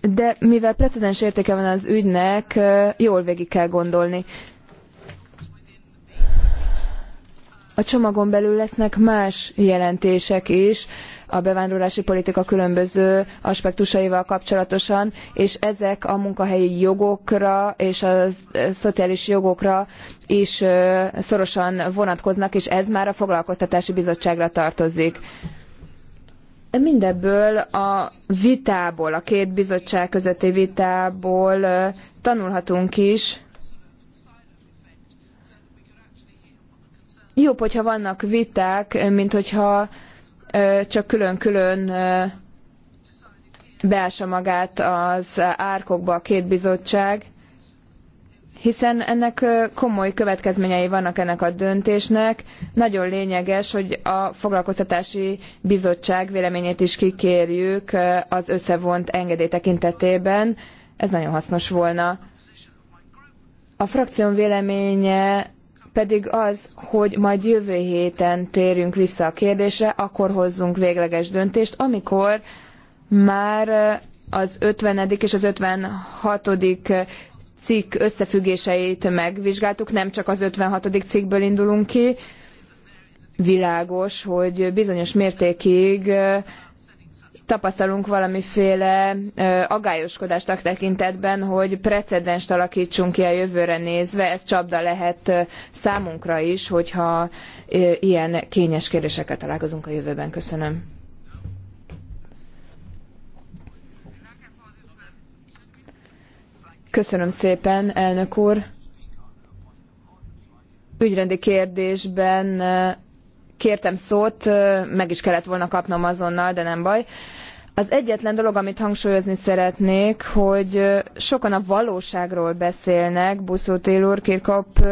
de mivel precedens értéke van az ügynek, jól végig kell gondolni. A csomagon belül lesznek más jelentések is, a bevándorlási politika különböző aspektusaival kapcsolatosan, és ezek a munkahelyi jogokra és a szociális jogokra is szorosan vonatkoznak, és ez már a foglalkoztatási bizottságra tartozik. Mindebből a vitából, a két bizottság közötti vitából tanulhatunk is, jobb, hogyha vannak viták, mint hogyha csak külön-külön beássa magát az árkokba a két bizottság, hiszen ennek komoly következményei vannak ennek a döntésnek. Nagyon lényeges, hogy a foglalkoztatási bizottság véleményét is kikérjük az összevont engedély tekintetében. Ez nagyon hasznos volna. A frakción véleménye pedig az, hogy majd jövő héten térünk vissza a kérdésre, akkor hozzunk végleges döntést, amikor már eh, az 50. és az 56 eh, cikk összefüggéseit megvizsgáltuk, nem csak az 56. cikkből indulunk ki. Világos, hogy bizonyos mértékig eh, tapasztalunk valamiféle agályoskodást a tekintetben, hogy precedenst alakítsunk ki a jövőre nézve, ez csapda lehet számunkra is, hogyha ilyen kényes kérdésekkel találkozunk a jövőben. Köszönöm. Köszönöm szépen, elnök úr. Ügyrendi kérdésben kértem szót, meg is kellett volna kapnom azonnal, de nem baj. Az egyetlen dolog, amit hangsúlyozni szeretnék, hogy sokan a valóságról beszélnek, Buszotél úr, Kirkop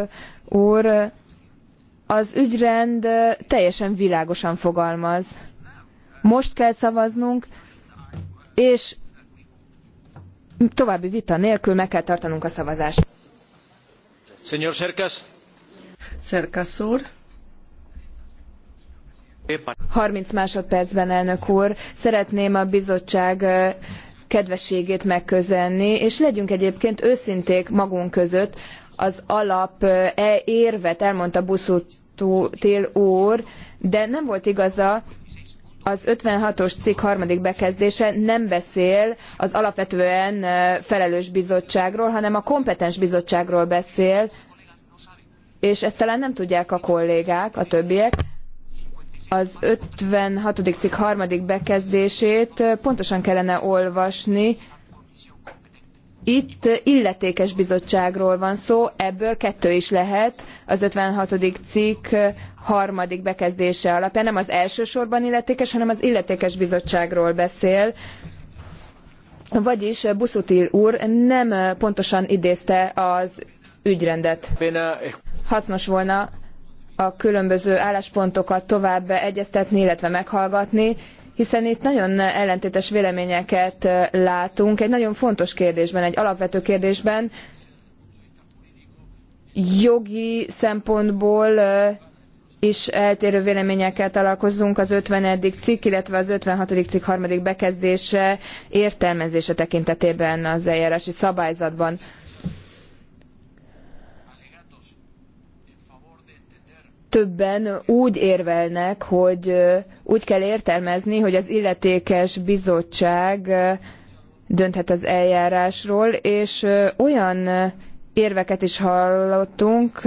úr, az ügyrend teljesen világosan fogalmaz. Most kell szavaznunk, és további vita nélkül meg kell tartanunk a szavazást. Señor Cercas. Cercas úr. 30 másodpercben, elnök úr. Szeretném a bizottság kedvességét megközelni, és legyünk egyébként őszinték magunk között. Az alap e érvet elmondta Buszutél úr, de nem volt igaza, az 56-os cikk harmadik bekezdése nem beszél az alapvetően felelős bizottságról, hanem a kompetens bizottságról beszél, és ezt talán nem tudják a kollégák, a többiek az 56. cikk harmadik bekezdését pontosan kellene olvasni. Itt illetékes bizottságról van szó, ebből kettő is lehet. Az 56. cikk harmadik bekezdése alapján nem az elsősorban illetékes, hanem az illetékes bizottságról beszél. Vagyis Buszutil úr nem pontosan idézte az ügyrendet. Eh, Hasznos volna a különböző álláspontokat tovább egyeztetni, illetve meghallgatni, hiszen itt nagyon ellentétes véleményeket látunk egy nagyon fontos kérdésben, egy alapvető kérdésben, jogi szempontból is eltérő véleményekkel találkozunk az 50. cikk, illetve az 56. cikk harmadik bekezdése értelmezése tekintetében az eljárási szabályzatban. többen úgy érvelnek, hogy úgy kell értelmezni, hogy az illetékes bizottság dönthet az eljárásról, és olyan érveket is hallottunk,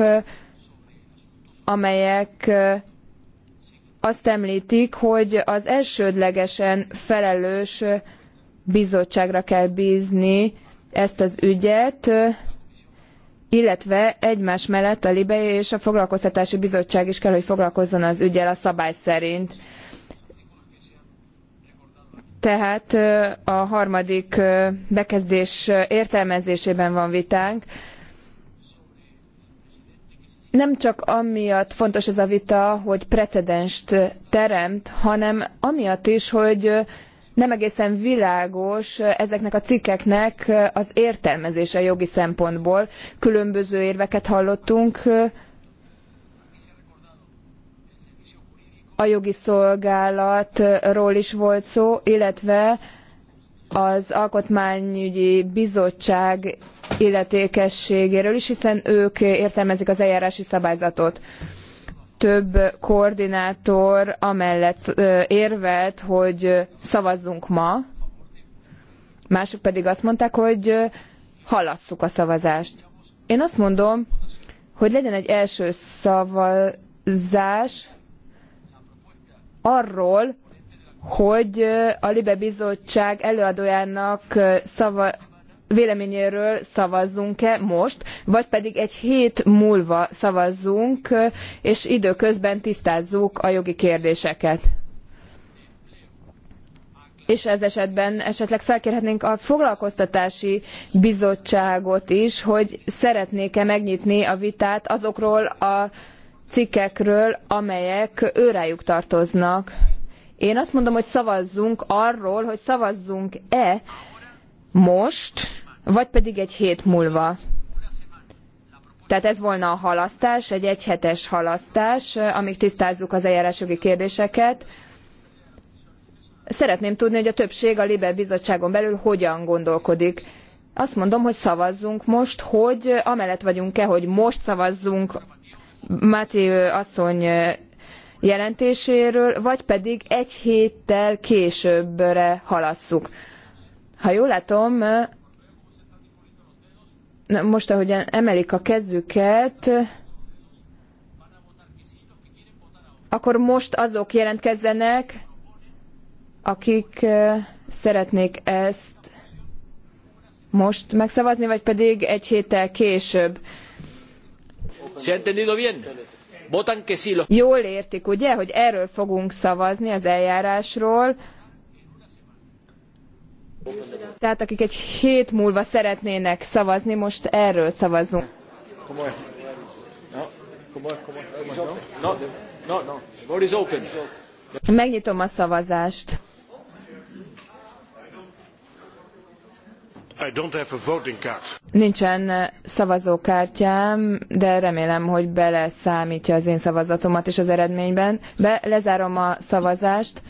amelyek azt említik, hogy az elsődlegesen felelős bizottságra kell bízni ezt az ügyet, illetve egymás mellett a LIBE és a Foglalkoztatási Bizottság is kell, hogy foglalkozzon az ügyel a szabály szerint. Tehát a harmadik bekezdés értelmezésében van vitánk. Nem csak amiatt fontos ez a vita, hogy precedenst teremt, hanem amiatt is, hogy nem egészen világos ezeknek a cikkeknek az értelmezése jogi szempontból. Különböző érveket hallottunk, a jogi szolgálatról is volt szó, illetve az Alkotmányügyi Bizottság illetékességéről is, hiszen ők értelmezik az eljárási szabályzatot több koordinátor amellett érvelt, hogy szavazzunk ma, mások pedig azt mondták, hogy halasszuk a szavazást. Én azt mondom, hogy legyen egy első szavazás arról, hogy a Libe Bizottság előadójának szava, véleményéről szavazzunk-e most, vagy pedig egy hét múlva szavazzunk, és időközben tisztázzuk a jogi kérdéseket. És ez esetben esetleg felkérhetnénk a foglalkoztatási bizottságot is, hogy szeretnék-e megnyitni a vitát azokról a cikkekről, amelyek őrájuk tartoznak. Én azt mondom, hogy szavazzunk arról, hogy szavazzunk-e most, vagy pedig egy hét múlva. Tehát ez volna a halasztás, egy egyhetes halasztás, amíg tisztázzuk az eljárásjogi kérdéseket. Szeretném tudni, hogy a többség a Liber Bizottságon belül hogyan gondolkodik. Azt mondom, hogy szavazzunk most, hogy amellett vagyunk-e, hogy most szavazzunk Máté asszony jelentéséről, vagy pedig egy héttel későbbre halasszuk. Ha jól látom, most ahogyan emelik a kezüket, akkor most azok jelentkezzenek, akik szeretnék ezt most megszavazni, vagy pedig egy héttel később. Jól értik, ugye, hogy erről fogunk szavazni az eljárásról, tehát akik egy hét múlva szeretnének szavazni, most erről szavazunk. Komoly. komoly, komoly, komoly. No, no, no. Megnyitom a szavazást. I don't have a voting card. Nincsen szavazókártyám, de remélem, hogy beleszámítja az én szavazatomat is az eredményben. Be, lezárom a szavazást.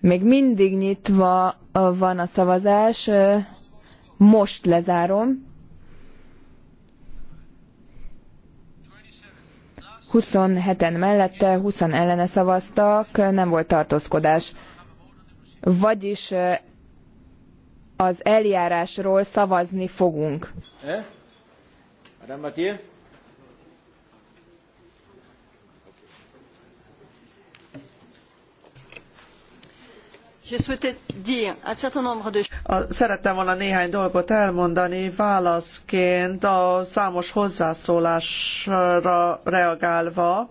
Még mindig nyitva van a szavazás. Most lezárom. 27-en mellette, 20 ellene szavaztak, nem volt tartózkodás. Vagyis az eljárásról szavazni fogunk. Eh? Madame Mathieu? Szerettem volna néhány dolgot elmondani válaszként a számos hozzászólásra reagálva.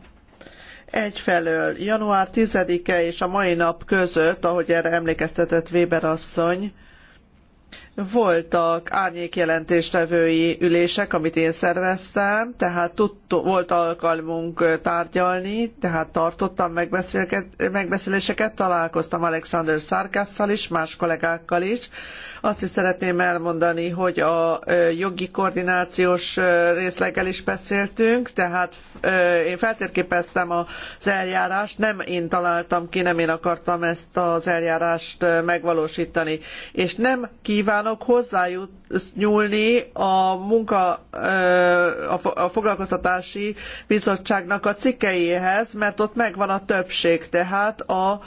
Egyfelől január 10-e és a mai nap között, ahogy erre emlékeztetett Weber asszony, voltak árnyékjelentéstevői ülések, amit én szerveztem, tehát volt alkalmunk tárgyalni, tehát tartottam megbeszéléseket, találkoztam Alexander Szárkásszal is, más kollégákkal is. Azt is szeretném elmondani, hogy a jogi koordinációs részleggel is beszéltünk, tehát én feltérképeztem az eljárást, nem én találtam ki, nem én akartam ezt az eljárást megvalósítani, és nem kívánom, kívánok hozzájut nyúlni a munka, a foglalkoztatási bizottságnak a cikkeihez, mert ott megvan a többség, tehát a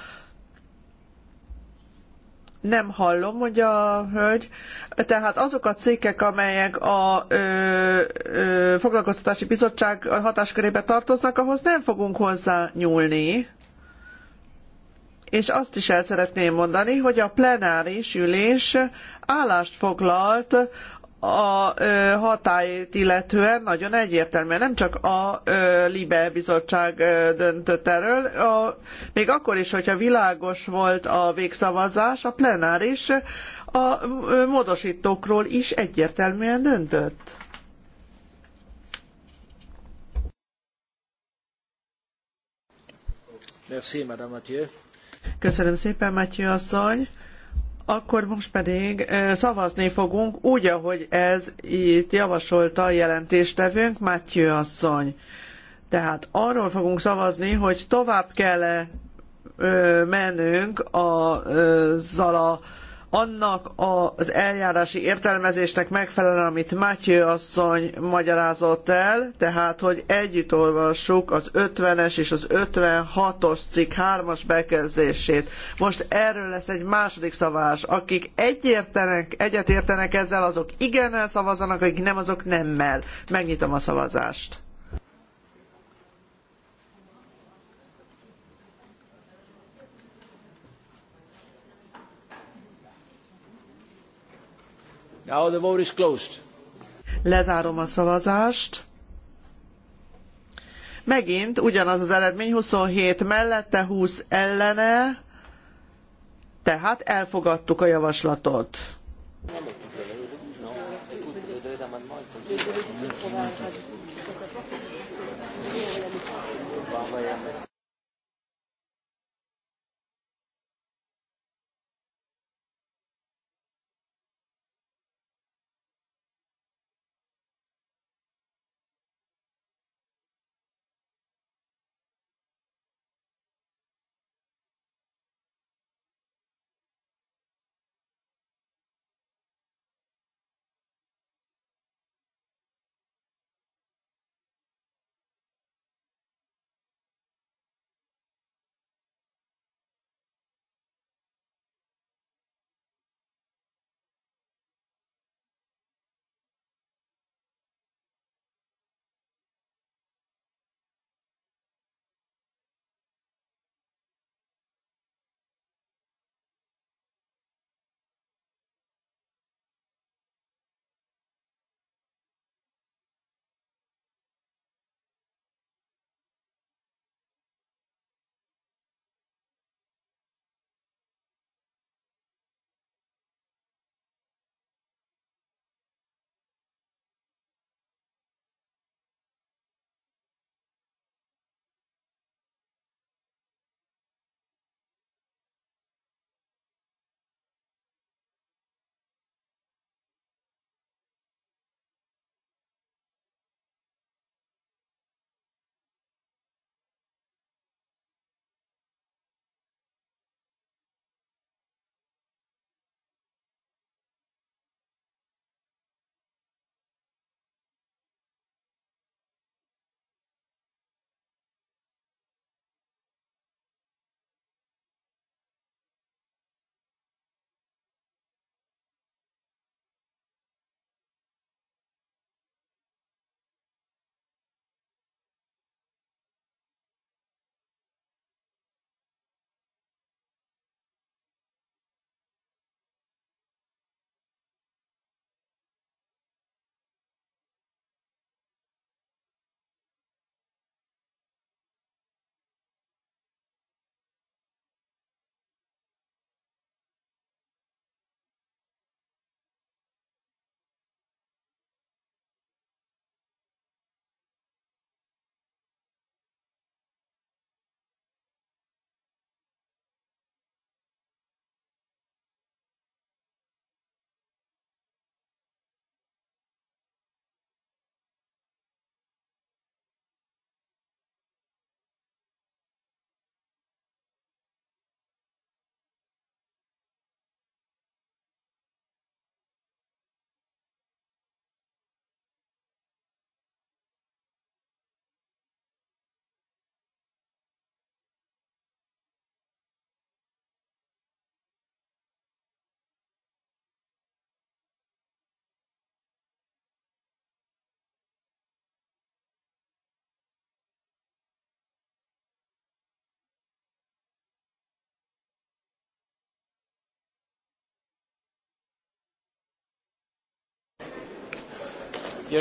nem hallom, mondja a hölgy. Tehát azok a cikkek, amelyek a ö, ö, foglalkoztatási bizottság hatáskörébe tartoznak, ahhoz nem fogunk hozzá nyúlni. És azt is el szeretném mondani, hogy a plenáris ülés állást foglalt a ö, hatályt illetően nagyon egyértelműen nem csak a LIBE bizottság döntött erről, a, még akkor is, hogyha világos volt a végszavazás, a plenáris a ö, módosítókról is egyértelműen döntött. Köszönöm szépen, Mathieu asszony. Akkor most pedig szavazni fogunk úgy, ahogy ez itt javasolta a jelentéstevőnk, Mátyő asszony. Tehát arról fogunk szavazni, hogy tovább kell -e mennünk a Zala annak az eljárási értelmezésnek megfelelően, amit Mátyő asszony magyarázott el, tehát, hogy együtt olvassuk az 50-es és az 56-os cikk 3-as bekezdését. Most erről lesz egy második szavás. Akik egyértenek, egyetértenek ezzel, azok igennel szavazanak, akik nem, azok nemmel. Megnyitom a szavazást. Now the vote is closed. Lezárom a szavazást. Megint ugyanaz az eredmény, 27 mellette, 20 ellene, tehát elfogadtuk a javaslatot.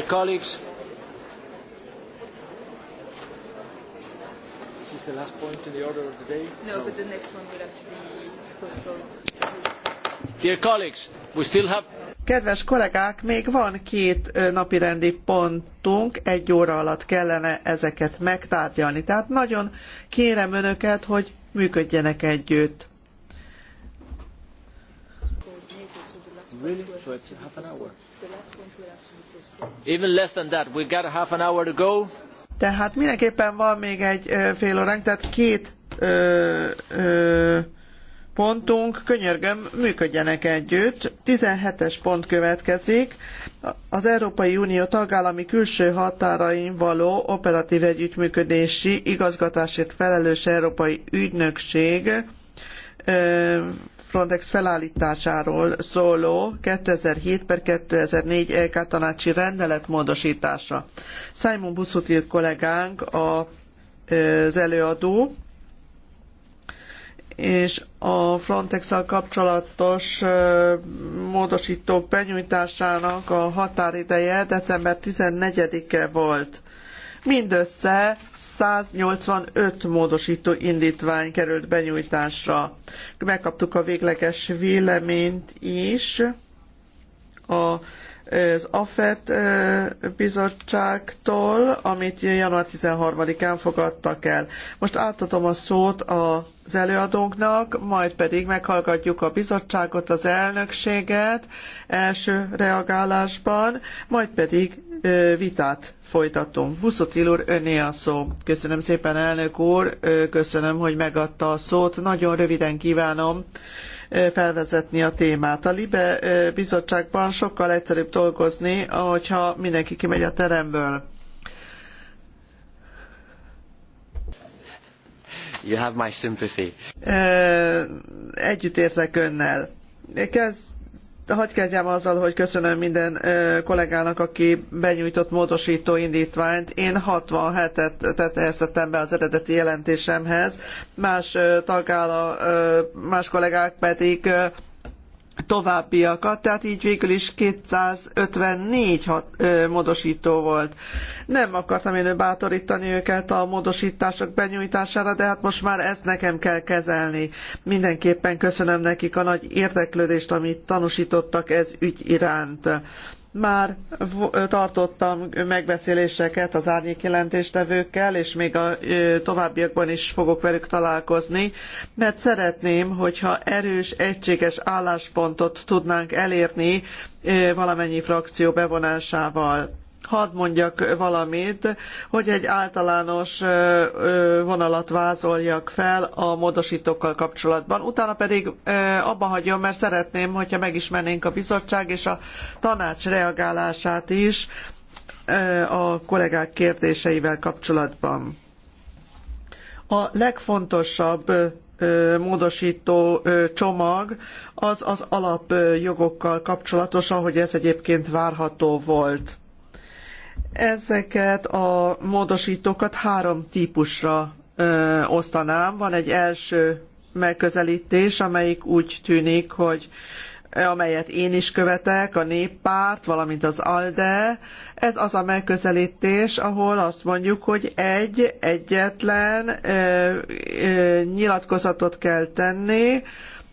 colleagues. This is the last point in the order of the day. No, no. but the next one will have to be postponed. Dear colleagues, we still have. Kedves kollégák, még van két napirendi pontunk, egy óra alatt kellene ezeket megtárgyalni. Tehát nagyon kérem önöket, hogy működjenek együtt. Really? So it's half an hour? Even less than that. We got half an hour to go. Tehát mindenképpen van még egy fél óránk, tehát két ö, ö, pontunk, könyörgöm, működjenek együtt. 17-es pont következik. Az Európai Unió tagállami külső határain való operatív együttműködési igazgatásért felelős Európai Ügynökség Frontex felállításáról szóló 2007 per 2004 EK tanácsi rendelet módosítása. Simon Buszutil kollégánk a, az előadó, és a frontex kapcsolatos módosítók benyújtásának a határideje december 14-e volt. Mindössze 185 módosító indítvány került benyújtásra. Megkaptuk a végleges véleményt is a az AFET bizottságtól, amit január 13-án fogadtak el. Most átadom a szót az előadónknak, majd pedig meghallgatjuk a bizottságot, az elnökséget első reagálásban, majd pedig vitát folytatunk. Buszotil úr, öné a szó. Köszönöm szépen, elnök úr, köszönöm, hogy megadta a szót. Nagyon röviden kívánom felvezetni a témát. A LIBE bizottságban sokkal egyszerűbb dolgozni, ha mindenki kimegy a teremből. You have my sympathy. Együtt érzek önnel. Kezd hagy kezdjem azzal, hogy köszönöm minden kollégának, aki benyújtott módosító indítványt. Én 67-et tettem be az eredeti jelentésemhez, más tagála, más kollégák pedig továbbiakat, tehát így végül is 254 hat, ö, módosító volt. Nem akartam én bátorítani őket a módosítások benyújtására, de hát most már ezt nekem kell kezelni. Mindenképpen köszönöm nekik a nagy érdeklődést, amit tanúsítottak ez ügy iránt. Már tartottam megbeszéléseket az árnyék jelentéstevőkkel, és még a továbbiakban is fogok velük találkozni, mert szeretném, hogyha erős, egységes álláspontot tudnánk elérni valamennyi frakció bevonásával hadd mondjak valamit, hogy egy általános vonalat vázoljak fel a módosítókkal kapcsolatban. Utána pedig abba hagyom, mert szeretném, hogyha megismernénk a bizottság és a tanács reagálását is a kollégák kérdéseivel kapcsolatban. A legfontosabb módosító csomag az az alapjogokkal kapcsolatos, ahogy ez egyébként várható volt Ezeket a módosítókat három típusra ö, osztanám. Van egy első megközelítés, amelyik úgy tűnik, hogy amelyet én is követek, a néppárt, valamint az ALDE. Ez az a megközelítés, ahol azt mondjuk, hogy egy egyetlen ö, ö, nyilatkozatot kell tenni,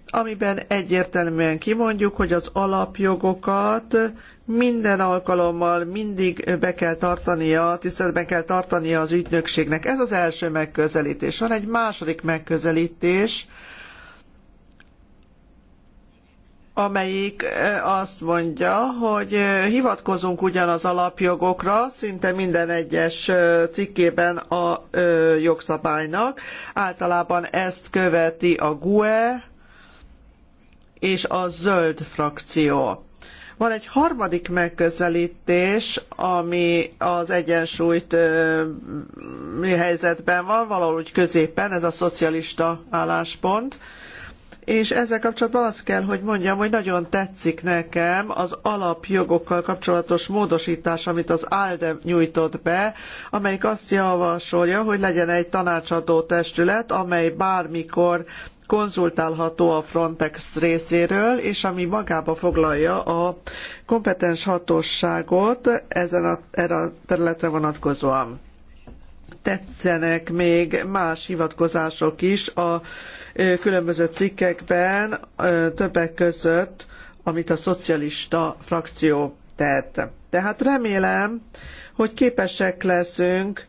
amiben egyértelműen kimondjuk, hogy az alapjogokat minden alkalommal mindig be kell tartania, tiszteletben kell tartania az ügynökségnek. Ez az első megközelítés. Van egy második megközelítés, amelyik e, azt mondja, hogy e, hivatkozunk ugyan az alapjogokra, szinte minden egyes e, cikkében a jogszabálynak. Általában ezt követi a GUE és a zöld frakció van egy harmadik megközelítés, ami az egyensúlyt mi helyzetben van, valahol úgy középen, ez a szocialista álláspont. És ezzel kapcsolatban azt kell, hogy mondjam, hogy nagyon tetszik nekem az alapjogokkal kapcsolatos módosítás, amit az ALDE nyújtott be, amelyik azt javasolja, hogy legyen egy tanácsadó testület, amely bármikor konzultálható a Frontex részéről, és ami magába foglalja a kompetens hatóságot ezen a, erre a területre vonatkozóan. Tetszenek még más hivatkozások is a különböző cikkekben, többek között, amit a szocialista frakció tett. Tehát remélem, hogy képesek leszünk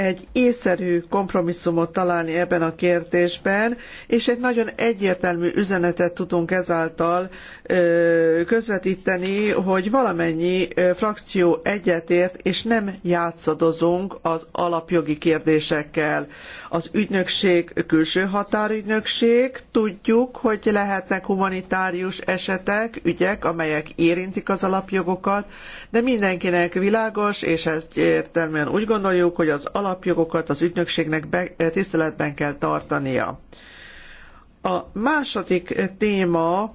egy észszerű kompromisszumot találni ebben a kérdésben, és egy nagyon egyértelmű üzenetet tudunk ezáltal közvetíteni, hogy valamennyi frakció egyetért, és nem játszadozunk az alapjogi kérdésekkel. Az ügynökség külső határügynökség, tudjuk, hogy lehetnek humanitárius esetek, ügyek, amelyek érintik az alapjogokat, de mindenkinek világos, és ezt értelműen úgy gondoljuk, hogy az alapjogokat az ügynökségnek be, tiszteletben kell tartania. A második téma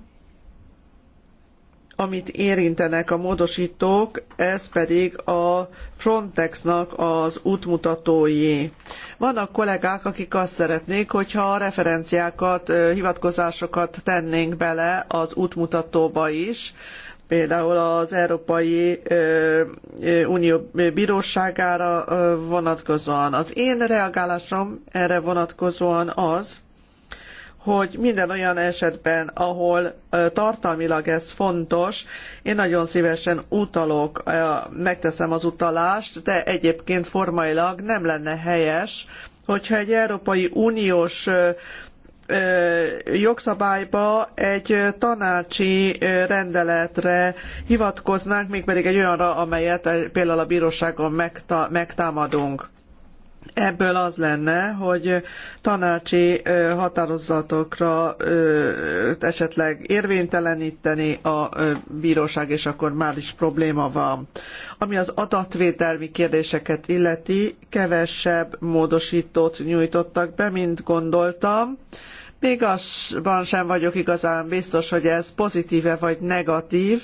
amit érintenek a módosítók, ez pedig a Frontexnak az útmutatói. Vannak kollégák, akik azt szeretnék, hogyha a referenciákat, hivatkozásokat tennénk bele az útmutatóba is, például az Európai Unió Bíróságára vonatkozóan. Az én reagálásom erre vonatkozóan az, hogy minden olyan esetben, ahol tartalmilag ez fontos, én nagyon szívesen utalok, megteszem az utalást, de egyébként formailag nem lenne helyes, hogyha egy Európai Uniós jogszabályba egy tanácsi rendeletre hivatkoznánk, mégpedig egy olyanra, amelyet például a bíróságon megtámadunk. Ebből az lenne, hogy tanácsi határozatokra esetleg érvényteleníteni a bíróság, és akkor már is probléma van. Ami az adatvételmi kérdéseket illeti, kevesebb módosítót nyújtottak be, mint gondoltam. Még azban sem vagyok igazán biztos, hogy ez pozitíve vagy negatív,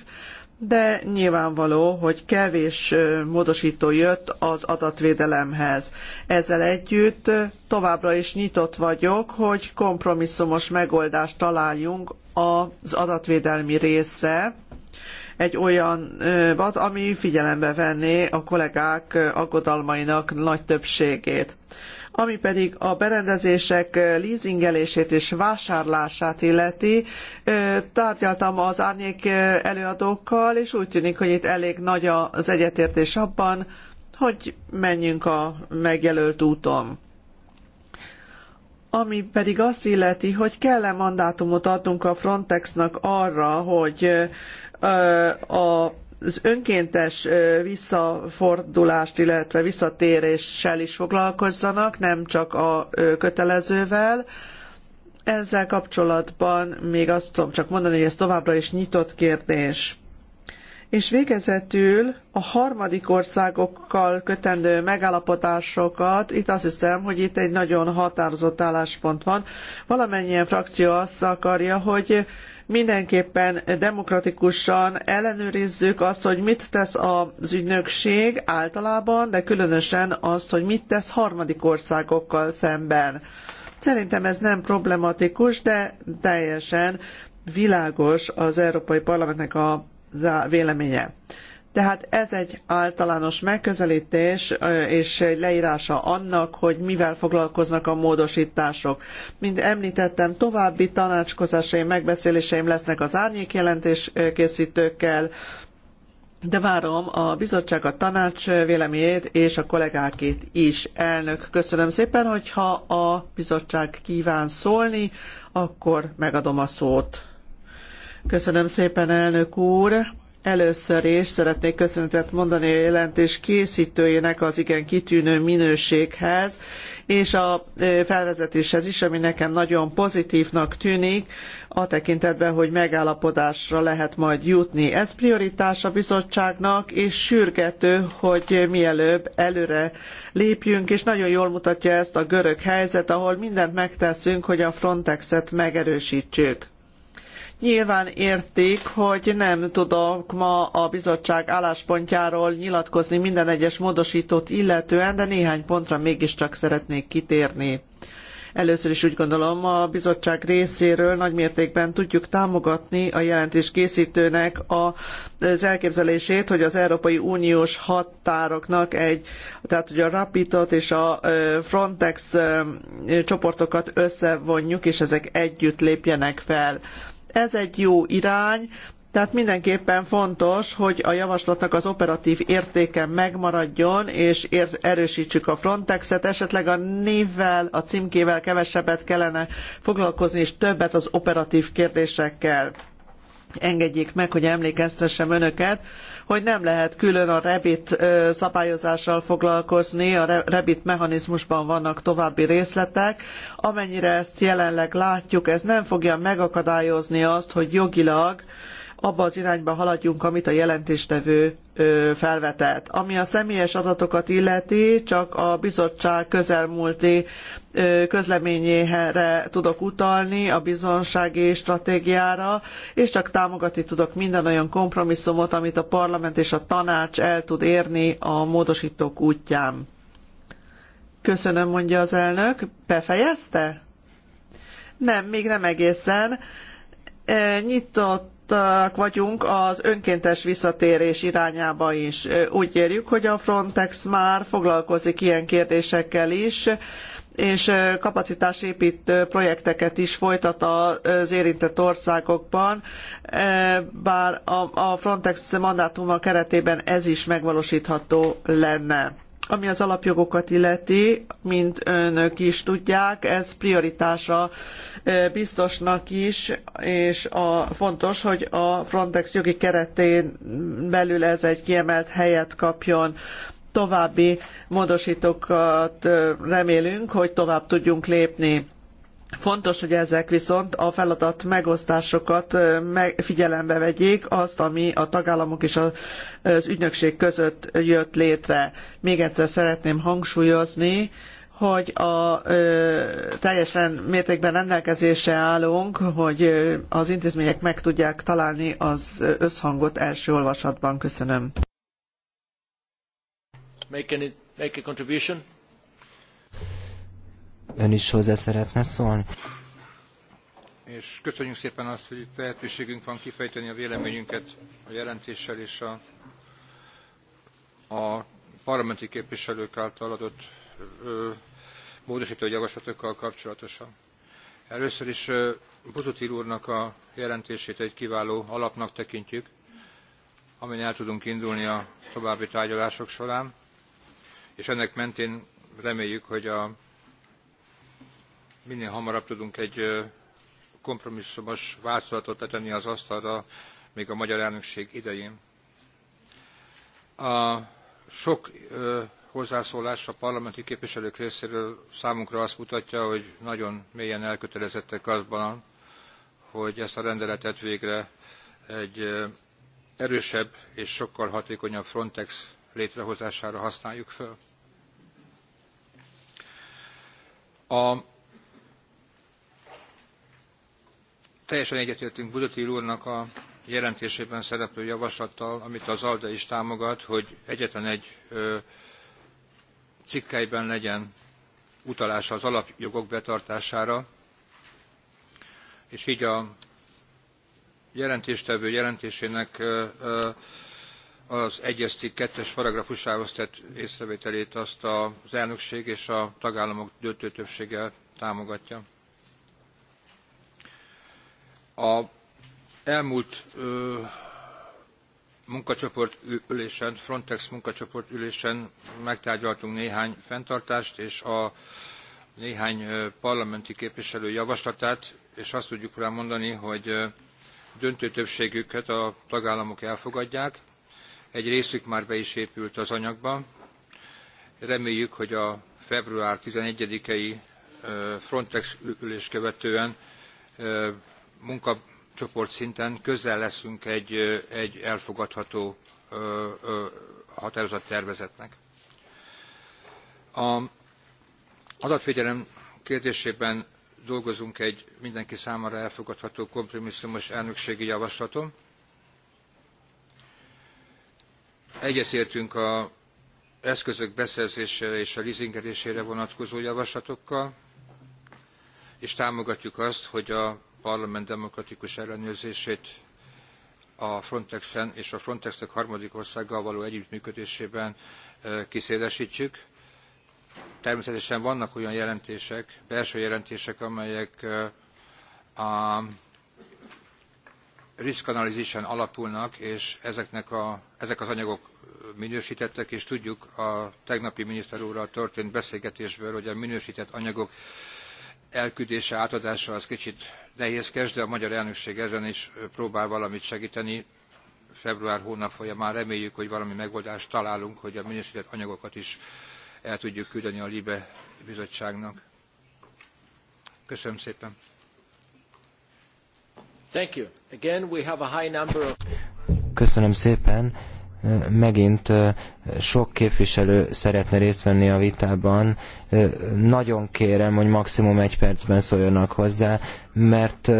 de nyilvánvaló, hogy kevés módosító jött az adatvédelemhez. Ezzel együtt továbbra is nyitott vagyok, hogy kompromisszumos megoldást találjunk az adatvédelmi részre, egy olyan ami figyelembe venné a kollégák aggodalmainak nagy többségét. Ami pedig a berendezések leasingelését és vásárlását illeti, tárgyaltam az árnyék előadókkal, és úgy tűnik, hogy itt elég nagy az egyetértés abban, hogy menjünk a megjelölt úton. Ami pedig azt illeti, hogy kell-e mandátumot adnunk a Frontexnak arra, hogy a az önkéntes visszafordulást, illetve visszatéréssel is foglalkozzanak, nem csak a kötelezővel. Ezzel kapcsolatban még azt tudom csak mondani, hogy ez továbbra is nyitott kérdés. És végezetül a harmadik országokkal kötendő megállapodásokat, itt azt hiszem, hogy itt egy nagyon határozott álláspont van. Valamennyien frakció azt akarja, hogy mindenképpen demokratikusan ellenőrizzük azt, hogy mit tesz az ügynökség általában, de különösen azt, hogy mit tesz harmadik országokkal szemben. Szerintem ez nem problematikus, de teljesen világos az Európai Parlamentnek a véleménye. Tehát ez egy általános megközelítés és egy leírása annak, hogy mivel foglalkoznak a módosítások. Mint említettem, további tanácskozásaim, megbeszéléseim lesznek az árnyék jelentés készítőkkel, de várom a bizottság, a tanács véleményét és a kollégákét is. Elnök, köszönöm szépen, hogyha a bizottság kíván szólni, akkor megadom a szót. Köszönöm szépen, elnök úr! Először is szeretnék köszönetet mondani a jelentés készítőjének az igen kitűnő minőséghez, és a felvezetéshez is, ami nekem nagyon pozitívnak tűnik, a tekintetben, hogy megállapodásra lehet majd jutni. Ez prioritás a bizottságnak, és sürgető, hogy mielőbb előre lépjünk, és nagyon jól mutatja ezt a görög helyzet, ahol mindent megteszünk, hogy a Frontexet megerősítsük. Nyilván értik, hogy nem tudok ma a bizottság álláspontjáról nyilatkozni minden egyes módosítót illetően, de néhány pontra mégiscsak szeretnék kitérni. Először is úgy gondolom, a bizottság részéről nagymértékben tudjuk támogatni a jelentés készítőnek az elképzelését, hogy az Európai Uniós határoknak egy, tehát hogy a Rapitot és a Frontex csoportokat összevonjuk, és ezek együtt lépjenek fel. Ez egy jó irány, tehát mindenképpen fontos, hogy a javaslatnak az operatív értéke megmaradjon, és erősítsük a Frontexet. Esetleg a névvel, a címkével kevesebbet kellene foglalkozni, és többet az operatív kérdésekkel engedjék meg, hogy emlékeztessem önöket, hogy nem lehet külön a REBIT szabályozással foglalkozni, a REBIT mechanizmusban vannak további részletek. Amennyire ezt jelenleg látjuk, ez nem fogja megakadályozni azt, hogy jogilag abba az irányba haladjunk, amit a jelentéstevő felvetett. Ami a személyes adatokat illeti, csak a bizottság közelmúlti közleményére tudok utalni, a biztonsági stratégiára, és csak támogatni tudok minden olyan kompromisszumot, amit a parlament és a tanács el tud érni a módosítók útján. Köszönöm, mondja az elnök. Befejezte? Nem, még nem egészen. Nyitott nyitottak vagyunk az önkéntes visszatérés irányába is. Úgy érjük, hogy a Frontex már foglalkozik ilyen kérdésekkel is, és kapacitásépítő projekteket is folytat az érintett országokban, bár a Frontex mandátuma keretében ez is megvalósítható lenne. Ami az alapjogokat illeti, mint önök is tudják, ez prioritása biztosnak is, és a, fontos, hogy a Frontex jogi keretén belül ez egy kiemelt helyet kapjon további módosítókat remélünk, hogy tovább tudjunk lépni. Fontos, hogy ezek viszont a feladat megosztásokat figyelembe vegyék, azt, ami a tagállamok és az ügynökség között jött létre. Még egyszer szeretném hangsúlyozni, hogy a ö, teljesen mértékben rendelkezésre állunk, hogy ö, az intézmények meg tudják találni az összhangot első olvasatban. Köszönöm. Make, any, make a contribution? Ön is hozzá szeretne szólni? És köszönjük szépen azt, hogy itt lehetőségünk van kifejteni a véleményünket a jelentéssel és a, a parlamenti képviselők által adott ö, módosító javaslatokkal kapcsolatosan. Először is Buzutil úrnak a jelentését egy kiváló alapnak tekintjük, amin el tudunk indulni a további tárgyalások során, és ennek mentén reméljük, hogy a minél hamarabb tudunk egy kompromisszumos változatot letenni az asztalra, még a magyar elnökség idején. A sok hozzászólás a parlamenti képviselők részéről számunkra azt mutatja, hogy nagyon mélyen elkötelezettek azban, hogy ezt a rendeletet végre egy erősebb és sokkal hatékonyabb Frontex létrehozására használjuk föl. A teljesen egyetértünk Budatil úrnak a jelentésében szereplő javaslattal, amit az ALDE is támogat, hogy egyetlen egy cikkelyben legyen utalása az alapjogok betartására, és így a jelentéstevő jelentésének az egyes cikk kettes paragrafusához tett észrevételét azt az elnökség és a tagállamok döntő többsége támogatja. A elmúlt ö, munkacsoport ülésen, Frontex munkacsoport ülésen megtárgyaltunk néhány fenntartást, és a néhány parlamenti képviselő javaslatát, és azt tudjuk rá mondani, hogy döntő többségüket a tagállamok elfogadják. Egy részük már be is épült az anyagba. Reméljük, hogy a február 11-i Frontex ülés követően munkacsoport szinten közel leszünk egy, egy elfogadható határozattervezetnek. A adatvédelem kérdésében dolgozunk egy mindenki számára elfogadható kompromisszumos elnökségi javaslaton. Egyetértünk a eszközök beszerzésére és a leasingelésére vonatkozó javaslatokkal, és támogatjuk azt, hogy a parlament demokratikus ellenőrzését a Frontexen és a Frontexnek harmadik országgal való együttműködésében kiszélesítsük. Természetesen vannak olyan jelentések, belső jelentések, amelyek a risk alapulnak, és ezeknek a, ezek az anyagok minősítettek, és tudjuk a tegnapi miniszter úrral történt beszélgetésből, hogy a minősített anyagok elküldése, átadása az kicsit nehézkes, de a magyar elnökség ezen is próbál valamit segíteni. Február hónap folyamán reméljük, hogy valami megoldást találunk, hogy a minősített anyagokat is el tudjuk küldeni a LIBE bizottságnak. Köszönöm szépen. Thank you. Again, we have a high number of... Köszönöm szépen megint sok képviselő szeretne részt venni a vitában. Nagyon kérem, hogy maximum egy percben szóljanak hozzá, mert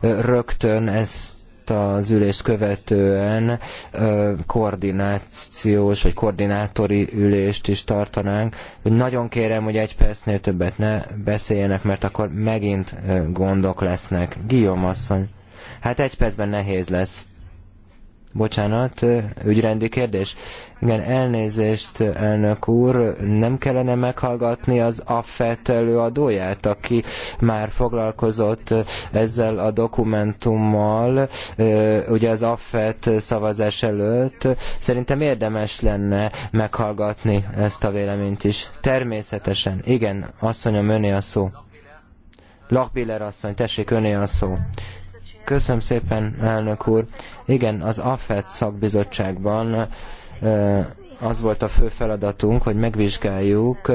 rögtön ezt az ülést követően koordinációs vagy koordinátori ülést is tartanánk, nagyon kérem, hogy egy percnél többet ne beszéljenek, mert akkor megint gondok lesznek. Guillaume asszony, hát egy percben nehéz lesz. Bocsánat, ügyrendi kérdés. Igen, elnézést, elnök úr, nem kellene meghallgatni az AFET előadóját, aki már foglalkozott ezzel a dokumentummal, ugye az AFET szavazás előtt. Szerintem érdemes lenne meghallgatni ezt a véleményt is. Természetesen, igen, asszonyom, öné a szó. Lachbiller asszony, tessék, öné a szó. Köszönöm szépen, elnök úr. Igen, az AFET szakbizottságban az volt a fő feladatunk, hogy megvizsgáljuk,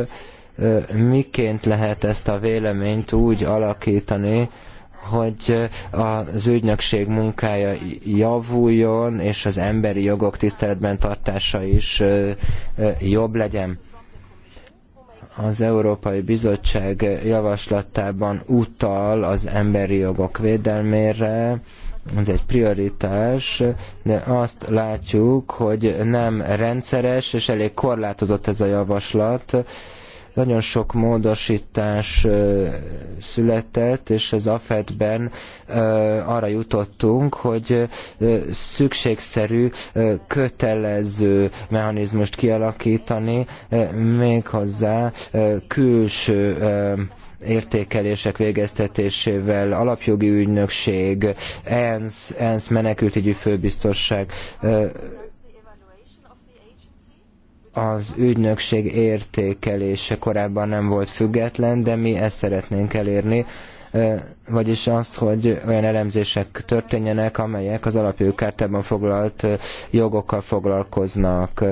miként lehet ezt a véleményt úgy alakítani, hogy az ügynökség munkája javuljon, és az emberi jogok tiszteletben tartása is jobb legyen az Európai Bizottság javaslatában utal az emberi jogok védelmére, ez egy prioritás, de azt látjuk, hogy nem rendszeres és elég korlátozott ez a javaslat. Nagyon sok módosítás született, és az AFED-ben arra jutottunk, hogy szükségszerű, kötelező mechanizmust kialakítani, méghozzá külső értékelések végeztetésével, alapjogi ügynökség, ENSZ, ENSZ menekültügyi főbiztosság az ügynökség értékelése korábban nem volt független, de mi ezt szeretnénk elérni, vagyis azt, hogy olyan elemzések történjenek, amelyek az alapjogkártában foglalt jogokkal foglalkoznak.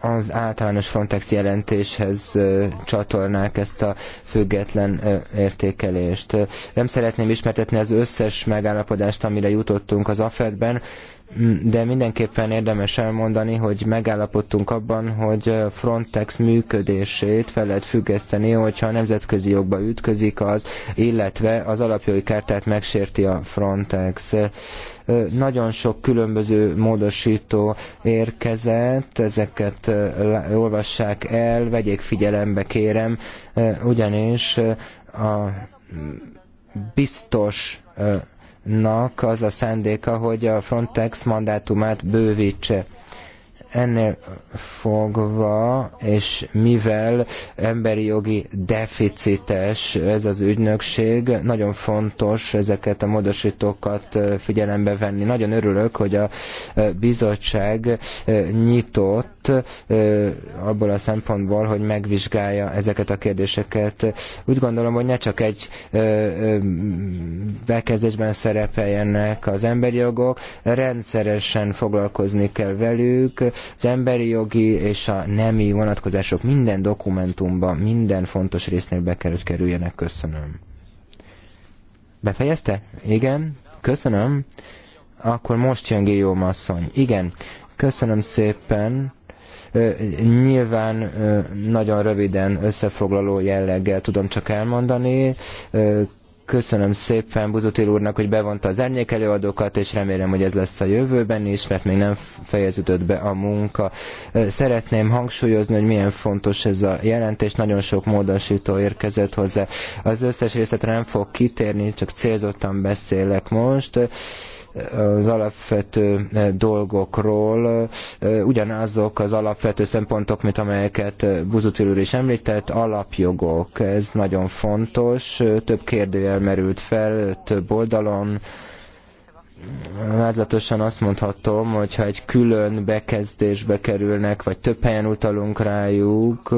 Az általános Frontex jelentéshez csatolnák ezt a független értékelést. Nem szeretném ismertetni az összes megállapodást, amire jutottunk az AFED-ben, de mindenképpen érdemes elmondani, hogy megállapodtunk abban, hogy Frontex működését fel lehet függeszteni, hogyha a nemzetközi jogba ütközik az, illetve az alapjogi kártát megsérti a Frontex. Nagyon sok különböző módosító érkezett, ezeket olvassák el, vegyék figyelembe, kérem, ugyanis a biztos nak az a szándéka, hogy a Frontex mandátumát bővítse. Ennél fogva, és mivel emberi jogi deficites ez az ügynökség, nagyon fontos ezeket a módosítókat figyelembe venni. Nagyon örülök, hogy a bizottság nyitott abból a szempontból, hogy megvizsgálja ezeket a kérdéseket. Úgy gondolom, hogy ne csak egy bekezdésben szerepeljenek az emberi jogok, rendszeresen foglalkozni kell velük, az emberi jogi és a nemi vonatkozások minden dokumentumban, minden fontos résznél be kell, hogy kerüljenek. Köszönöm. Befejezte? Igen? Köszönöm. Akkor most jön Guillaume asszony. Igen. Köszönöm szépen. Nyilván nagyon röviden összefoglaló jelleggel tudom csak elmondani. Köszönöm szépen Buzutil úrnak, hogy bevonta az árnyékelőadókat, és remélem, hogy ez lesz a jövőben is, mert még nem fejeződött be a munka. Szeretném hangsúlyozni, hogy milyen fontos ez a jelentés, nagyon sok módosító érkezett hozzá. Az összes részletre nem fog kitérni, csak célzottan beszélek most az alapvető eh, dolgokról eh, ugyanazok az alapvető szempontok, mint amelyeket eh, Buzutil úr is említett, alapjogok. Ez nagyon fontos, több kérdőjel merült fel, több oldalon, vázlatosan azt mondhatom, hogy ha egy külön bekezdésbe kerülnek, vagy több helyen utalunk rájuk,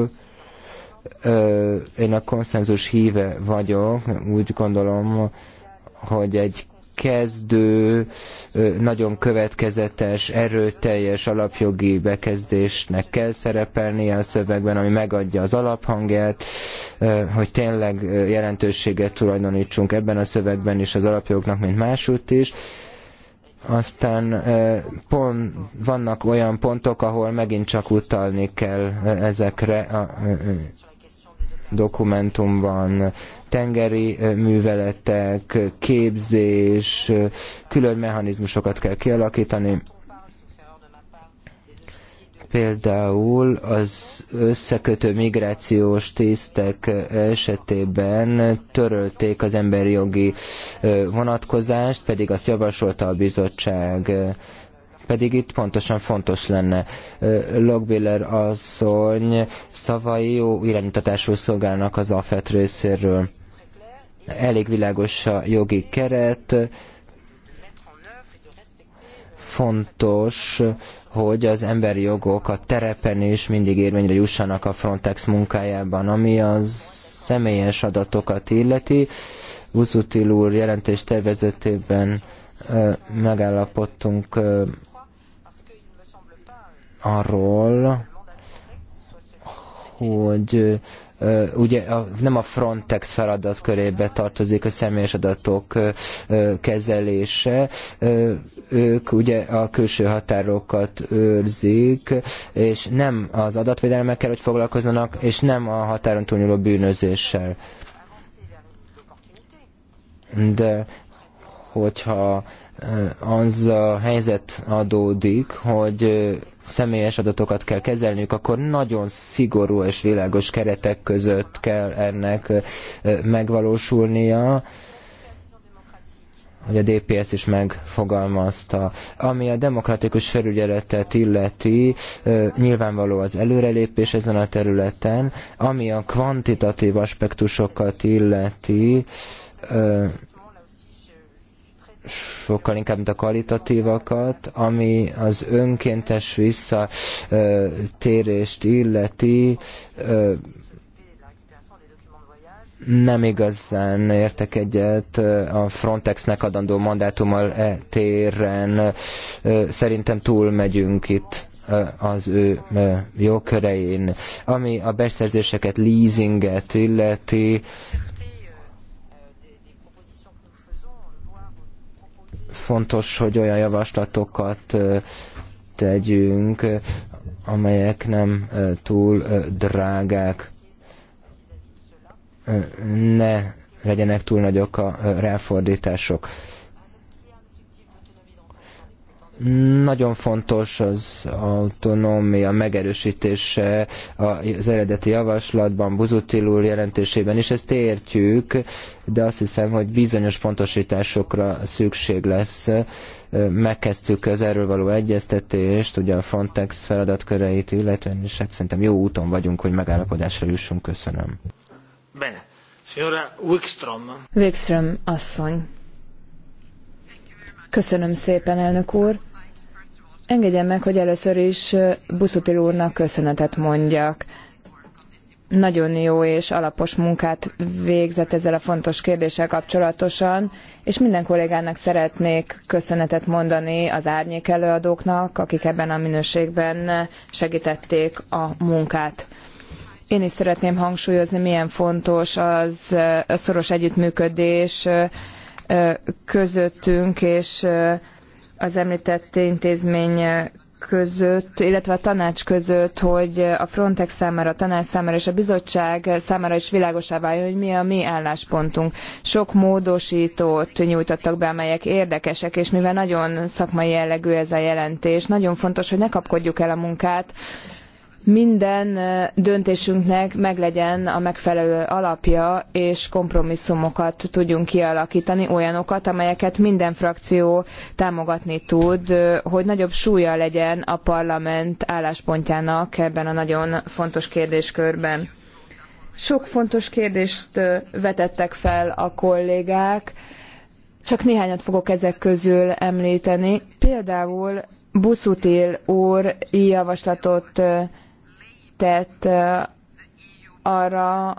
én a konszenzus híve vagyok, úgy gondolom, hogy egy kezdő, nagyon következetes, erőteljes alapjogi bekezdésnek kell szerepelnie a szövegben, ami megadja az alaphangját, hogy tényleg jelentőséget tulajdonítsunk ebben a szövegben is az alapjogoknak, mint másút is aztán pont, vannak olyan pontok, ahol megint csak utalni kell ezekre a dokumentumban tengeri eh, műveletek, képzés, eh, külön mechanizmusokat kell kialakítani. Például az összekötő migrációs tisztek eh, esetében törölték az emberi jogi vonatkozást, pedig azt javasolta a bizottság pedig itt pontosan fontos lenne. Logbiller asszony szavai jó irányítatásról szolgálnak az AFET részéről. Elég világos a jogi keret, fontos, hogy az emberi jogok a terepen is mindig érvényre jussanak a Frontex munkájában, ami az személyes adatokat illeti. Buzutil úr jelentés tervezetében megállapodtunk arról, hogy ugye nem a Frontex feladat körébe tartozik a személyes adatok kezelése, ők ugye a külső határokat őrzik, és nem az adatvédelmekkel, hogy foglalkozzanak, és nem a határon túlnyúló bűnözéssel. De hogyha az a helyzet adódik, hogy személyes adatokat kell kezelniük, akkor nagyon szigorú és világos keretek között kell ennek megvalósulnia hogy a DPS is megfogalmazta. Ami a demokratikus felügyeletet illeti, nyilvánvaló az előrelépés ezen a területen, ami a kvantitatív aspektusokat illeti, sokkal inkább, mint a kvalitatívakat, ami az önkéntes visszatérést illeti, nem igazán értek egyet a Frontexnek adandó mandátummal e téren. Szerintem túl megyünk itt az ő jogkörein. Ami a beszerzéseket, leasinget illeti, fontos, hogy olyan javaslatokat tegyünk, amelyek nem túl drágák. Ne legyenek túl nagyok a ráfordítások. Nagyon fontos az autonómia megerősítése az eredeti javaslatban, Buzutil úr jelentésében is, ezt értjük, de azt hiszem, hogy bizonyos pontosításokra szükség lesz. Megkezdtük az erről való egyeztetést, ugye a Frontex feladatköreit, illetve és hát szerintem jó úton vagyunk, hogy megállapodásra jussunk. Köszönöm. Bene. Signora Wikström. Wikström asszony. Köszönöm szépen, elnök úr. Engedjen meg, hogy először is Buszutil úrnak köszönetet mondjak. Nagyon jó és alapos munkát végzett ezzel a fontos kérdéssel kapcsolatosan, és minden kollégának szeretnék köszönetet mondani az árnyék előadóknak, akik ebben a minőségben segítették a munkát. Én is szeretném hangsúlyozni, milyen fontos az szoros együttműködés közöttünk, és az említett intézmény között, illetve a tanács között, hogy a Frontex számára, a tanács számára és a bizottság számára is világosá váljon, hogy mi a mi álláspontunk. Sok módosítót nyújtottak be, amelyek érdekesek, és mivel nagyon szakmai jellegű ez a jelentés, nagyon fontos, hogy ne kapkodjuk el a munkát, minden döntésünknek meglegyen a megfelelő alapja, és kompromisszumokat tudjunk kialakítani, olyanokat, amelyeket minden frakció támogatni tud, hogy nagyobb súlya legyen a parlament álláspontjának ebben a nagyon fontos kérdéskörben. Sok fontos kérdést vetettek fel a kollégák, csak néhányat fogok ezek közül említeni. Például Buszutil úr javaslatot tett arra,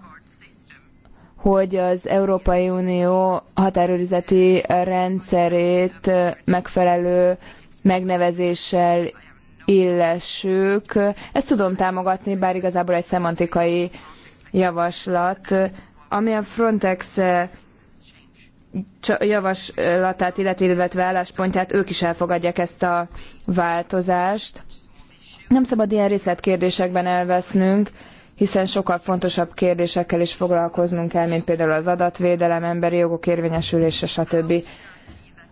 hogy az Európai Unió határőrizeti rendszerét megfelelő megnevezéssel illessük. Ezt tudom támogatni, bár igazából egy szemantikai javaslat. Ami a Frontex javaslatát illeti, illetve álláspontját, ők is elfogadják ezt a változást. Nem szabad ilyen részletkérdésekben elvesznünk, hiszen sokkal fontosabb kérdésekkel is foglalkoznunk kell, mint például az adatvédelem, emberi jogok érvényesülése, stb.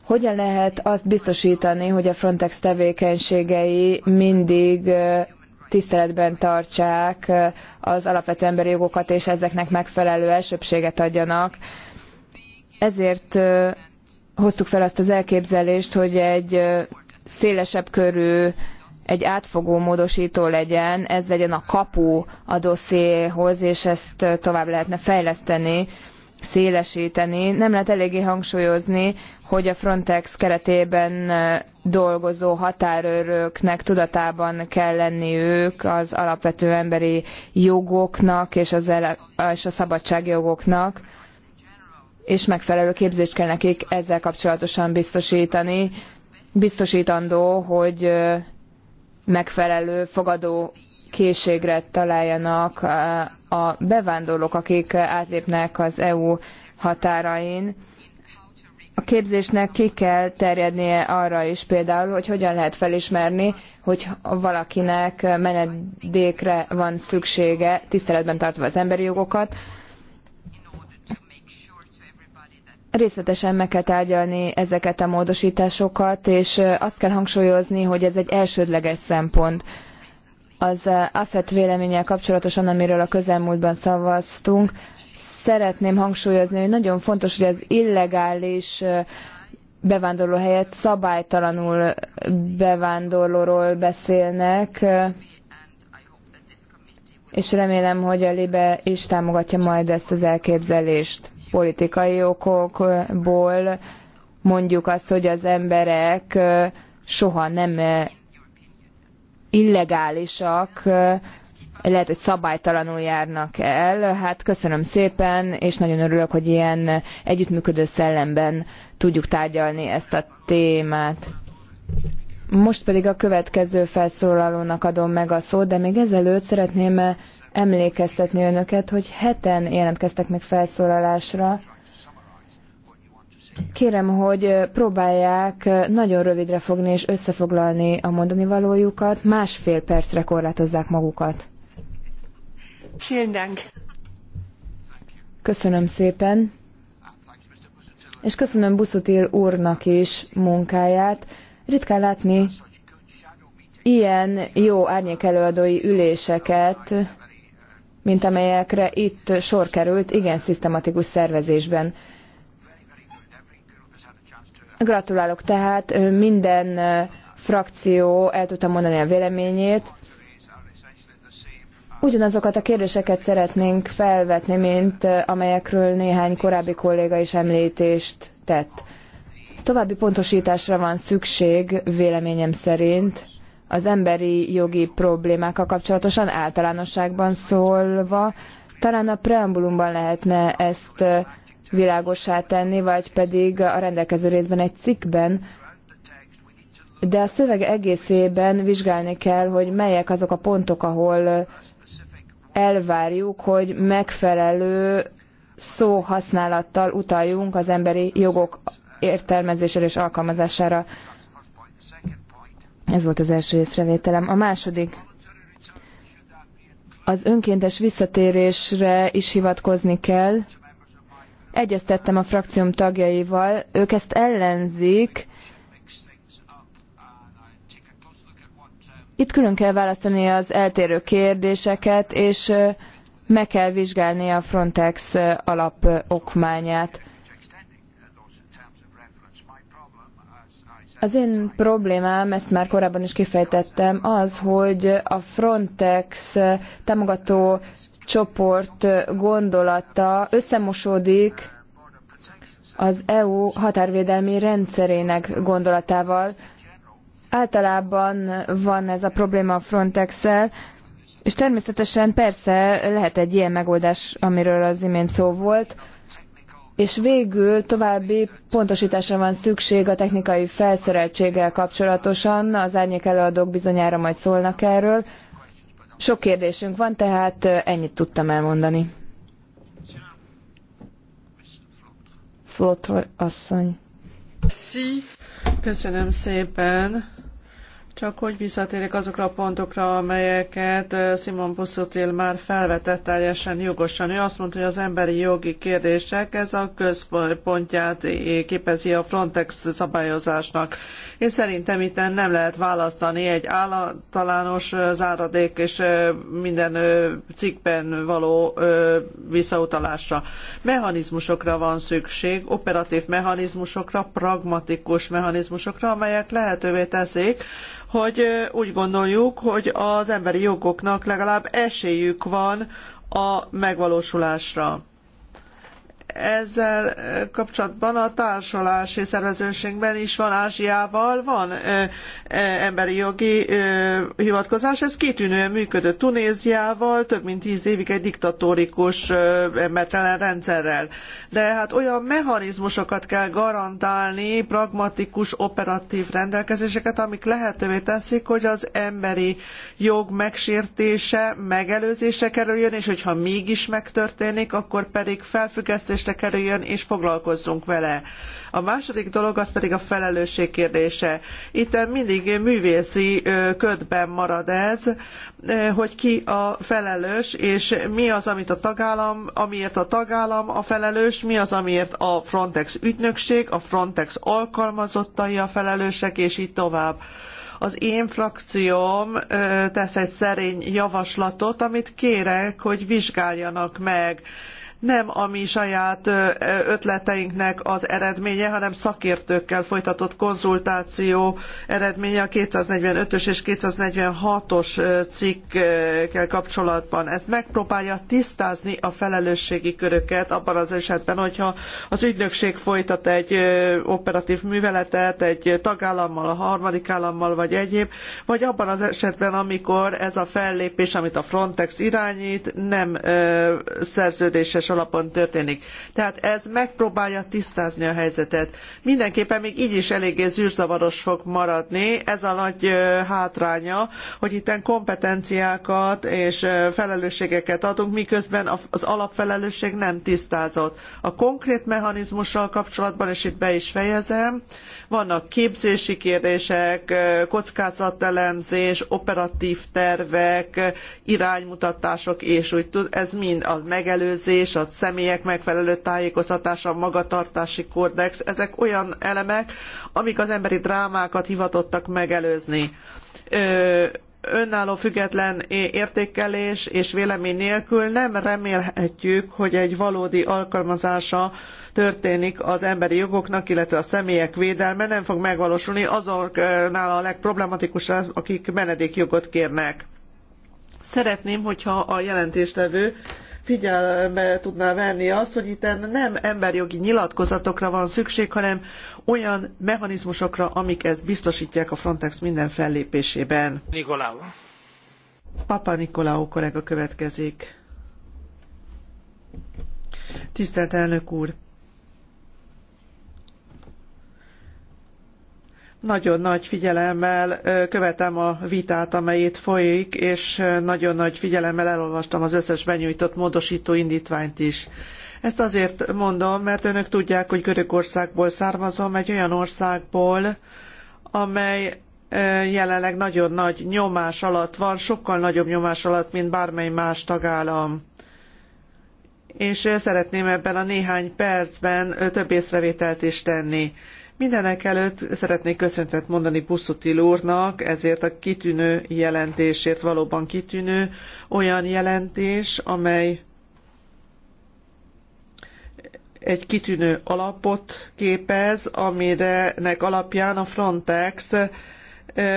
Hogyan lehet azt biztosítani, hogy a Frontex tevékenységei mindig tiszteletben tartsák az alapvető emberi jogokat, és ezeknek megfelelő elsőbséget adjanak. Ezért hoztuk fel azt az elképzelést, hogy egy szélesebb körű egy átfogó módosító legyen, ez legyen a kapu a dossziéhoz, és ezt tovább lehetne fejleszteni, szélesíteni. Nem lehet eléggé hangsúlyozni, hogy a Frontex keretében eh, dolgozó határőröknek tudatában kell lenni ők az alapvető emberi jogoknak és, az ele- és a szabadságjogoknak és megfelelő képzést kell nekik ezzel kapcsolatosan biztosítani. Biztosítandó, hogy eh, megfelelő fogadó készségre találjanak a bevándorlók, akik átlépnek az EU határain. A képzésnek ki kell terjednie arra is például, hogy hogyan lehet felismerni, hogy valakinek menedékre van szüksége, tiszteletben tartva az emberi jogokat, Részletesen meg kell tárgyalni ezeket a módosításokat, és azt kell hangsúlyozni, hogy ez egy elsődleges szempont. Az AFET véleménnyel kapcsolatosan, amiről a közelmúltban szavaztunk, szeretném hangsúlyozni, hogy nagyon fontos, hogy az illegális bevándorló helyett szabálytalanul bevándorlóról beszélnek, és remélem, hogy a Libe is támogatja majd ezt az elképzelést politikai okokból mondjuk azt, hogy az emberek soha nem illegálisak, lehet, hogy szabálytalanul járnak el. Hát köszönöm szépen, és nagyon örülök, hogy ilyen együttműködő szellemben tudjuk tárgyalni ezt a témát. Most pedig a következő felszólalónak adom meg a szót, de még ezelőtt szeretném emlékeztetni önöket, hogy heten jelentkeztek meg felszólalásra. Kérem, hogy próbálják nagyon rövidre fogni és összefoglalni a mondani valójukat, másfél percre korlátozzák magukat. Köszönöm szépen, és köszönöm Buszutil úrnak is munkáját. Ritkán látni ilyen jó árnyékelőadói üléseket, mint amelyekre itt sor került, igen szisztematikus szervezésben. Gratulálok tehát, minden frakció el tudta mondani a véleményét. Ugyanazokat a kérdéseket szeretnénk felvetni, mint amelyekről néhány korábbi kolléga is említést tett. További pontosításra van szükség véleményem szerint az emberi jogi problémákkal kapcsolatosan általánosságban szólva. Talán a preambulumban lehetne ezt világosá tenni, vagy pedig a rendelkező részben egy cikkben, de a szöveg egészében vizsgálni kell, hogy melyek azok a pontok, ahol elvárjuk, hogy megfelelő szóhasználattal utaljunk az emberi jogok értelmezésére és alkalmazására. Ez volt az első észrevételem. A második. Az önkéntes visszatérésre is hivatkozni kell. Egyeztettem a frakcióm tagjaival, ők ezt ellenzik. Itt külön kell választani az eltérő kérdéseket, és meg kell vizsgálni a Frontex alapokmányát. Az én problémám, ezt már korábban is kifejtettem, az, hogy a Frontex támogató csoport gondolata összemosódik az EU határvédelmi rendszerének gondolatával. Általában van ez a probléma a frontex -el, és természetesen persze lehet egy ilyen megoldás, amiről az imént szó volt, és végül további pontosításra van szükség a technikai felszereltséggel kapcsolatosan, az árnyék előadók bizonyára majd szólnak erről. Sok kérdésünk van, tehát ennyit tudtam elmondani. Flotr asszony. Köszönöm szépen. Csak hogy visszatérek azokra a pontokra, amelyeket Simon Buszotil már felvetett teljesen jogosan. Ő azt mondta, hogy az emberi jogi kérdések, ez a központját képezi a Frontex szabályozásnak. És szerintem itt nem lehet választani egy általános záradék és minden cikkben való visszautalásra. Mechanizmusokra van szükség, operatív mechanizmusokra, pragmatikus mechanizmusokra, amelyek lehetővé teszik, hogy úgy gondoljuk, hogy az emberi jogoknak legalább esélyük van a megvalósulásra ezzel kapcsolatban a társulási szervezőségben is van Ázsiával, van emberi jogi hivatkozás, ez kitűnően működött Tunéziával, több mint tíz évig egy diktatórikus embertelen rendszerrel. De hát olyan mechanizmusokat kell garantálni, pragmatikus, operatív rendelkezéseket, amik lehetővé teszik, hogy az emberi jog megsértése, megelőzése kerüljön, és hogyha mégis megtörténik, akkor pedig felfüggesztés rendelkezésre kerüljön, és foglalkozzunk vele. A második dolog az pedig a felelősség kérdése. Itt mindig művészi ködben marad ez, hogy ki a felelős, és mi az, amit a tagállam, amiért a tagállam a felelős, mi az, amiért a Frontex ügynökség, a Frontex alkalmazottai a felelősek, és így tovább az én frakcióm tesz egy szerény javaslatot, amit kérek, hogy vizsgáljanak meg nem a mi saját ötleteinknek az eredménye, hanem szakértőkkel folytatott konzultáció eredménye a 245-ös és 246-os cikkkel kapcsolatban. Ez megpróbálja tisztázni a felelősségi köröket abban az esetben, hogyha az ügynökség folytat egy operatív műveletet egy tagállammal, a harmadik állammal vagy egyéb, vagy abban az esetben, amikor ez a fellépés, amit a Frontex irányít, nem szerződéses önkéntes alapon történik. Tehát ez megpróbálja tisztázni a helyzetet. Mindenképpen még így is eléggé zűrzavaros fog maradni. Ez a nagy hátránya, hogy itten kompetenciákat és felelősségeket adunk, miközben az alapfelelősség nem tisztázott. A konkrét mechanizmussal kapcsolatban, és itt be is fejezem, vannak képzési kérdések, kockázatelemzés, operatív tervek, iránymutatások, és úgy tud, ez mind a megelőzés, a személyek megfelelő tájékoztatása, magatartási kódex, ezek olyan elemek, amik az emberi drámákat hivatottak megelőzni. önálló független értékelés és vélemény nélkül nem remélhetjük, hogy egy valódi alkalmazása történik az emberi jogoknak, illetve a személyek védelme nem fog megvalósulni azoknál a legproblematikusabb, akik menedékjogot kérnek. Szeretném, hogyha a jelentéstevő figyelembe tudná venni azt, hogy itt nem emberjogi nyilatkozatokra van szükség, hanem olyan mechanizmusokra, amik ezt biztosítják a Frontex minden fellépésében. Nikolau. Papa Nikolau kollega következik. Tisztelt elnök úr! Nagyon nagy figyelemmel követem a vitát, amely itt folyik, és nagyon nagy figyelemmel elolvastam az összes benyújtott módosító indítványt is. Ezt azért mondom, mert önök tudják, hogy Görögországból származom, egy olyan országból, amely jelenleg nagyon nagy nyomás alatt van, sokkal nagyobb nyomás alatt, mint bármely más tagállam. És szeretném ebben a néhány percben több észrevételt is tenni. Mindenek előtt szeretnék köszöntet mondani Buszutil úrnak ezért a kitűnő jelentésért, valóban kitűnő olyan jelentés, amely egy kitűnő alapot képez, aminek alapján a Frontex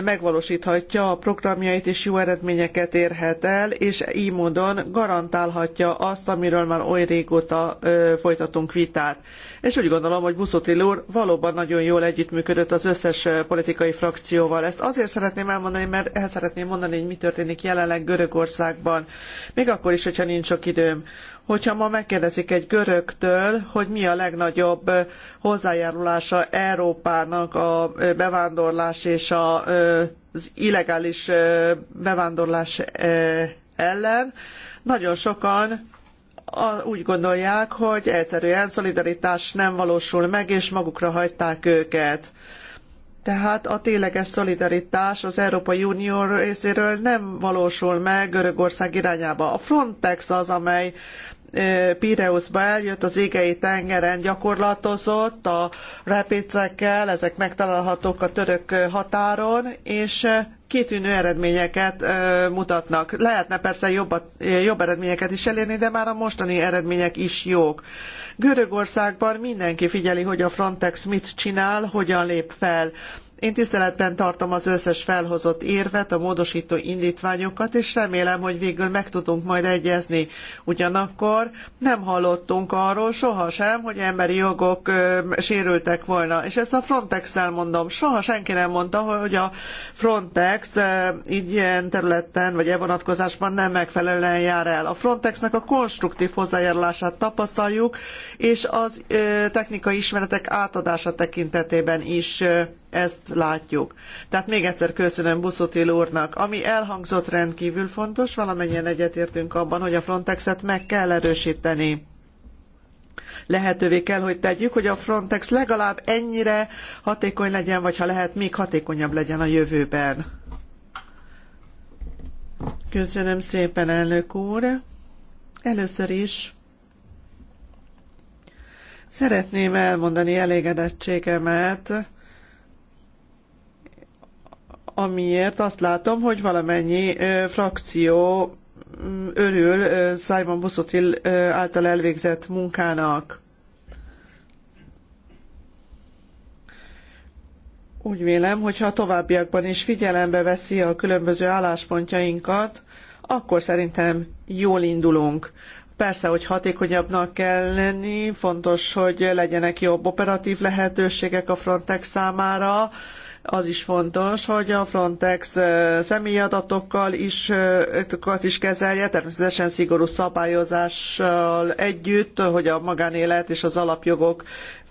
megvalósíthatja a programjait és jó eredményeket érhet el, és így módon garantálhatja azt, amiről már oly régóta folytatunk vitát. És úgy gondolom, hogy Buszotil úr valóban nagyon jól együttműködött az összes politikai frakcióval. Ezt azért szeretném elmondani, mert el szeretném mondani, hogy mi történik jelenleg Görögországban. Még akkor is, hogyha nincs sok időm hogyha ma megkérdezik egy görögtől, hogy mi a legnagyobb hozzájárulása Európának a bevándorlás és az illegális bevándorlás ellen, nagyon sokan úgy gondolják, hogy egyszerűen szolidaritás nem valósul meg, és magukra hagyták őket. Tehát a tényleges szolidaritás az Európai Unió részéről nem valósul meg Görögország irányába. A Frontex az, amely Pireuszba eljött, az égei tengeren gyakorlatozott a repécekkel, ezek megtalálhatók a török határon, és kitűnő eredményeket mutatnak. Lehetne persze jobb, jobb eredményeket is elérni, de már a mostani eredmények is jók. Görögországban mindenki figyeli, hogy a Frontex mit csinál, hogyan lép fel. Én tiszteletben tartom az összes felhozott érvet, a módosító indítványokat, és remélem, hogy végül meg tudunk majd egyezni. Ugyanakkor nem hallottunk arról sohasem, hogy emberi jogok ö, sérültek volna. És ezt a Frontex-el mondom. Soha senki nem mondta, hogy a Frontex ö, ilyen területen vagy e vonatkozásban nem megfelelően jár el. A Frontexnek a konstruktív hozzájárulását tapasztaljuk, és az ö, technikai ismeretek átadása tekintetében is. Ö, ezt látjuk. Tehát még egyszer köszönöm Buszutil úrnak. Ami elhangzott rendkívül fontos, valamennyien egyetértünk abban, hogy a Frontexet meg kell erősíteni. Lehetővé kell, hogy tegyük, hogy a Frontex legalább ennyire hatékony legyen, vagy ha lehet, még hatékonyabb legyen a jövőben. Köszönöm szépen, elnök úr. Először is szeretném elmondani elégedettségemet, amiért azt látom, hogy valamennyi frakció mm, örül Simon Buszotil által elvégzett munkának. Úgy vélem, hogy ha a továbbiakban is figyelembe veszi a különböző álláspontjainkat, akkor szerintem jól indulunk. Persze, hogy hatékonyabbnak kell lenni, fontos, hogy legyenek jobb operatív lehetőségek a Frontex számára, az is fontos, hogy a Frontex adatokkal is, is kezelje, természetesen szigorú szabályozással együtt, hogy a magánélet és az alapjogok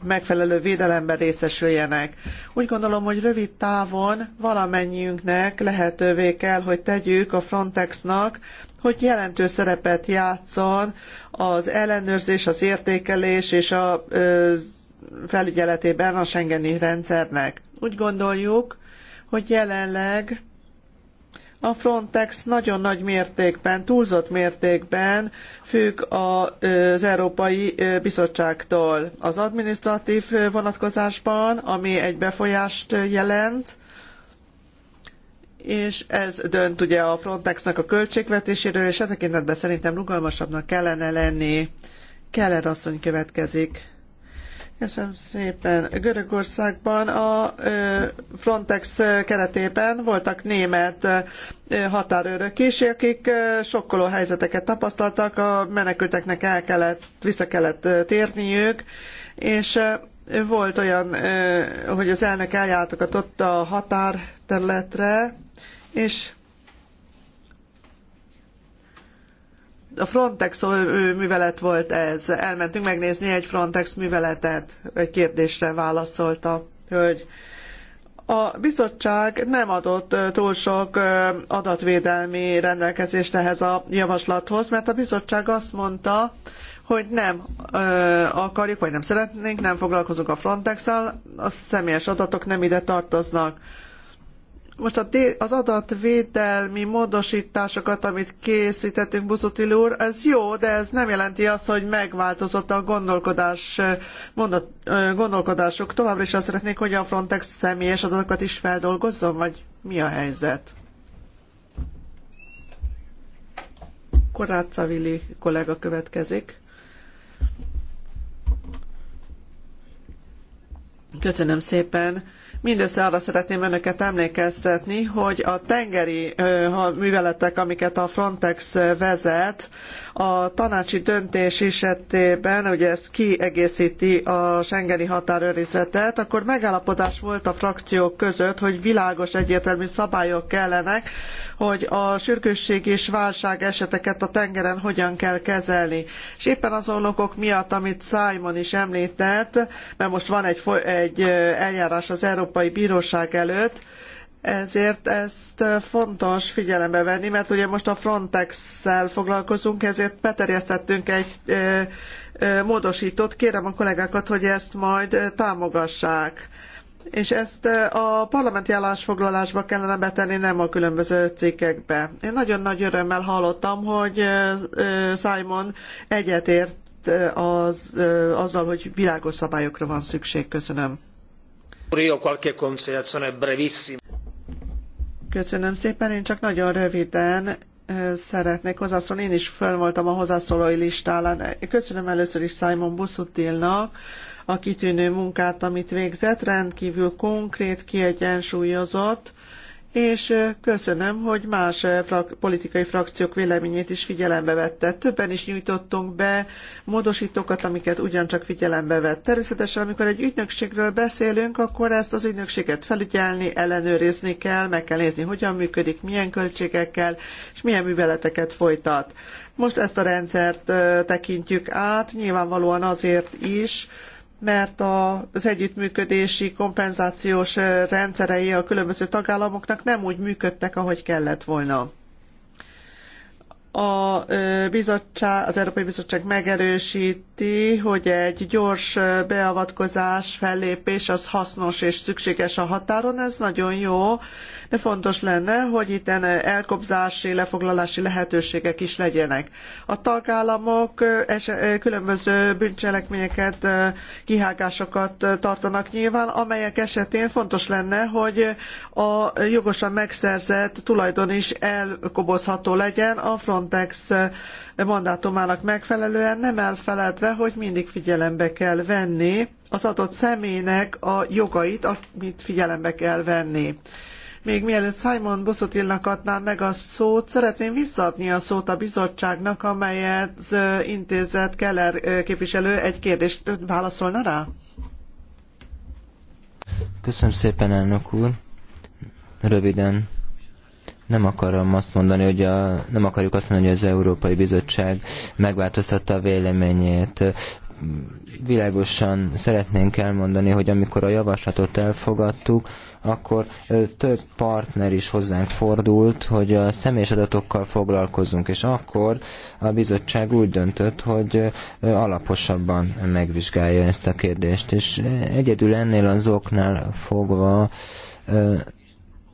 megfelelő védelemben részesüljenek. Úgy gondolom, hogy rövid távon valamennyiünknek lehetővé kell, hogy tegyük a Frontexnak, hogy jelentős szerepet játszon az ellenőrzés, az értékelés és az felügyeletében a Schengeni rendszernek. Úgy gondoljuk, hogy jelenleg a Frontex nagyon nagy mértékben, túlzott mértékben függ az Európai Bizottságtól. Az adminisztratív vonatkozásban, ami egy befolyást jelent, és ez dönt ugye a Frontexnek a költségvetéséről, és e tekintetben szerintem rugalmasabbnak kellene lenni. Keller asszony következik. Köszönöm szépen. Görögországban a Frontex keretében voltak német határőrök is, akik sokkoló helyzeteket tapasztaltak, a menekülteknek el kellett, vissza kellett térniük, és volt olyan, hogy az elnök eljátogatott a határterületre, és a Frontex művelet volt ez. Elmentünk megnézni egy Frontex műveletet. Egy kérdésre válaszolta, hogy a bizottság nem adott túl sok adatvédelmi rendelkezést ehhez a javaslathoz, mert a bizottság azt mondta, hogy nem akarjuk, vagy nem szeretnénk, nem foglalkozunk a Frontex-el, a személyes adatok nem ide tartoznak. Most a az adatvédelmi módosításokat, amit készítettünk, Buzutil úr, ez jó, de ez nem jelenti azt, hogy megváltozott a gondolkodás, mondat, gondolkodásuk. Továbbra is azt szeretnék, hogy a Frontex személyes adatokat is feldolgozzon, vagy mi a helyzet? Korácsa Vili kollega következik. Köszönöm szépen. Mindössze arra szeretném önöket emlékeztetni, hogy a tengeri műveletek, amiket a Frontex vezet, a tanácsi döntés esetében, ugye ez kiegészíti a Schengeni határőrizetet, akkor megállapodás volt a frakciók között, hogy világos egyértelmű szabályok kellenek, hogy a sürgősség és válság eseteket a tengeren hogyan kell kezelni. És éppen azon okok miatt, amit Simon is említett, mert most van egy, egy eh, eljárás az Európai Bíróság előtt, ezért ezt fontos figyelembe venni, mert ugye most a Frontex-szel foglalkozunk, ezért beterjesztettünk egy módosítót. Kérem a kollégákat, hogy ezt majd támogassák. És ezt a parlamenti állásfoglalásba kellene betenni, nem a különböző cikkekbe. Én nagyon nagy örömmel hallottam, hogy Simon egyetért az, azzal, hogy világos szabályokra van szükség. Köszönöm. Köszönöm szépen, én csak nagyon röviden szeretnék hozzászólni. Én is fönn voltam a hozzászólói listálán. Köszönöm először is Simon Buszutilnak a kitűnő munkát, amit végzett, rendkívül konkrét, kiegyensúlyozott, és köszönöm, hogy más frak politikai frakciók véleményét is figyelembe vette. Többen is nyújtottunk be módosítókat, amiket ugyancsak figyelembe vett. Természetesen, amikor egy ügynökségről beszélünk, akkor ezt az ügynökséget felügyelni, ellenőrizni kell, meg kell nézni, hogyan működik, milyen költségekkel, és milyen műveleteket folytat. Most ezt a rendszert tekintjük át, nyilvánvalóan azért is, mert az együttműködési kompenzációs rendszerei a különböző tagállamoknak nem úgy működtek, ahogy kellett volna. A bizottság, az Európai Bizottság megerősít jelenti, hogy egy gyors beavatkozás, fellépés az hasznos és szükséges a határon, ez nagyon jó, de fontos lenne, hogy itt elkobzási, lefoglalási lehetőségek is legyenek. A tagállamok különböző bűncselekményeket, kihágásokat tartanak nyilván, amelyek esetén fontos lenne, hogy a jogosan megszerzett tulajdon is elkobozható legyen a Frontex mandátumának megfelelően, nem elfeledve, hogy mindig figyelembe kell venni az adott személynek a jogait, amit figyelembe kell venni. Még mielőtt Simon Buszotilnak adnám meg a szót, szeretném visszaadni a szót a bizottságnak, amelyet az intézet Keller képviselő egy kérdést válaszolna rá? Köszönöm szépen, elnök úr. Röviden nem akarom azt mondani, hogy a, nem akarjuk azt mondani, hogy az Európai Bizottság megváltoztatta a véleményét világosan szeretnénk elmondani, hogy amikor a javaslatot elfogadtuk, akkor több partner is hozzánk fordult, hogy a személyes adatokkal foglalkozunk, és akkor a bizottság úgy döntött, hogy alaposabban megvizsgálja ezt a kérdést, és egyedül ennél az oknál fogva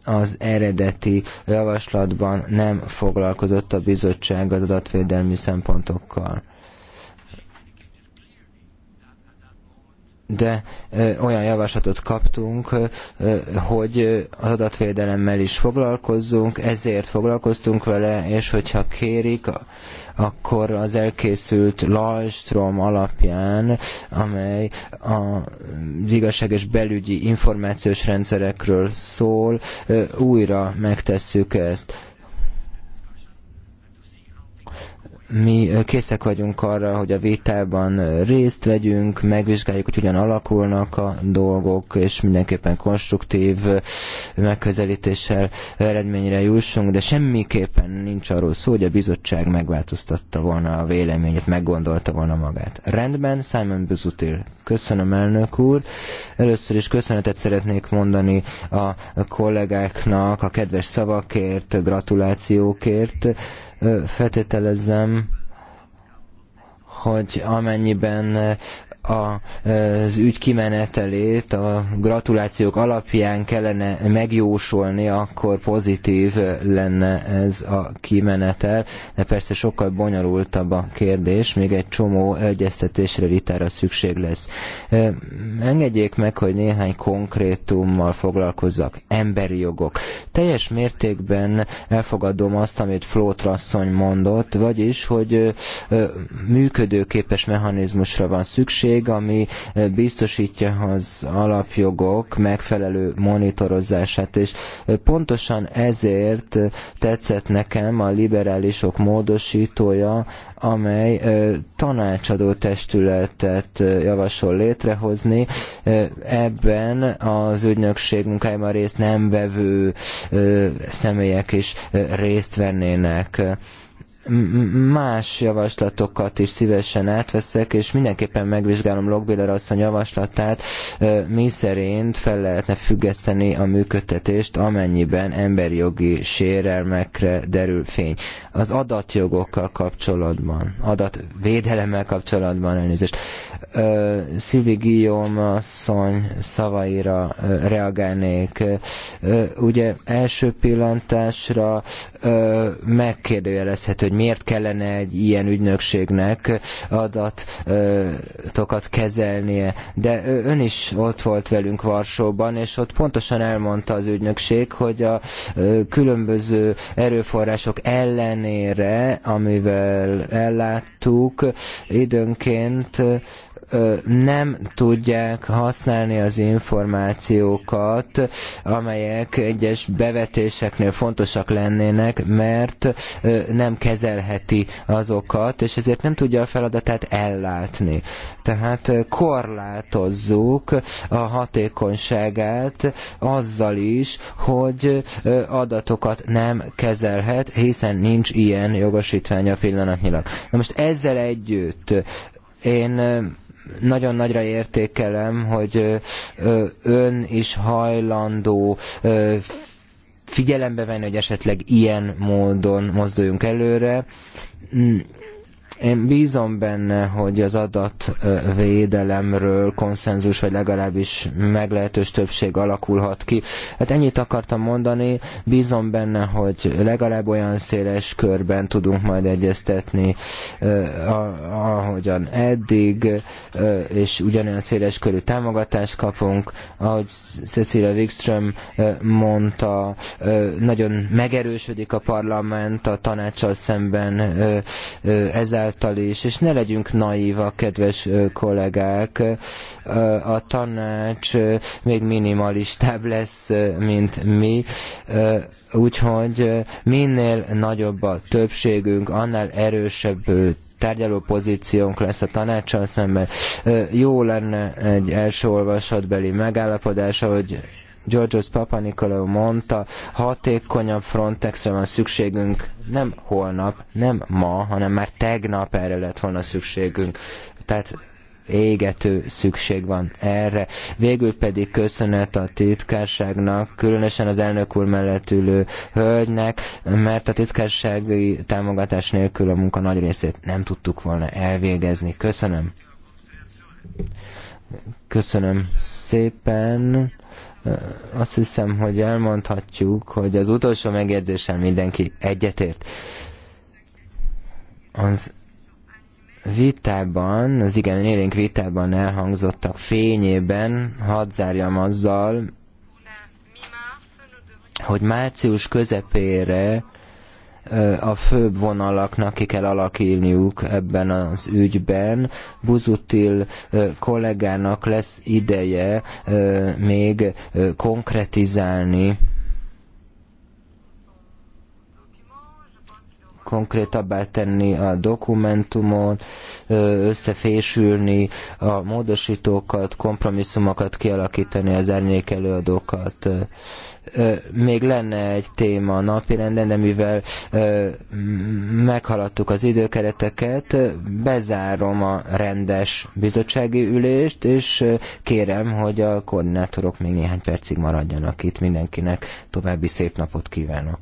az eredeti javaslatban nem foglalkozott a bizottság az adatvédelmi szempontokkal. de olyan javaslatot kaptunk, hogy az adatvédelemmel is foglalkozzunk, ezért foglalkoztunk vele, és hogyha kérik, akkor az elkészült Lajstrom alapján, amely a igazság és belügyi információs rendszerekről szól, újra megtesszük ezt Mi készek vagyunk arra, hogy a vitában részt vegyünk, megvizsgáljuk, hogy hogyan alakulnak a dolgok, és mindenképpen konstruktív megközelítéssel eredményre jussunk, de semmiképpen nincs arról szó, hogy a bizottság megváltoztatta volna a véleményét, meggondolta volna magát. Rendben, Simon Buzutil. Köszönöm, elnök úr. Először is köszönetet szeretnék mondani a kollégáknak a kedves szavakért, gratulációkért feltételezem, hogy amennyiben az ügy kimenetelét a gratulációk alapján kellene megjósolni, akkor pozitív lenne ez a kimenetel, de persze sokkal bonyolultabb a kérdés, még egy csomó egyeztetésre, vitára szükség lesz. Engedjék meg, hogy néhány konkrétummal foglalkozzak. Emberi jogok. Teljes mértékben elfogadom azt, amit Flótrasszony mondott, vagyis, hogy működőképes mechanizmusra van szükség, ügynökség, ami biztosítja az alapjogok megfelelő monitorozását, és pontosan ezért tetszett nekem a liberálisok módosítója, amely tanácsadó testületet javasol létrehozni. Ebben az ügynökség munkájában részt nem vevő személyek is részt vennének más javaslatokat is szívesen átveszek, és mindenképpen megvizsgálom Logbiller asszony javaslatát, mi szerint fel lehetne függeszteni a működtetést, amennyiben emberi jogi sérelmekre derül fény. Az adatjogokkal kapcsolatban, adatvédelemmel kapcsolatban elnézést. Szilvi Guillaume asszony szavaira reagálnék. Ugye első pillantásra megkérdőjelezhető, hogy miért kellene egy ilyen ügynökségnek adatokat kezelnie, de ön is ott volt velünk Varsóban, és ott pontosan elmondta az ügynökség, hogy a különböző erőforrások ellenére, amivel elláttuk, időnként nem tudják használni az információkat, amelyek egyes bevetéseknél fontosak lennének, mert nem kezelheti azokat, és ezért nem tudja a feladatát ellátni. Tehát korlátozzuk a hatékonyságát azzal is, hogy adatokat nem kezelhet, hiszen nincs ilyen jogosítványa pillanatnyilag. Na most ezzel együtt én nagyon nagyra értékelem, hogy ön is hajlandó figyelembe venni, hogy esetleg ilyen módon mozduljunk előre én bízom benne, hogy az adatvédelemről konszenzus, vagy legalábbis meglehetős többség alakulhat ki. Hát ennyit akartam mondani, bízom benne, hogy legalább olyan széles körben tudunk majd egyeztetni, ahogyan eddig, és ugyanolyan széles körű támogatást kapunk, ahogy Cecilia Wikström mondta, nagyon megerősödik a parlament a tanácssal szemben ezzel által is, és ne legyünk naívak, kedves kollégák, a tanács még minimalistább lesz, mint mi, úgyhogy minél nagyobb a többségünk, annál erősebb tárgyaló pozíciónk lesz a tanácssal szemben. Jó lenne egy első olvasatbeli megállapodás, ahogy Georgios Papanikolaou mondta, hatékonyabb Frontexre van szükségünk, nem holnap, nem ma, hanem már tegnap erre lett volna szükségünk. Tehát égető szükség van erre. Végül pedig köszönet a titkárságnak, különösen az elnök úr mellett ülő hölgynek, mert a titkársági támogatás nélkül a munka nagy részét nem tudtuk volna elvégezni. Köszönöm. Köszönöm szépen. Azt hiszem, hogy elmondhatjuk, hogy az utolsó megjegyzéssel mindenki egyetért. Az vitában, az igen élénk vitában elhangzottak fényében hadd zárjam azzal, hogy március közepére a főbb vonalaknak ki kell alakilniuk ebben az ügyben. Buzutil kollégának lesz ideje még konkretizálni konkrétabbá tenni a dokumentumot, összefésülni a módosítókat, kompromisszumokat kialakítani az árnyék előadókat még lenne egy téma a napirenden, de mivel meghaladtuk az időkereteket, bezárom a rendes bizottsági ülést, és kérem, hogy a koordinátorok még néhány percig maradjanak itt. Mindenkinek további szép napot kívánok!